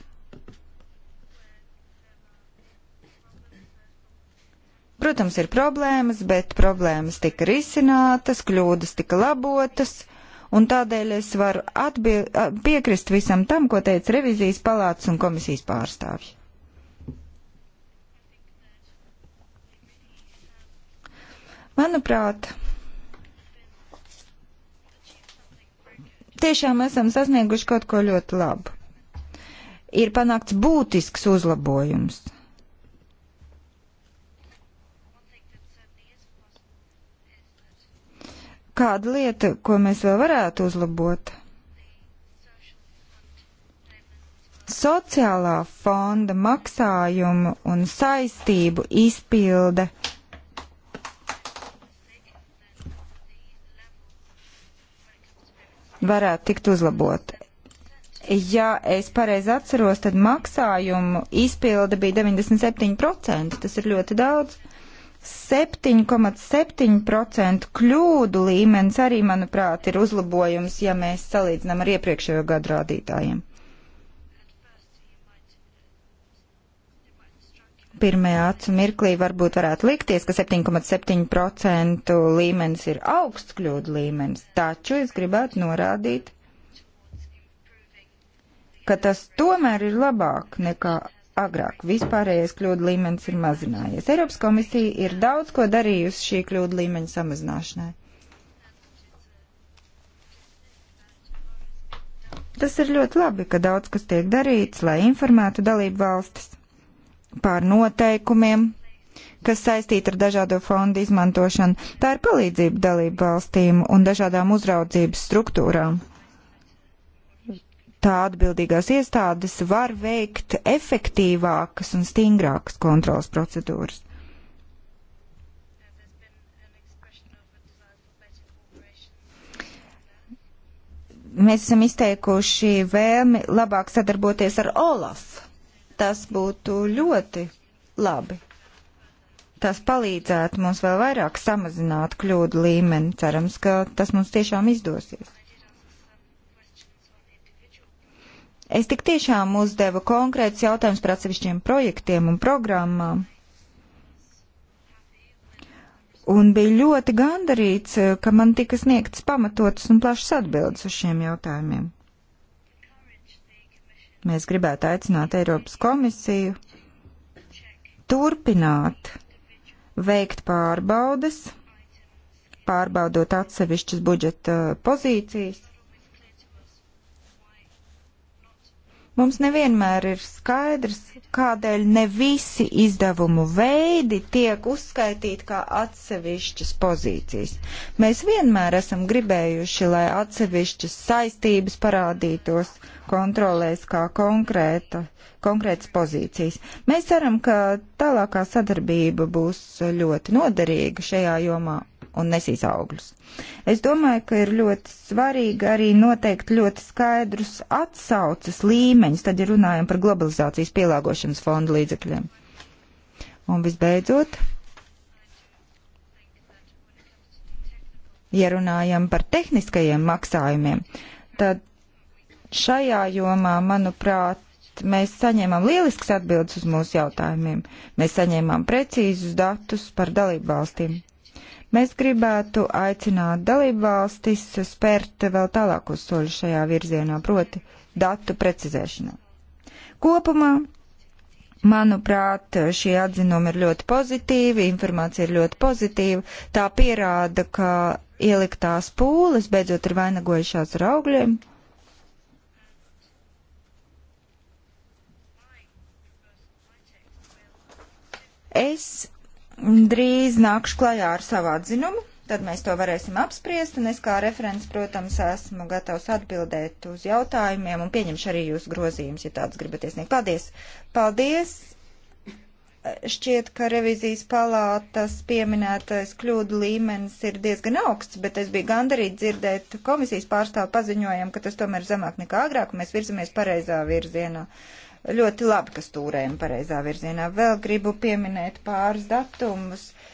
B: Protams, ir problēmas, bet problēmas tika risinātas, kļūdas tika labotas, un tādēļ es varu atbil, piekrist visam tam, ko teica revizijas palātas un komisijas pārstāvji. Manuprāt, tiešām esam sasnieguši kaut ko ļoti labu. Ir panākts būtisks uzlabojums. Kāda lieta, ko mēs vēl varētu uzlabot? Sociālā fonda maksājumu un saistību izpilde varētu tikt uzlabota. Ja es pareizi atceros, tad maksājumu izpilde bija 97%, tas ir ļoti daudz. 7,7% kļūdu līmenis arī, manuprāt, ir uzlabojums, ja mēs salīdzinām ar iepriekšējo gadu rādītājiem. pirmajā acu mirklī varbūt varētu likties, ka 7,7% līmenis ir augsts kļūdu līmenis, taču es gribētu norādīt, ka tas tomēr ir labāk nekā agrāk. Vispārējais kļūdu līmenis ir mazinājies. Eiropas komisija ir daudz ko darījusi šī kļūdu līmeņa samazināšanai. Tas ir ļoti labi, ka daudz kas tiek darīts, lai informētu dalību valstis pār noteikumiem, kas saistīta ar dažādo fondu izmantošanu. Tā ir palīdzība dalību valstīm un dažādām uzraudzības struktūrām. Tā atbildīgās iestādes var veikt efektīvākas un stingrākas kontrolas procedūras. Mēs esam izteikuši vēlmi labāk sadarboties ar Olafu tas būtu ļoti labi. Tas palīdzētu mums vēl vairāk samazināt kļūdu līmeni. Cerams, ka tas mums tiešām izdosies. Es tik tiešām uzdevu konkrētus jautājumus par atsevišķiem projektiem un programmām. Un bija ļoti gandarīts, ka man tika sniegtas pamatotas un plašas atbildes uz šiem jautājumiem. Mēs gribētu aicināt Eiropas komisiju turpināt veikt pārbaudes, pārbaudot atsevišķas budžeta pozīcijas, Mums nevienmēr ir skaidrs, kādēļ ne visi izdevumu veidi tiek uzskaitīti kā atsevišķas pozīcijas. Mēs vienmēr esam gribējuši, lai atsevišķas saistības parādītos kontrolēs kā konkrēta, konkrētas pozīcijas. Mēs ceram, ka tālākā sadarbība būs ļoti noderīga šajā jomā un nesīs augļus. Es domāju, ka ir ļoti svarīgi arī noteikt ļoti skaidrus atsaucas līmeņus, tad, ja runājam par globalizācijas pielāgošanas fondu līdzekļiem. Un visbeidzot, ja runājam par tehniskajiem maksājumiem, tad šajā jomā, manuprāt, mēs saņēmām lielisks atbildes uz mūsu jautājumiem. Mēs saņēmām precīzus datus par dalību valstīm. Mēs gribētu aicināt dalību valstis spērt vēl tālākos soļus šajā virzienā, proti datu precizēšanā. Kopumā Manuprāt, šie atzinumi ir ļoti pozitīvi, informācija ir ļoti pozitīva. Tā pierāda, ka ieliktās pūles beidzot ir vainagojušās ar augļiem. Es drīz nākšu klajā ar savu atzinumu, tad mēs to varēsim apspriest, un es kā referents, protams, esmu gatavs atbildēt uz jautājumiem un pieņemšu arī jūsu grozījumus, ja tāds gribat iesniegt. Paldies! Paldies! Šķiet, ka revizijas palātas pieminētais kļūdu līmenis ir diezgan augsts, bet es biju gandarīti dzirdēt komisijas pārstāvu paziņojumu, ka tas tomēr zemāk nekā agrāk, un mēs virzamies pareizā virzienā. Uh, ļoti labi, ka stūrējam pareizā virzienā. Vēl gribu pieminēt pāris datumus. Uh,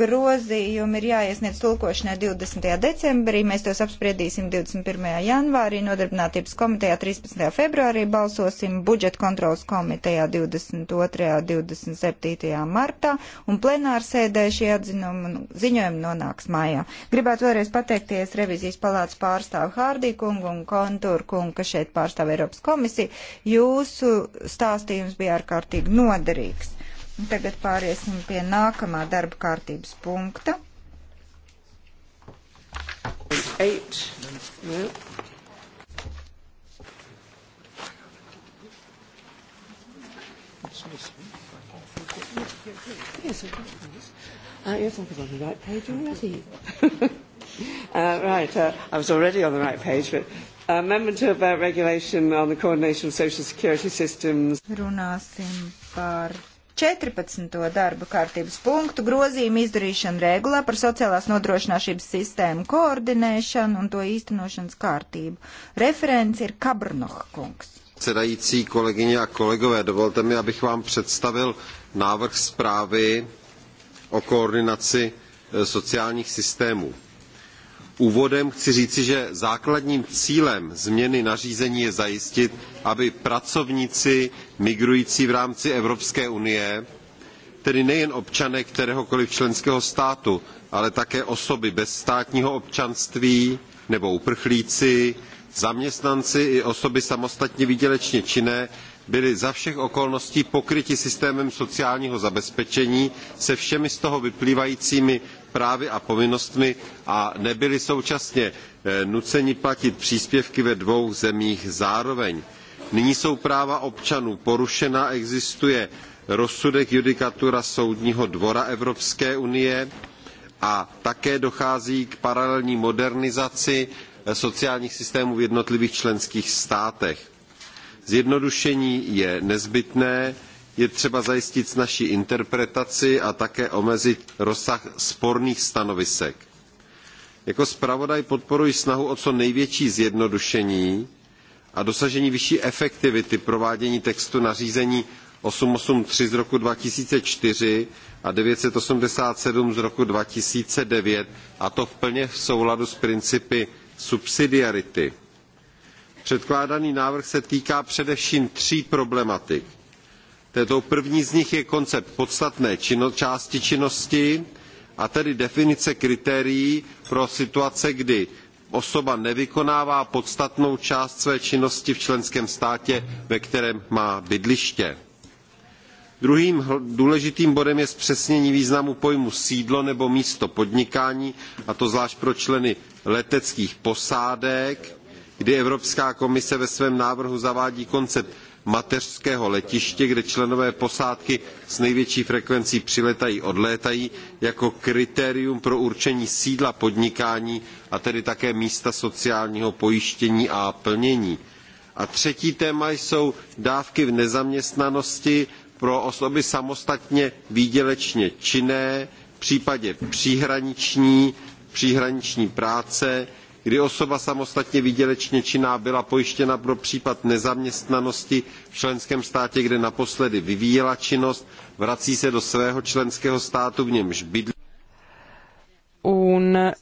B: Grozījumi ir jāiesniedz tulkošanai 20. decembrī, mēs tos apspriedīsim 21. janvārī, nodarbinātības komitejā 13. februārī balsosim, budžeta kontrolas komitejā 22. 27. martā un plenārsēdē šie atzinumi ziņojumi nonāks mājā. Gribētu vēlreiz pateikties revizijas palātas pārstāvu Hārdī kungu un kontūru kungu, kas šeit pārstāv Eiropas komisiju. Jūsu stāstījums bija ārkārtīgi noderīgs. Tagad pāriesim pie nākamā darba kārtības punkta. Eight. No.
A: Yes, uh, yes, I was on the right page already. uh, right, uh, I was already on the right page, but uh, amendment to about uh, regulation on the coordination of social
B: security systems. Runāsim par 14. darba kārtības punktu grozījumu izdarīšanu regulā par sociālās nodrošināšanas sistēmu koordinēšanu un to īstenošanas kārtību. Referents ir Kabrnoha kungs.
C: Předající kolegyně a kolegové, dovolte mi, abych vám představil návrh zprávy o koordinaci eh, sociálních systémů Úvodem chci říci, že základním cílem změny nařízení je zajistit, aby pracovníci migrující v rámci Evropské unie, tedy nejen občané kteréhokoliv členského státu, ale také osoby bez státního občanství nebo uprchlíci, zaměstnanci i osoby samostatně výdělečně činné byli za všech okolností pokryti systémem sociálního zabezpečení se všemi z toho vyplývajícími právy a povinnostmi a nebyli současně eh, nuceni platit příspěvky ve dvou zemích zároveň. nyní jsou práva občanů porušena existuje rozsudek judikatura soudního dvora evropské unie a také dochází k paralelní modernizaci eh, sociálních systémů v jednotlivých členských státech Zjednodušení je nezbytné, je třeba zajistit snažší interpretaci a také omezit rozsah sporných stanovisek. Jako zpravodaj podporuji snahu o co největší zjednodušení a dosažení vyšší efektivity provádění textu nařízení 883 z roku 2004 a 987 z roku 2009, a to v plně v souladu s principy subsidiarity Předkládaný návrh se týká především tří problematik. Této první z nich je koncept podstatné čino, části činnosti, a tedy definice kritérií pro situace, kdy osoba nevykonává podstatnou část své činnosti v členském státě, ve kterém má bydliště. Druhým důležitým bodem je zpřesnění významu pojmu sídlo nebo místo podnikání, a to zvlášť pro členy leteckých posádek, kdy Evropská komise ve svém návrhu zavádí koncept mateřského letiště, kde členové posádky s největší frekvencí přiletají odlétají jako kritérium pro určení sídla podnikání a tedy také místa sociálního pojištění a plnění. A třetí téma jsou dávky v nezaměstnanosti pro osoby samostatně výdělečně činné, v případě příhraniční, příhraniční práce, kdy osoba samostatně výdělečně činná byla pojištěna pro případ nezaměstnanosti v členském státě, kde naposledy vyvíjela činnost, vrací se do svého členského státu, v němž bydlí.
D: Un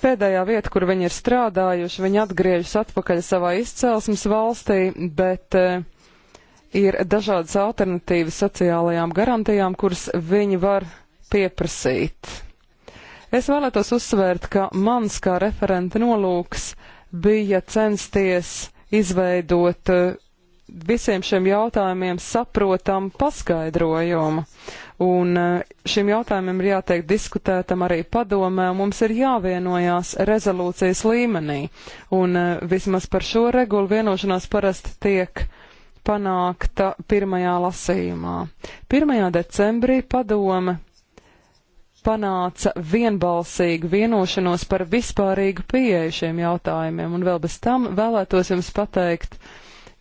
D: pēdējā vieta, kur viņi ir strādājuši, viņi atgriežas atpakaļ savā izcelsmes valstī, bet eh, ir dažādas alternatīvas sociālajām garantijām, kuras viņi var pieprasīt. Es vēlētos uzsvērt, ka mans kā referenta nolūks bija censties izveidot eh, visiem šiem jautājumiem saprotam paskaidrojumu. Un eh, šim jautājumam ir jātiek diskutētam arī padomē, un mums ir jāvienojās rezolūcijas līmenī. Un eh, vismaz par šo regulu vienošanās parasti tiek panākta pirmajā lasījumā. 1. decembrī padome panāca vienbalsīgu vienošanos par vispārīgu pieeju šiem jautājumiem. Un vēl bez tam vēlētos jums pateikt,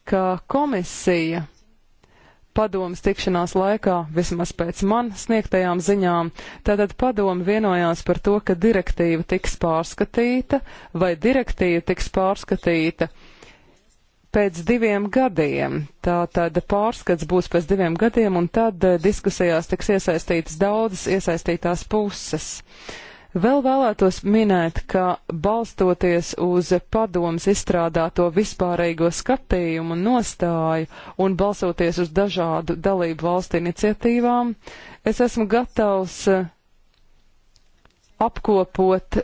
D: ka komisija padomas tikšanās laikā, vismaz pēc man sniegtajām ziņām, tātad padoma vienojās par to, ka direktīva tiks pārskatīta vai direktīva tiks pārskatīta pēc diviem gadiem. Tātad pārskats būs pēc diviem gadiem, un tad eh, diskusijās tiks iesaistītas daudzas iesaistītās puses. Vēl vēlētos minēt, ka balstoties uz padomus izstrādāto vispārējo skatījumu un nostāju un balsoties uz dažādu dalību valstu iniciatīvām, es esmu gatavs eh, apkopot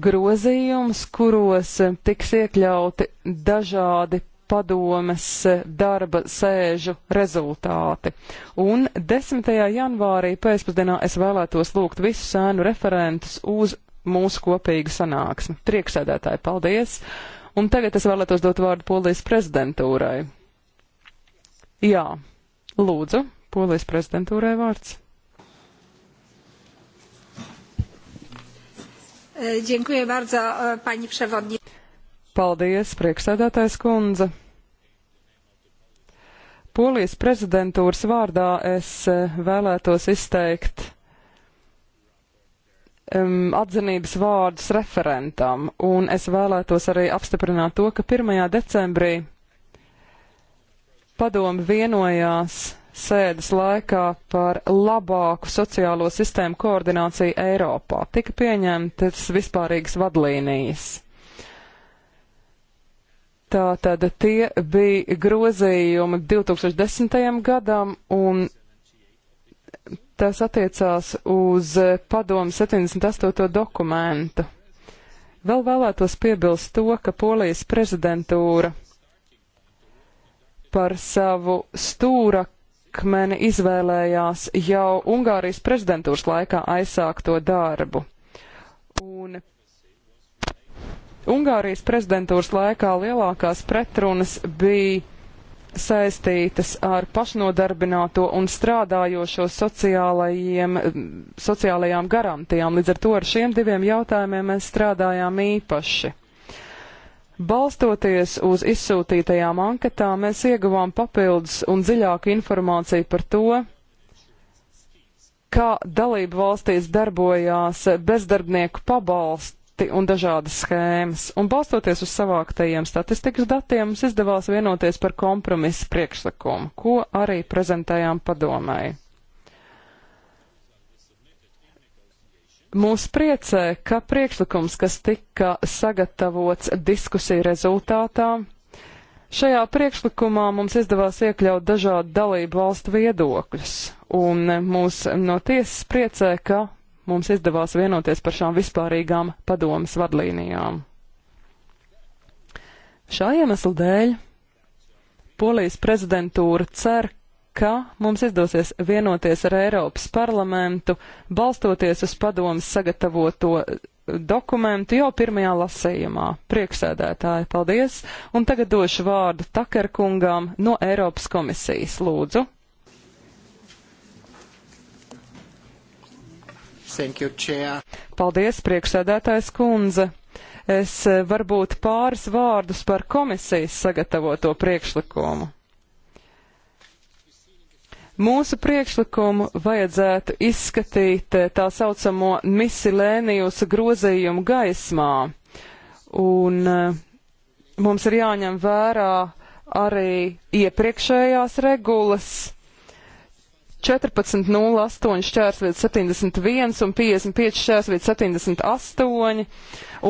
D: grozījumus, kuros eh, tiks iekļauti dažādi padomes eh, darba sēžu rezultāti. Un 10. janvārī pēcpusdienā es vēlētos lūgt visus sēnu referentus uz mūsu kopīgu sanāksmi. Priekšsēdētāji, paldies! Un tagad es vēlētos dot vārdu Polijas prezidentūrai. Jā, lūdzu, Polijas prezidentūrai vārds.
B: E, dziękuję bardzo, e, pani przewodnicząca.
D: Paldies, priekšsēdētājs kundze. Polijas prezidentūras vārdā es e, vēlētos izteikt um, atzinības vārdus referentam, un es vēlētos arī apstiprināt to, ka 1. decembrī padomu vienojās sēdes laikā par labāku sociālo sistēmu koordināciju Eiropā. Tika pieņemtas vispārīgas vadlīnijas. Tātad tie bija grozījumi 2010. gadam un tas attiecās uz padomu 78. dokumentu. Vēl vēlētos piebilst to, ka Polijas prezidentūra par savu stūra likmeni izvēlējās jau Ungārijas prezidentūras laikā aizsākto darbu. Un Ungārijas prezidentūras laikā lielākās pretrunas bija saistītas ar pašnodarbināto un strādājošo sociālajām garantijām. Līdz ar to ar šiem diviem jautājumiem mēs strādājām īpaši. Balstoties uz izsūtītajām anketām, mēs ieguvām papildus un dziļāku informāciju par to, kā dalību valstīs darbojās bezdarbnieku pabalsti un dažādas schēmas. Un balstoties uz savāktajiem statistikas datiem, mums izdevās vienoties par kompromisu priekšlikumu, ko arī prezentējām padomēji. Mūs priecē, ka priekšlikums, kas tika sagatavots diskusiju rezultātā, šajā priekšlikumā mums izdevās iekļaut dažādu dalību valstu viedokļus, un mūs no tiesas priecē, ka mums izdevās vienoties par šām vispārīgām padomas vadlīnijām. Šā iemesla dēļ Polijas prezidentūra cer, ka mums izdosies vienoties ar Eiropas parlamentu, balstoties uz padomas sagatavoto eh, dokumentu jau pirmajā lasējumā. Prieksēdētāji, paldies! Un tagad došu vārdu Takerkungām no Eiropas komisijas. Lūdzu! Thank you, chair. paldies, priekšsēdētājs kundze! Es eh, varbūt pāris vārdus par komisijas sagatavoto priekšlikumu. Mūsu priekšlikumu vajadzētu izskatīt eh, tā saucamo misilēnijus grozījumu gaismā, un eh, mums ir jāņem vērā arī iepriekšējās regulas 14.08 šķērslīdz 71 un 55 šķērslīdz 78,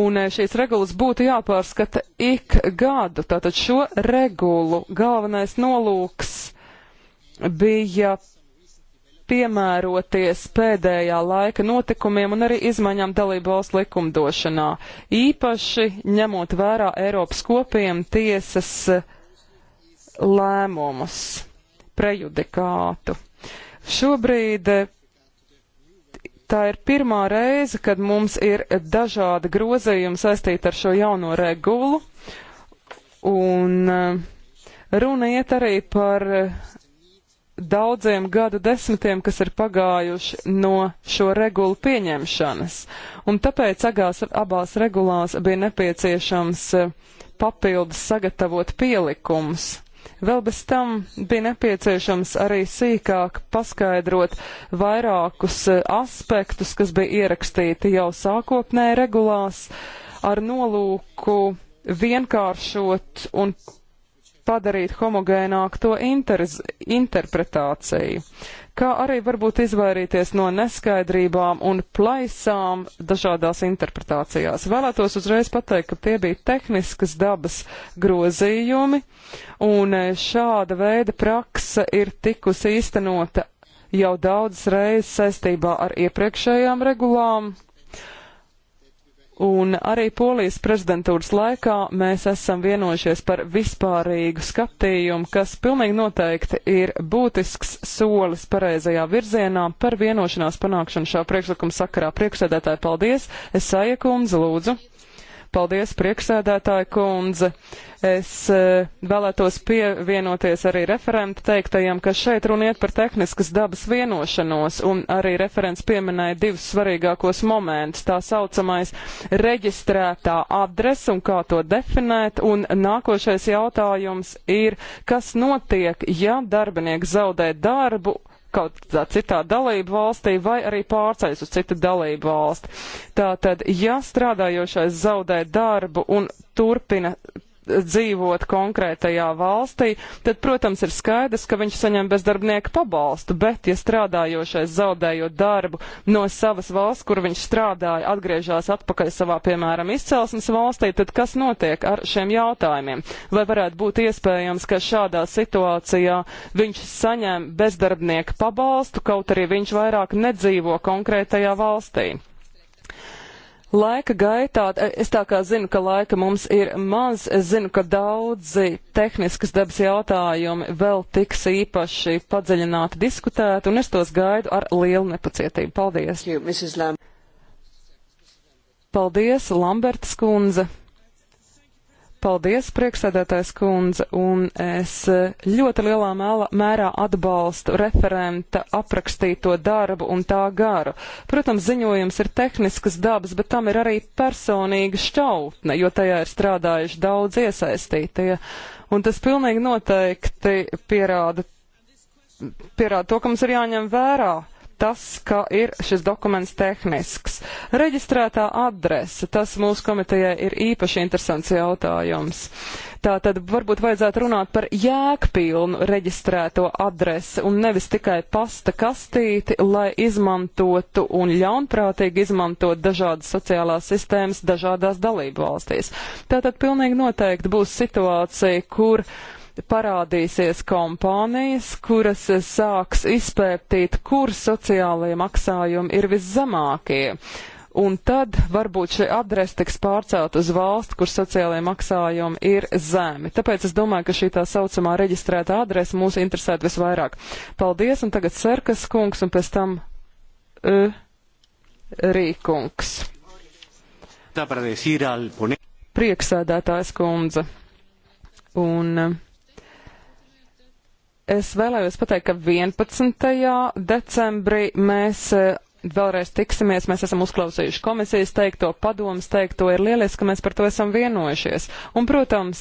D: un eh, šīs regulas būtu jāpārskata ik gadu. Tātad šo regulu galvenais nolūks bija piemēroties pēdējā laika notikumiem un arī izmaiņām dalību valsts likumdošanā, īpaši ņemot vērā Eiropas kopiem tiesas eh, lēmumus, prejudikātu. Šobrīd eh, tā ir pirmā reize, kad mums ir dažādi grozījumi saistīti ar šo jauno regulu, un eh, runa iet arī par daudziem gadu desmitiem, kas ir pagājuši no šo regulu pieņemšanas, un tāpēc agās, abās regulās bija nepieciešams eh, papildus sagatavot pielikums. Vēl bez tam bija nepieciešams arī sīkāk paskaidrot vairākus eh, aspektus, kas bija ierakstīti jau sākotnē regulās, ar nolūku vienkāršot un padarīt homogēnāku to interz, interpretāciju, kā arī varbūt izvairīties no neskaidrībām un plaisām dažādās interpretācijās. Vēlētos uzreiz pateikt, ka tie bija tehniskas dabas grozījumi, un e, šāda veida praksa ir tikusi īstenota jau daudzas reizes saistībā ar iepriekšējām regulām, Un arī Polijas prezidentūras laikā mēs esam vienojušies par vispārīgu skatījumu, kas pilnīgi noteikti ir būtisks solis pareizajā virzienā par vienošanās panākšanu šā priekšlikuma sakarā. Priekšsēdētāji, paldies! Es sajekundzu, lūdzu! Paldies, prieksēdētāja kundze. Es e, vēlētos pievienoties arī referenta teiktajam, ka šeit runiet par tehniskas dabas vienošanos, un arī referents pieminēja divus svarīgākos momentus - tā saucamais reģistrētā adrese un kā to definēt, un nākošais jautājums ir, kas notiek, ja darbinieks zaudē darbu kaut kādā citā dalību valstī vai arī pārceļas uz citu dalību valsti. Tātad, ja strādājošais zaudē darbu un turpina dzīvot konkrētajā valstī, tad, protams, ir skaidrs, ka viņš saņem bezdarbnieka pabalstu, bet, ja strādājošais zaudējot darbu no savas valsts, kur viņš strādāja, atgriežas atpakaļ savā, piemēram, izcelsmes valstī, tad kas notiek ar šiem jautājumiem? Vai varētu būt iespējams, ka šādā situācijā viņš saņem bezdarbnieka pabalstu, kaut arī viņš vairāk nedzīvo konkrētajā valstī? Laika gaitā, e, es tā kā zinu, ka laika mums ir maz, es zinu, ka daudzi tehniskas dabas jautājumi vēl tiks īpaši padziļināti diskutēti, un es tos gaidu ar lielu nepacietību. Paldies! Paldies, Lambertas kundze! Paldies, prieksēdētājs kundze, un es ļoti lielā mērā atbalstu referenta aprakstīto darbu un tā garu. Protams, ziņojums ir tehniskas dabas, bet tam ir arī personīga šķautne, jo tajā ir strādājuši daudz iesaistītie. Un tas pilnīgi noteikti pierāda, pierāda to, ka mums ir jāņem vērā tas, ka ir šis dokuments tehnisks. Reģistrētā adrese, tas mūsu komitejai ir īpaši interesants jautājums. Tā tad varbūt vajadzētu runāt par jēgpilnu reģistrēto adresi un nevis tikai pasta kastīti, lai izmantotu un ļaunprātīgi izmantot dažādas sociālās sistēmas dažādās dalību valstīs. Tātad pilnīgi noteikti būs situācija, kur uh, parādīsies kompānijas, kuras sāks izpētīt, kur sociālajie maksājumi ir viszemākie. Un tad varbūt šī adrese tiks pārcelt uz valsti, kur sociālajie maksājumi ir zemi. Tāpēc es domāju, ka šī tā saucamā reģistrēta adrese mūs interesētu visvairāk. Paldies, un tagad Serkas kungs, un pēc tam uh, e, Rīkungs. Prieksēdētājs kundze. Un uh, Es vēlējos pateikt, ka 11. decembrī mēs e, vēlreiz tiksimies, mēs esam uzklausījuši komisijas teikto, padomas teikto, ir lieliski, ka mēs par to esam vienojušies. Un, protams,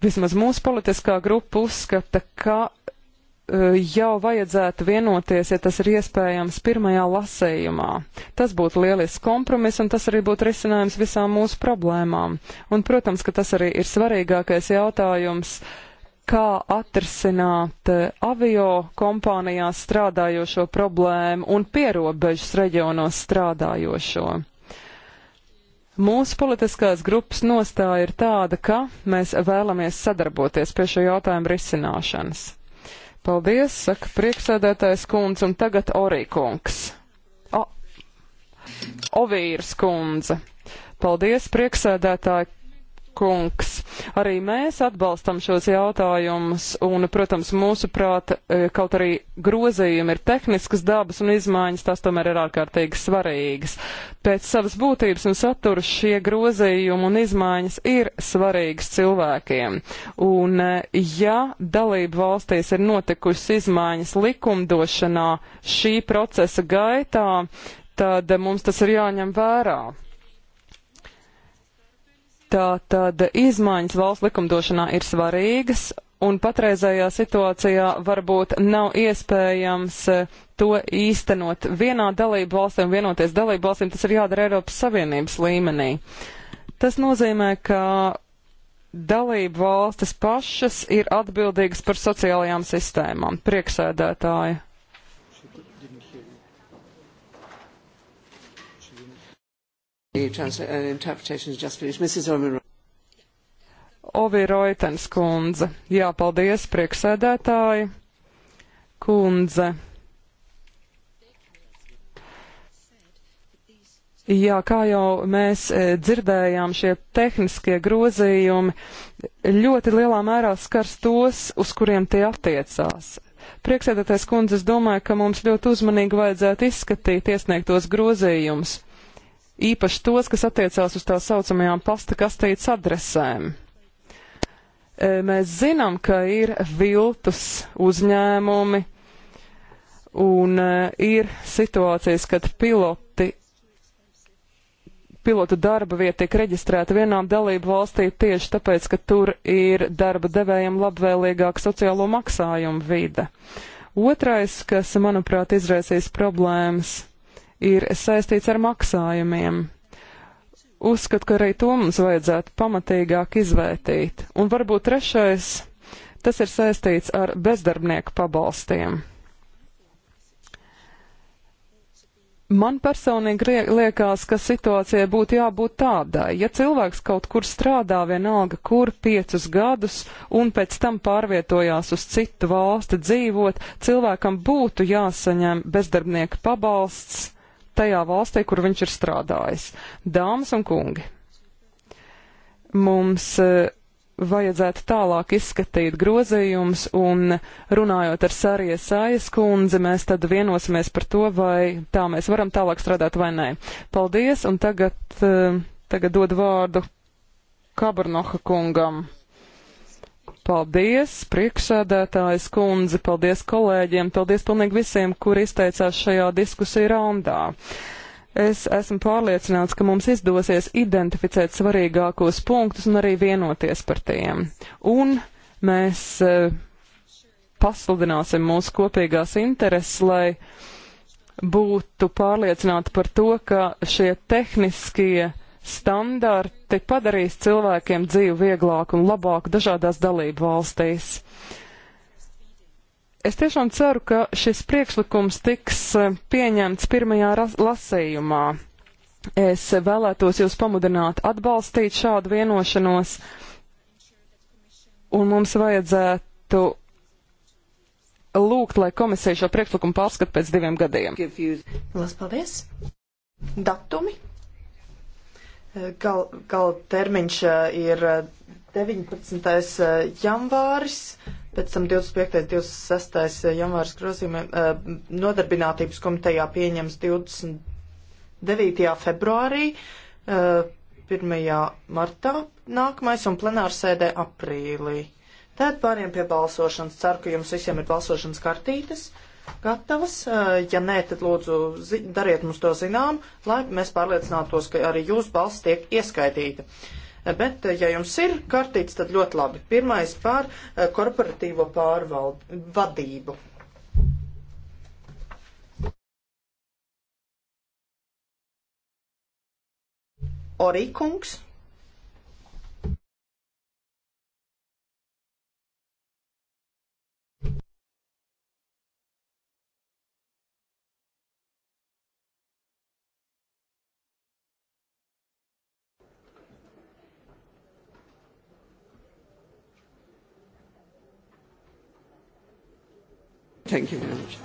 D: vismaz mūsu politiskā grupa uzskata, ka e, jau vajadzētu vienoties, ja tas ir iespējams, pirmajā lasējumā. Tas būtu lielisks kompromiss, un tas arī būtu risinājums visām mūsu problēmām. Un, protams, ka tas arī ir svarīgākais jautājums kā atrisināt eh, avio kompānijās strādājošo problēmu un pierobežas reģionos strādājošo. Mūsu politiskās grupas nostāja ir tāda, ka mēs vēlamies sadarboties pie šo jautājumu risināšanas. Paldies, saka priekšsēdētājs kundze, un tagad Orī kungs. O, Ovīrs kundze. Paldies, priekšsēdētāji kungs. Arī mēs atbalstam šos jautājumus, un, protams, mūsuprāt, e, kaut arī grozījumi ir tehniskas dabas un izmaiņas, tās tomēr ir ārkārtīgi svarīgas. Pēc savas būtības un satura šie grozījumi un izmaiņas ir svarīgas cilvēkiem. Un, e, ja dalību valstīs ir notikušas izmaiņas likumdošanā šī procesa gaitā, tad mums tas ir jāņem vērā. Tātad izmaiņas valsts likumdošanā ir svarīgas, un patreizējā situācijā varbūt nav iespējams eh, to īstenot vienā dalību valstī un vienoties dalību valstīm, tas ir jādara Eiropas Savienības līmenī. Tas nozīmē, ka dalību valstis pašas ir atbildīgas par sociālajām sistēmām. Prieksēdētāji. Uh, Ovi Roitens kundze. Jā, paldies, prieksēdētāji. Kundze. Jā, kā jau mēs e, dzirdējām, šie tehniskie grozījumi ļoti lielā mērā skars tos, uz kuriem tie attiecās. Prieksēdētais kundze, es domāju, ka mums ļoti uzmanīgi vajadzētu izskatīt iesniegtos grozījumus īpaši tos, kas attiecās uz tā saucamajām pasta kastītes adresēm. E, mēs zinām, ka ir viltus uzņēmumi un e, ir situācijas, kad piloti, pilotu darba vieta tiek reģistrēta vienām dalību valstī tieši tāpēc, ka tur ir darba devējiem labvēlīgāka sociālo maksājumu vide. Otrais, kas, manuprāt, izraisīs problēmas ir saistīts ar maksājumiem. Uzskatu, ka arī to mums vajadzētu pamatīgāk izvērtīt. Un varbūt trešais, tas ir saistīts ar bezdarbnieku pabalstiem. Man personīgi liekas, ka situācijai būtu jābūt tādai, ja cilvēks kaut kur strādā vienalga kur piecus gadus un pēc tam pārvietojās uz citu valsti dzīvot, cilvēkam būtu jāsaņem bezdarbnieka pabalsts tajā valstī, kur viņš ir strādājis. Dāmas un kungi, mums e, vajadzētu tālāk izskatīt grozījumus, un runājot ar Sāriju Sājas kundzi, mēs tad vienosimies par to, vai tā mēs varam tālāk strādāt vai nē. Paldies, un tagad, e, tagad dod vārdu Kabarnoha kungam. Paldies, priekšsēdētājs kundze, paldies kolēģiem, paldies pilnīgi visiem, kur izteicās šajā diskusiju raundā. Es esmu pārliecināts, ka mums izdosies identificēt svarīgākos punktus un arī vienoties par tiem. Un mēs eh, pasludināsim mūsu kopīgās intereses, lai būtu pārliecināti par to, ka šie tehniskie standarti padarīs cilvēkiem dzīvi vieglāku un labāku dažādās dalību valstīs. Es tiešām ceru, ka šis priekšlikums tiks eh, pieņemts pirmajā lasījumā. Es vēlētos jūs pamudināt atbalstīt šādu vienošanos, un mums vajadzētu lūgt, lai komisija šo priekšlikumu pārskat pēc diviem gadiem.
A: Lielas paldies! Datumi! Gal, gal termiņš eh, ir 19. Eh, eh, janvāris, pēc tam 25. 26. janvāris grozījumiem nodarbinātības komitejā pieņems 29. februārī, 1. martā nākamais un plenārsēdē aprīlī. Tad pāriem pie balsošanas. Ceru, ka jums visiem ir balsošanas kartītes gatavas. Eh, ja nē, tad lūdzu dariet mums to zinām, lai mēs pārliecinātos, ka arī jūsu balss tiek ieskaitīta. Eh, bet, eh, ja jums ir kartīts, tad ļoti labi. Pirmais pār korporatīvo pārvaldību. Orīkungs.
D: Thank you very much.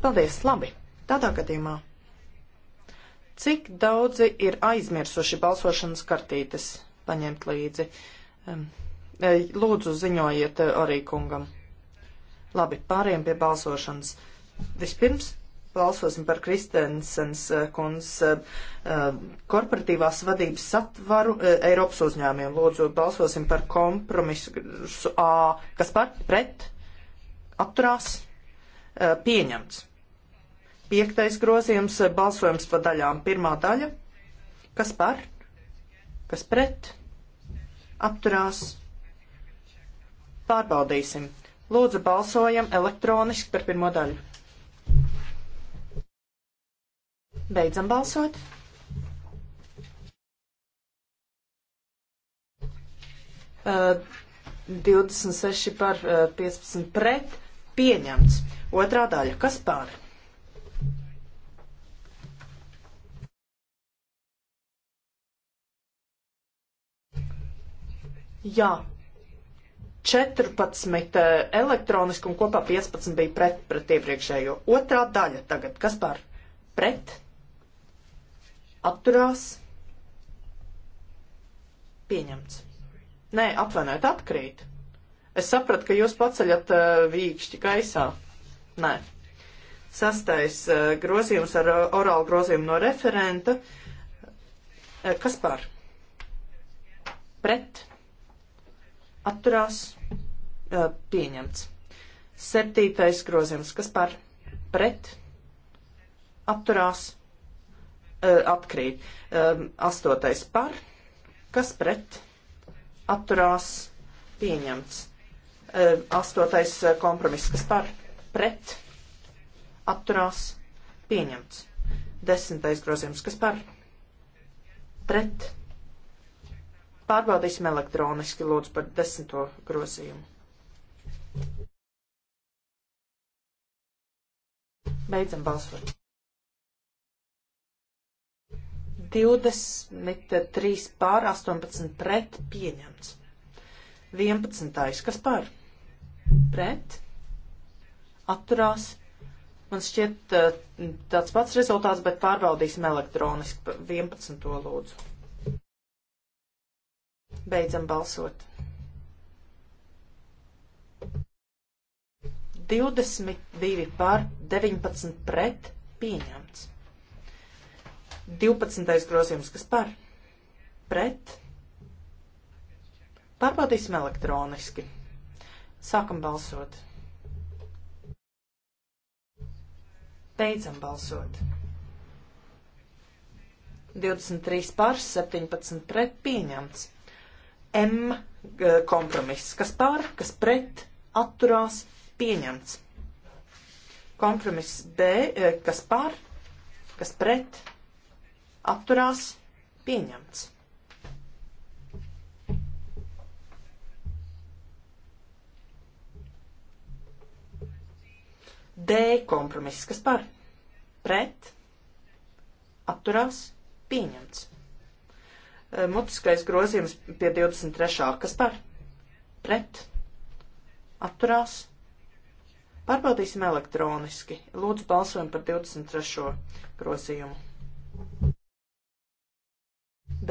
A: Paldies, labi. Tādā gadījumā. Cik daudzi ir aizmirsuši balsošanas kartītes paņemt līdzi? E, lūdzu, ziņojiet e, arī kungam. Labi, pāriem pie balsošanas. Vispirms balsosim par Kristensens e, kundzes korporatīvās vadības satvaru Eiropas uzņēmiem. Lūdzu, balsosim par kompromisu A. Kas par? Pret? atturās eh, pieņemts. Piektais grozījums eh, balsojums pa daļām. Pirmā daļa, kas par, kas pret, atturās. Pārbaudīsim. Lūdzu, balsojam elektroniski par pirmo daļu. Beidzam balsot. Uh, eh, 26 par uh, 15 pret Pieņemts. Otrā daļa. Kas par? Jā. 14 eh, elektroniski un kopā 15 bija pret, pret iepriekšējo. Otrā daļa tagad. Kas par? Pret? Atturās? Pieņemts. Nē, atvainojiet, atkrīt. Es sapratu, ka jūs paceļat uh, vīkšķi gaisā. Nē. Sastais uh, grozījums ar uh, orālu grozījumu no referenta. Uh, kas par? Pret. Atturās. Uh, pieņemts. Septītais grozījums. Kas par? Pret. Atturās. Uh, atkrīt. Uh, astotais par. Kas pret? Atturās. Pieņemts. Eh, astotais eh, kompromiss, kas par pret atturās pieņemts. Desmitais grozījums, kas par pret. Pārbaudīsim elektroniski, lūdzu, par desmito grozījumu. Beidzam balsot. 23 pār 18 pret pieņemts. 11. Kas pār? pret, atturās. Man šķiet tāds pats rezultāts, bet pārbaudīsim elektroniski 11. lūdzu. Beidzam balsot. 22 pār 19 pret pieņemts. 12. grozījums, kas par? Pret. Pārbaudīsim elektroniski. Sākam balsot. Beidzam balsot. 23 pār 17 pret pieņemts. M kompromiss. Kas pār, kas pret, atturās, pieņemts. Kompromiss B, e, kas pār, kas pret, atturās, pieņemts. D kompromiss, kas par pret atturās pieņemts. Eh, mutiskais grozījums pie 23. kas par pret atturās. Pārbaudīsim elektroniski. Lūdzu balsojam par 23. grozījumu.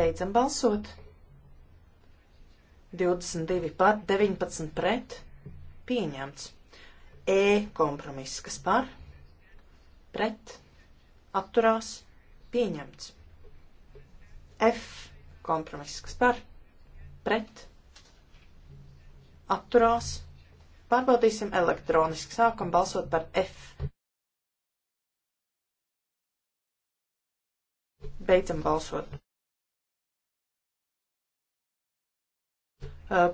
A: Beidzam balsot. 22 par 19 pret pieņemts. E kompromiss, kas par, pret, atturās, pieņemts. F kompromiss, kas par, pret, atturās. Pārbaudīsim elektroniski. Sākam balsot par F. Beidzam balsot. Uh,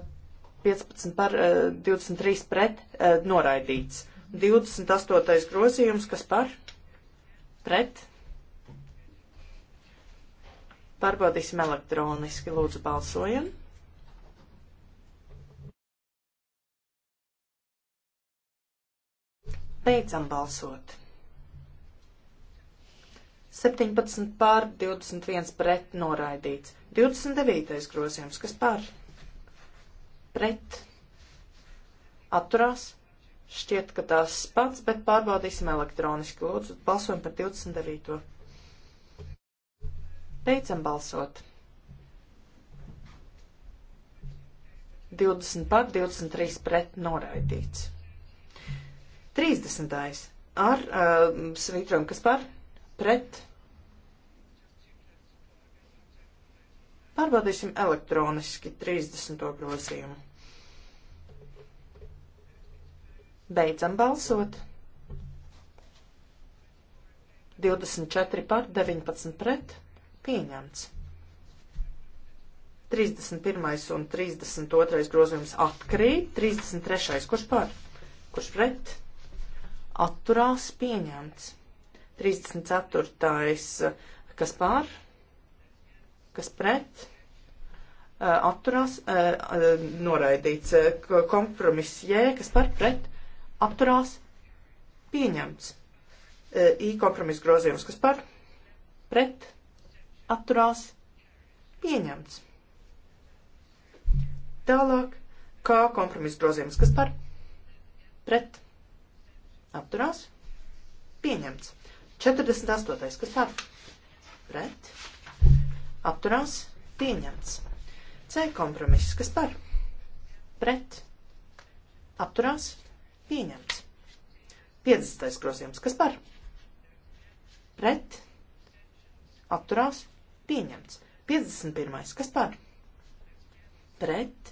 A: 15 par 23 eh, pret eh, noraidīts. 28. grozījums, kas par? Pret? Pārbaudīsim elektroniski, lūdzu balsojam. Beidzam balsot. 17 pār 21 pret noraidīts. 29. grozījums, kas pār? pret atturās. Šķiet, ka tās pats, bet pārbaudīsim elektroniski. Lūdzu, balsojam par 29. Beidzam balsot. 20 par, 23 pret noraidīts. 30. ar uh, svītrom, kas par pret Pārbaudīsim elektroniski 30. grozījumu. Beidzam balsot. 24 par 19 pret. Pieņemts. 31. un 32. grozījums atkrīt. 33. kurš par? Kurš pret? Atturās pieņemts. 34. kas par? Kas pret? Eh, atturās eh, eh, noraidīts. Kompromiss J, kas par pret atturās pieņemts. I kompromiss grozījums, kas par pret atturās pieņemts. Tālāk, kā kompromiss grozījums, kas par pret atturās pieņemts. 48. kas par pret atturās pieņemts. C kompromiss, kas par? Pret. Apturās. Pieņemts. 50. grozījums, kas par? Pret. Apturās. Pieņemts. 51. kas par? Pret.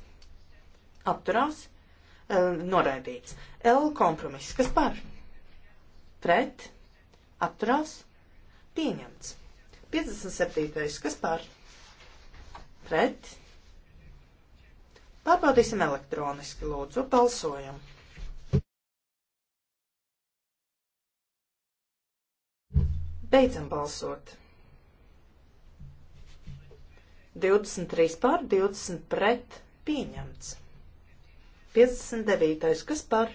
A: Apturās. E, noraidīts. L kompromiss, kas par? Pret. Apturās. Pieņemts. 57. kas par? Pret. Pārbaudīsim elektroniski, lūdzu, balsojam. Beidzam balsot. 23 pār, 20 pret, pieņemts. 59. kas par?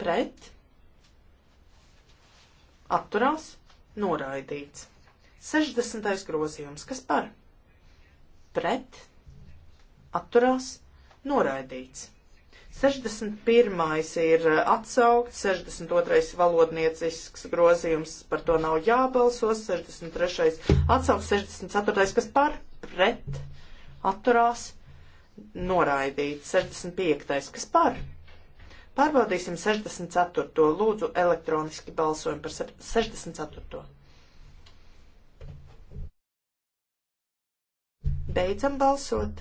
A: Pret, atturās, noraidīts. 60. grozījums, kas par? pret, atturās, noraidīts. 61. ir eh, atsaukts, 62. valodniecisks grozījums, par to nav jābalso, 63. atsaukts, 64. kas par, pret, atturās, noraidīts, 65. kas par. Pārbaudīsim 64. lūdzu elektroniski balsojumu par 64. Beidzam balsot.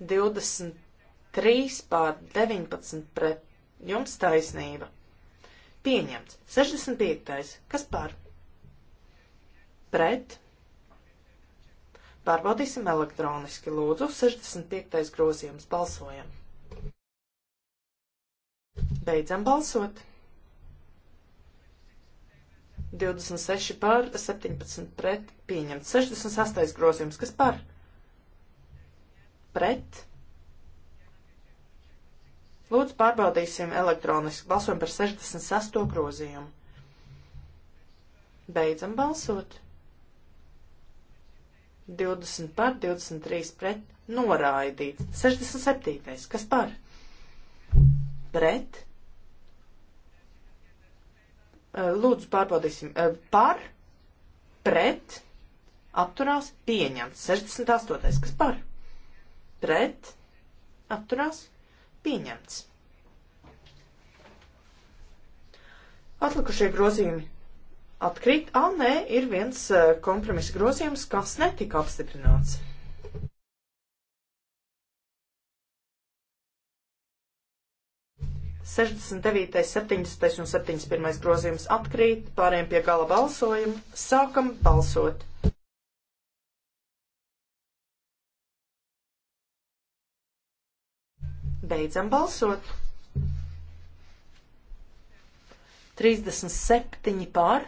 A: 23 pār 19 pret. Jums taisnība. Pieņemts. 65. Kas par? Pret. Pārbaudīsim elektroniski. Lūdzu, 65. grozījums. Balsojam. Beidzam balsot. 26 par, 17 pret, pieņemts. 68 grozījums, kas par? Pret. Lūdzu, pārbaudīsim elektroniski. Balsojam par 68 grozījumu. Beidzam balsot. 20 par, 23 pret, noraidīts. 67. Kas par? Pret. Eh, lūdzu, pārbaudīsim. Eh, par, pret, apturās, pieņemts. 68. Kas par? Pret, apturās, pieņemts. Atlikušie grozījumi atkrīt. Ā, ah, nē, ir viens eh, kompromisa grozījums, kas netika apstiprināts. 69., 70. un 71. grozījums atkrīt, pārējiem pie gala balsojuma. Sākam balsot! Beidzam balsot! 37 pār,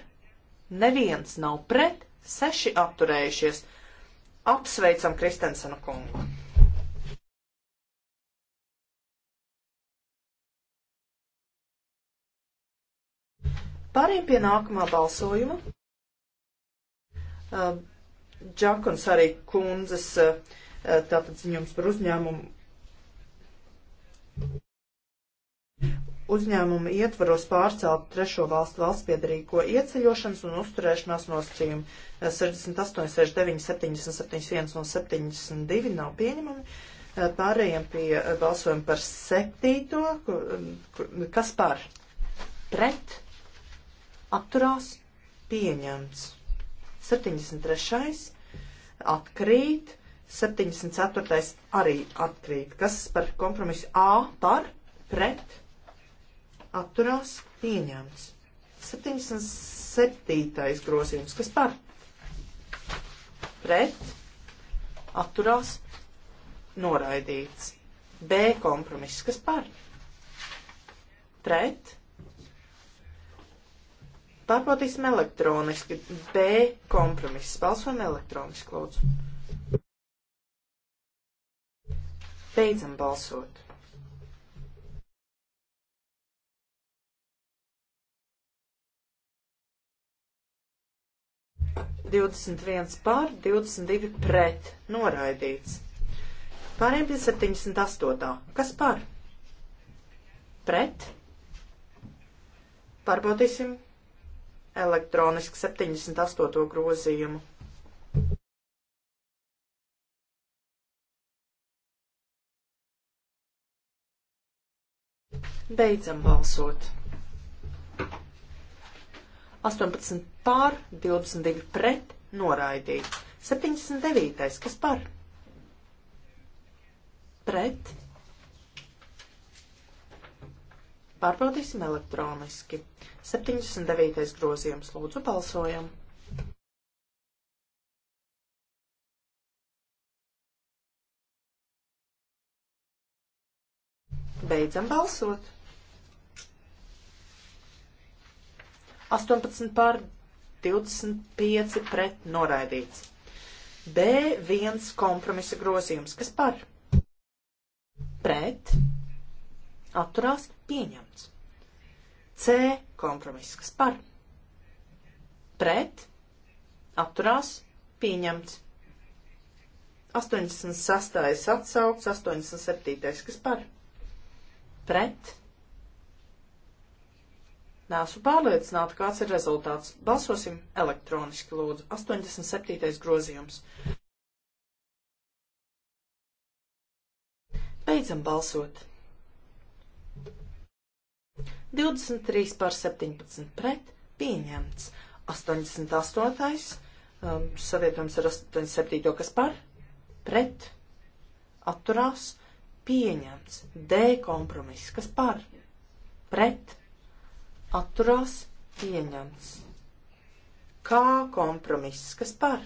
A: neviens nav pret, 6 atturējušies. Apsveicam Kristensenu kungu! Pārējiem pie nākamā balsojuma. Uh, Džakons arī kundzes uh, tātad ziņums par uzņēmumu. Uzņēmumu ietvaros pārcelt trešo valstu valstspiedarīgo ieceļošanas un uzturēšanās nosacījumu 68, 69, 77, 1 un 72 nav pieņemami. Uh, pārējiem pie uh, balsojuma par septīto, um, kas par pret atturās pieņemts. 73. atkrīt, 74. arī atkrīt. Kas par kompromisu A par pret atturās pieņemts. 77. grozījums. Kas par pret atturās noraidīts. B kompromiss. Kas par pret Pārbaudīsim elektroniski. B kompromiss. Balsojam elektroniski, lūdzu. Beidzam balsot. Divdesmit viens pār, divdesmit divi pret. Noraidīts. Pārējiem pie 78. Kas par? Pret? Pārbaudīsim elektroniski 78. grozījumu. Beidzam balsot. 18 pār, 22 pret, noraidīt. 79. kas par? Pret, Pārbaudīsim elektroniski. 79. grozījums. Lūdzu, balsojam. Beidzam balsot. 18 pār 25 pret noraidīts. B1 kompromisa grozījums. Kas par? Pret atturās pieņemts. C kompromiss, kas par, pret, atturās pieņemts. 86. atsaukts, 87. kas par, pret. Nāsu pārliecināta, kāds ir rezultāts. Balsosim elektroniski, lūdzu. 87. grozījums. Beidzam balsot. 23 pār 17 pret pieņemts. 88. Um, savietojums ar 87. kas par pret atturās pieņemts. D kompromiss kas par pret atturās pieņemts. K kompromiss kas par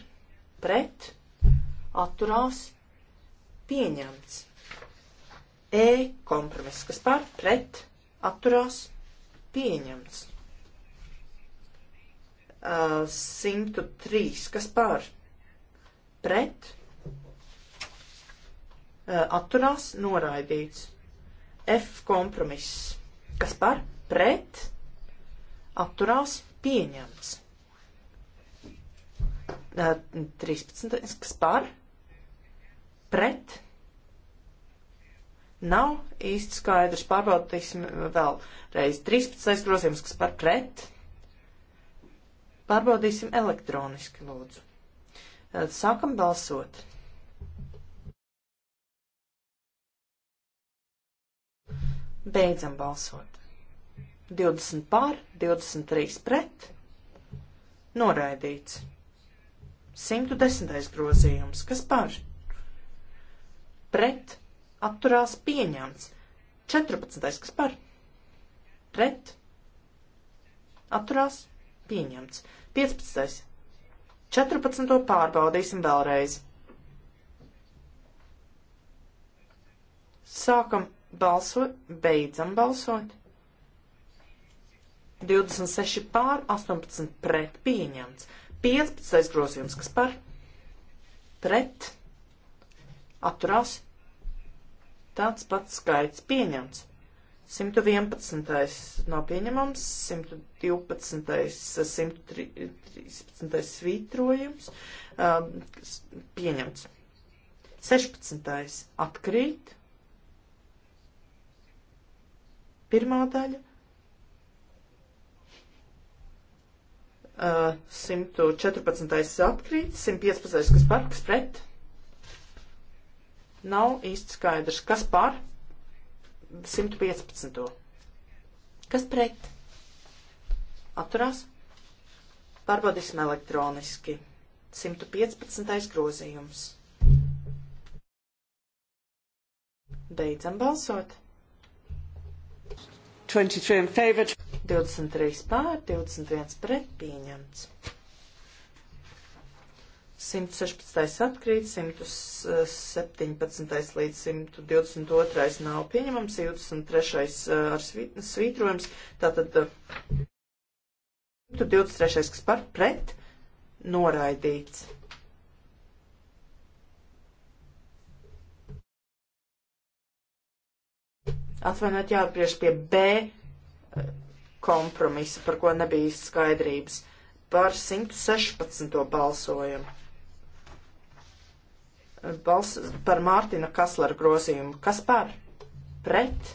A: pret atturās pieņemts. E kompromiss kas par pret atturās pieņemts pieņemts. Uh, 103. Kas par? Pret. Uh, atturās. Noraidīts. F kompromiss. Kas par? Pret. Atturās. Pieņemts. Uh, 13. Kas par? Pret nav īsti skaidrs. Pārbaudīsim vēlreiz 13. grozījums, kas par pret. Pārbaudīsim elektroniski, lūdzu. Sākam balsot. Beidzam balsot. 20 pār, 23 pret. Noraidīts. 110. grozījums. Kas par? Pret atturās pieņemts. 14. kas par? Pret. Atturās pieņemts. 15. 14. pārbaudīsim vēlreiz. Sākam balsot, beidzam balsot. 26 pār, 18 pret pieņemts. 15. grozījums, kas par pret atturās Tāds pats skaits pieņemts. 111. nav pieņemams, 112. 113. svītrojums um, pieņemts. 16. atkrīt. Pirmā daļa. 114. Uh, atkrīt, 115. kas par, kas pret, Nav īsti skaidrs, kas par 115. Kas pret? Atturās? Pārbaudīsim elektroniski. 115. grozījums. Beidzam balsot. 23 pār, 21 pret pieņemts. 116. atkrīt, 117. Eh, līdz 122. nav pieņemams, 23. Eh, ar svītrojums, tātad 123. Eh, kas par pret noraidīts. Atvainojiet, jāatgriež pie B kompromisa, par ko nebija skaidrības. Par 116. balsojumu. Bals par Mārtina Kaslera grozījumu. Kas par? Pret?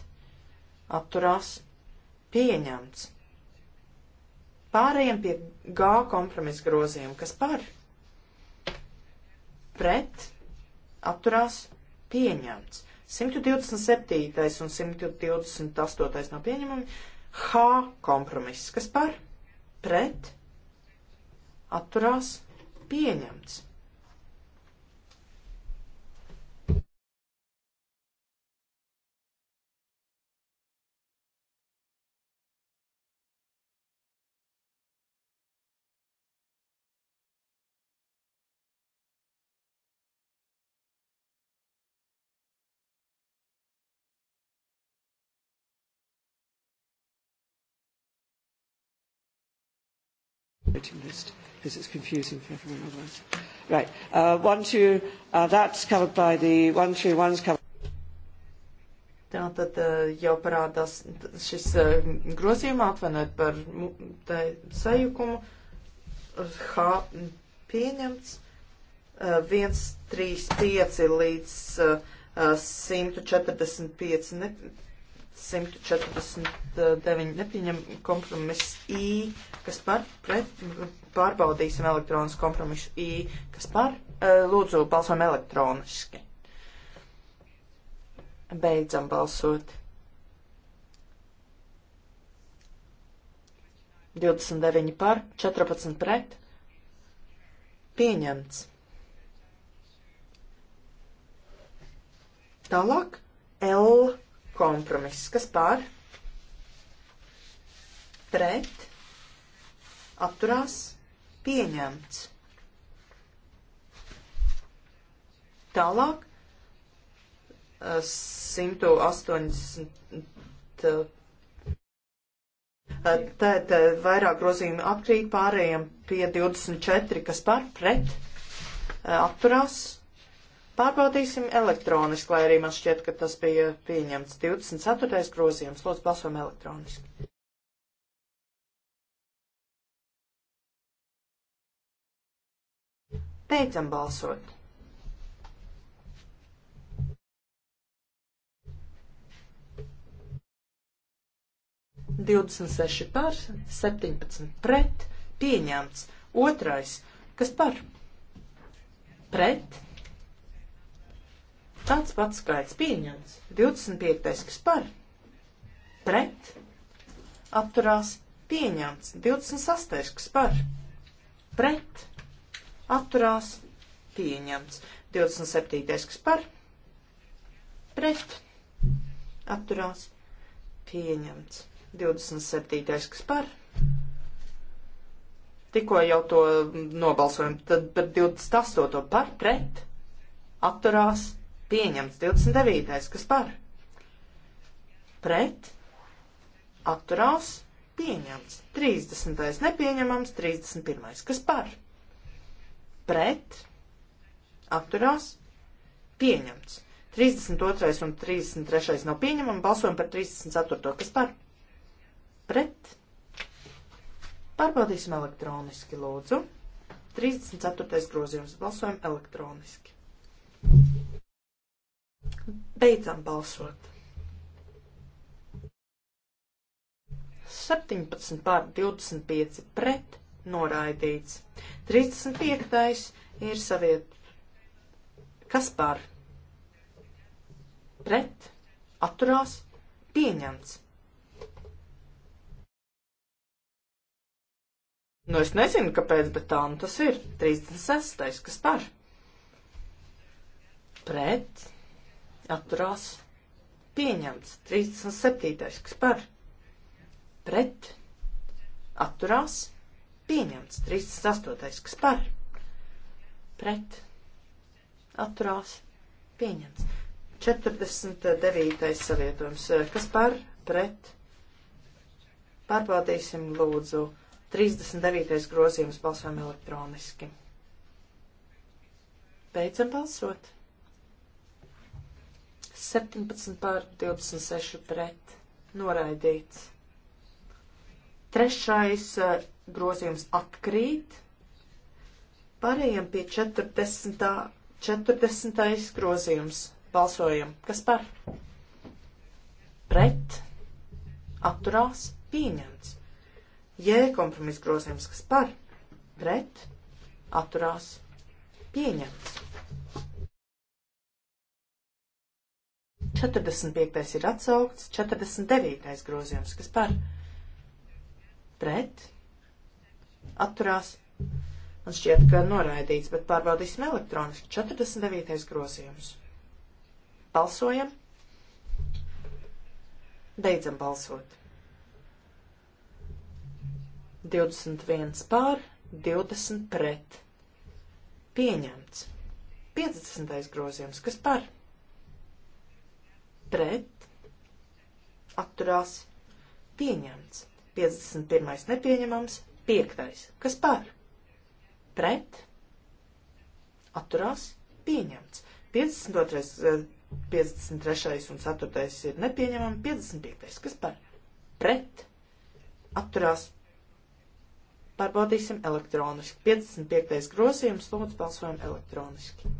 A: Atturās? Pieņemts. Pārējiem pie G kompromisa grozījuma. Kas par? Pret? Atturās? Pieņemts. 127. un 128. nav pieņemami. H kompromiss. Kas par? Pret? Atturās? Pieņemts. voting list because it's confusing for everyone otherwise. Right, uh, one, two, uh, that's covered by the one, two, one's covered. Tā tad uh, jau parādās šis uh, grozījuma atvainot par sajukumu. H pieņemts 1, 3, 5 līdz 145 uh, 149 nepieņem kompromiss I, kas par pret, pārbaudīsim elektronisku kompromisu I, kas par eh, lūdzu balsojam elektroniski. Beidzam balsot. 29 par, 14 pret. Pieņemts. Tālāk L kompromiss. Kas pār? Pret. Atturās. Pieņemts. Tālāk. 180. Eh, eh, Tad vairāk grozījumi atkrīt pārējiem pie 24, kas par pret eh, atturās Pārbaudīsim elektroniski, lai arī man šķiet, ka tas bija pieņemts 24. grozījums. Lūdzu, balsojam elektroniski. Beidzam balsot. Divdesmit seši par, septiņpadsmit pret, pieņemts. Otrais, kas par? Pret Tāds pats skaits pieņemts. 25. kas par, pret, atturās pieņemts. 26. kas par, pret, atturās pieņemts. 27. kas par, pret, atturās pieņemts. 27. kas par, tikko jau to nobalsojam, tad par 28. par, pret, atturās pieņemts Pieņemts 29. Kas par? Pret. Atturās. Pieņemts. 30. Nepieņemams. 31. Kas par? Pret. Atturās. Pieņemts. 32. un 33. nav pieņemama. Balsojam par 34. Kas par? Pret. Pārbaudīsim elektroniski, lūdzu. 34. grozījums. Balsojam elektroniski. Beidzam balsot. 17 pār 25 pret noraidīts. 35. ir saviet. Kas par? Pret, atturās, pieņemts. Nu, es nezinu, kāpēc, bet tā nu tas ir. 36. kas par? Pret, atturās pieņemts. 37. kas par pret atturās pieņemts. 38. kas par pret atturās pieņemts. 49. savietojums, kas par pret pārbaudīsim lūdzu 39. grozījums balsojam elektroniski. Beidzam balsot. 17 pār 26 pret noraidīts. Trešais eh, grozījums atkrīt. Pārējiem pie 40. 40. grozījums. Balsojam. Kas par? Pret. Atturās. Pieņemts. Jē, kompromis grozījums. Kas par? Pret. Atturās. Pieņemts. 45. ir atsaukts, 49. grozījums, kas par pret atturās. Man šķiet, ka noraidīts, bet pārbaudīsim elektroniski. 49. grozījums. Balsojam. Beidzam balsot. 21 pār, 20 pret. Pieņemts. 50. grozījums. Kas par? pret, atturās, pieņemts. 51. nepieņemams, 5. kas par, pret, atturās, pieņemts. 52. 53. un 4. ir nepieņemami, 55. kas par, pret, atturās, pārbaudīsim elektroniski. 55. grozījums, lūdzu, balsojam elektroniski.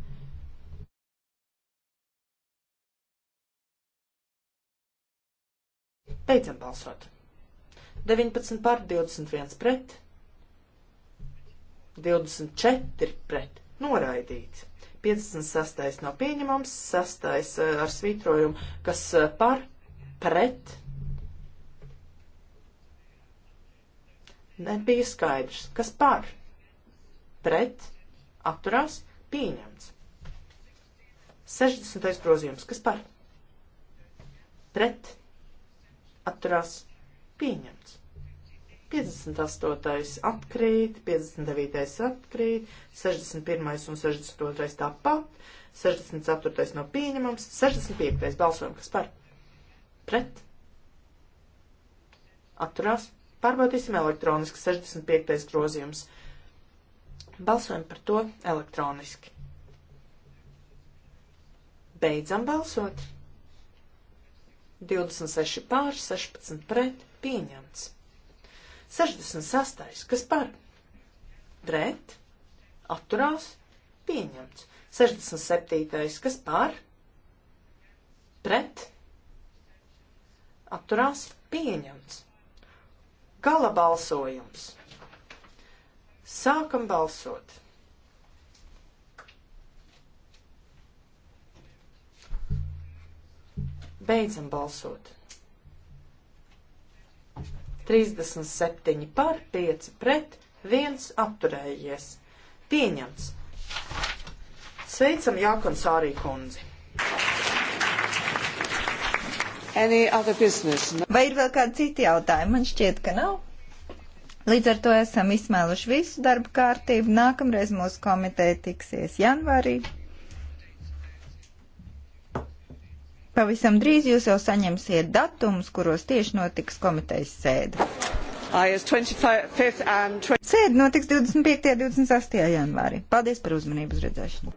A: Beidzam balsot. 19 par 21 pret. 24 pret. Noraidīts. 56. nav pieņemams, 6. Eh, ar svītrojumu, kas eh, par, pret. Nebija skaidrs, kas par, pret, atturās, pieņemts. 60. grozījums, kas par, pret, atturās pieņemts. 58. atkrīt, 59. atkrīt, 61. un 62. tāpat, 64. nav pieņemams, 65. balsojam, kas par pret atturās. Pārbaudīsim elektroniski 65. grozījums. Balsojam par to elektroniski. Beidzam balsot. 26 pār, 16 pret, pieņemts. 66. Kas par? Pret, atturās, pieņemts. 67. Kas par? Pret, atturās, pieņemts. Gala balsojums. Sākam balsot. Beidzam balsot. 37 par, 5 pret, 1 atturējies. Pieņemts. Sveicam Jākonsārī kundzi.
B: Vai ir vēl kādi citi jautājumi? Man šķiet, ka nav. Līdz ar to esam izsmēluši visu darbu kārtību. Nākamreiz mūsu komiteja tiksies janvārī. Pavisam drīz jūs jau saņemsiet datumus, kuros tieši notiks komitejas sēde. Sēde notiks 25. un 26. janvārī. Paldies par uzmanību uz redzēšanu!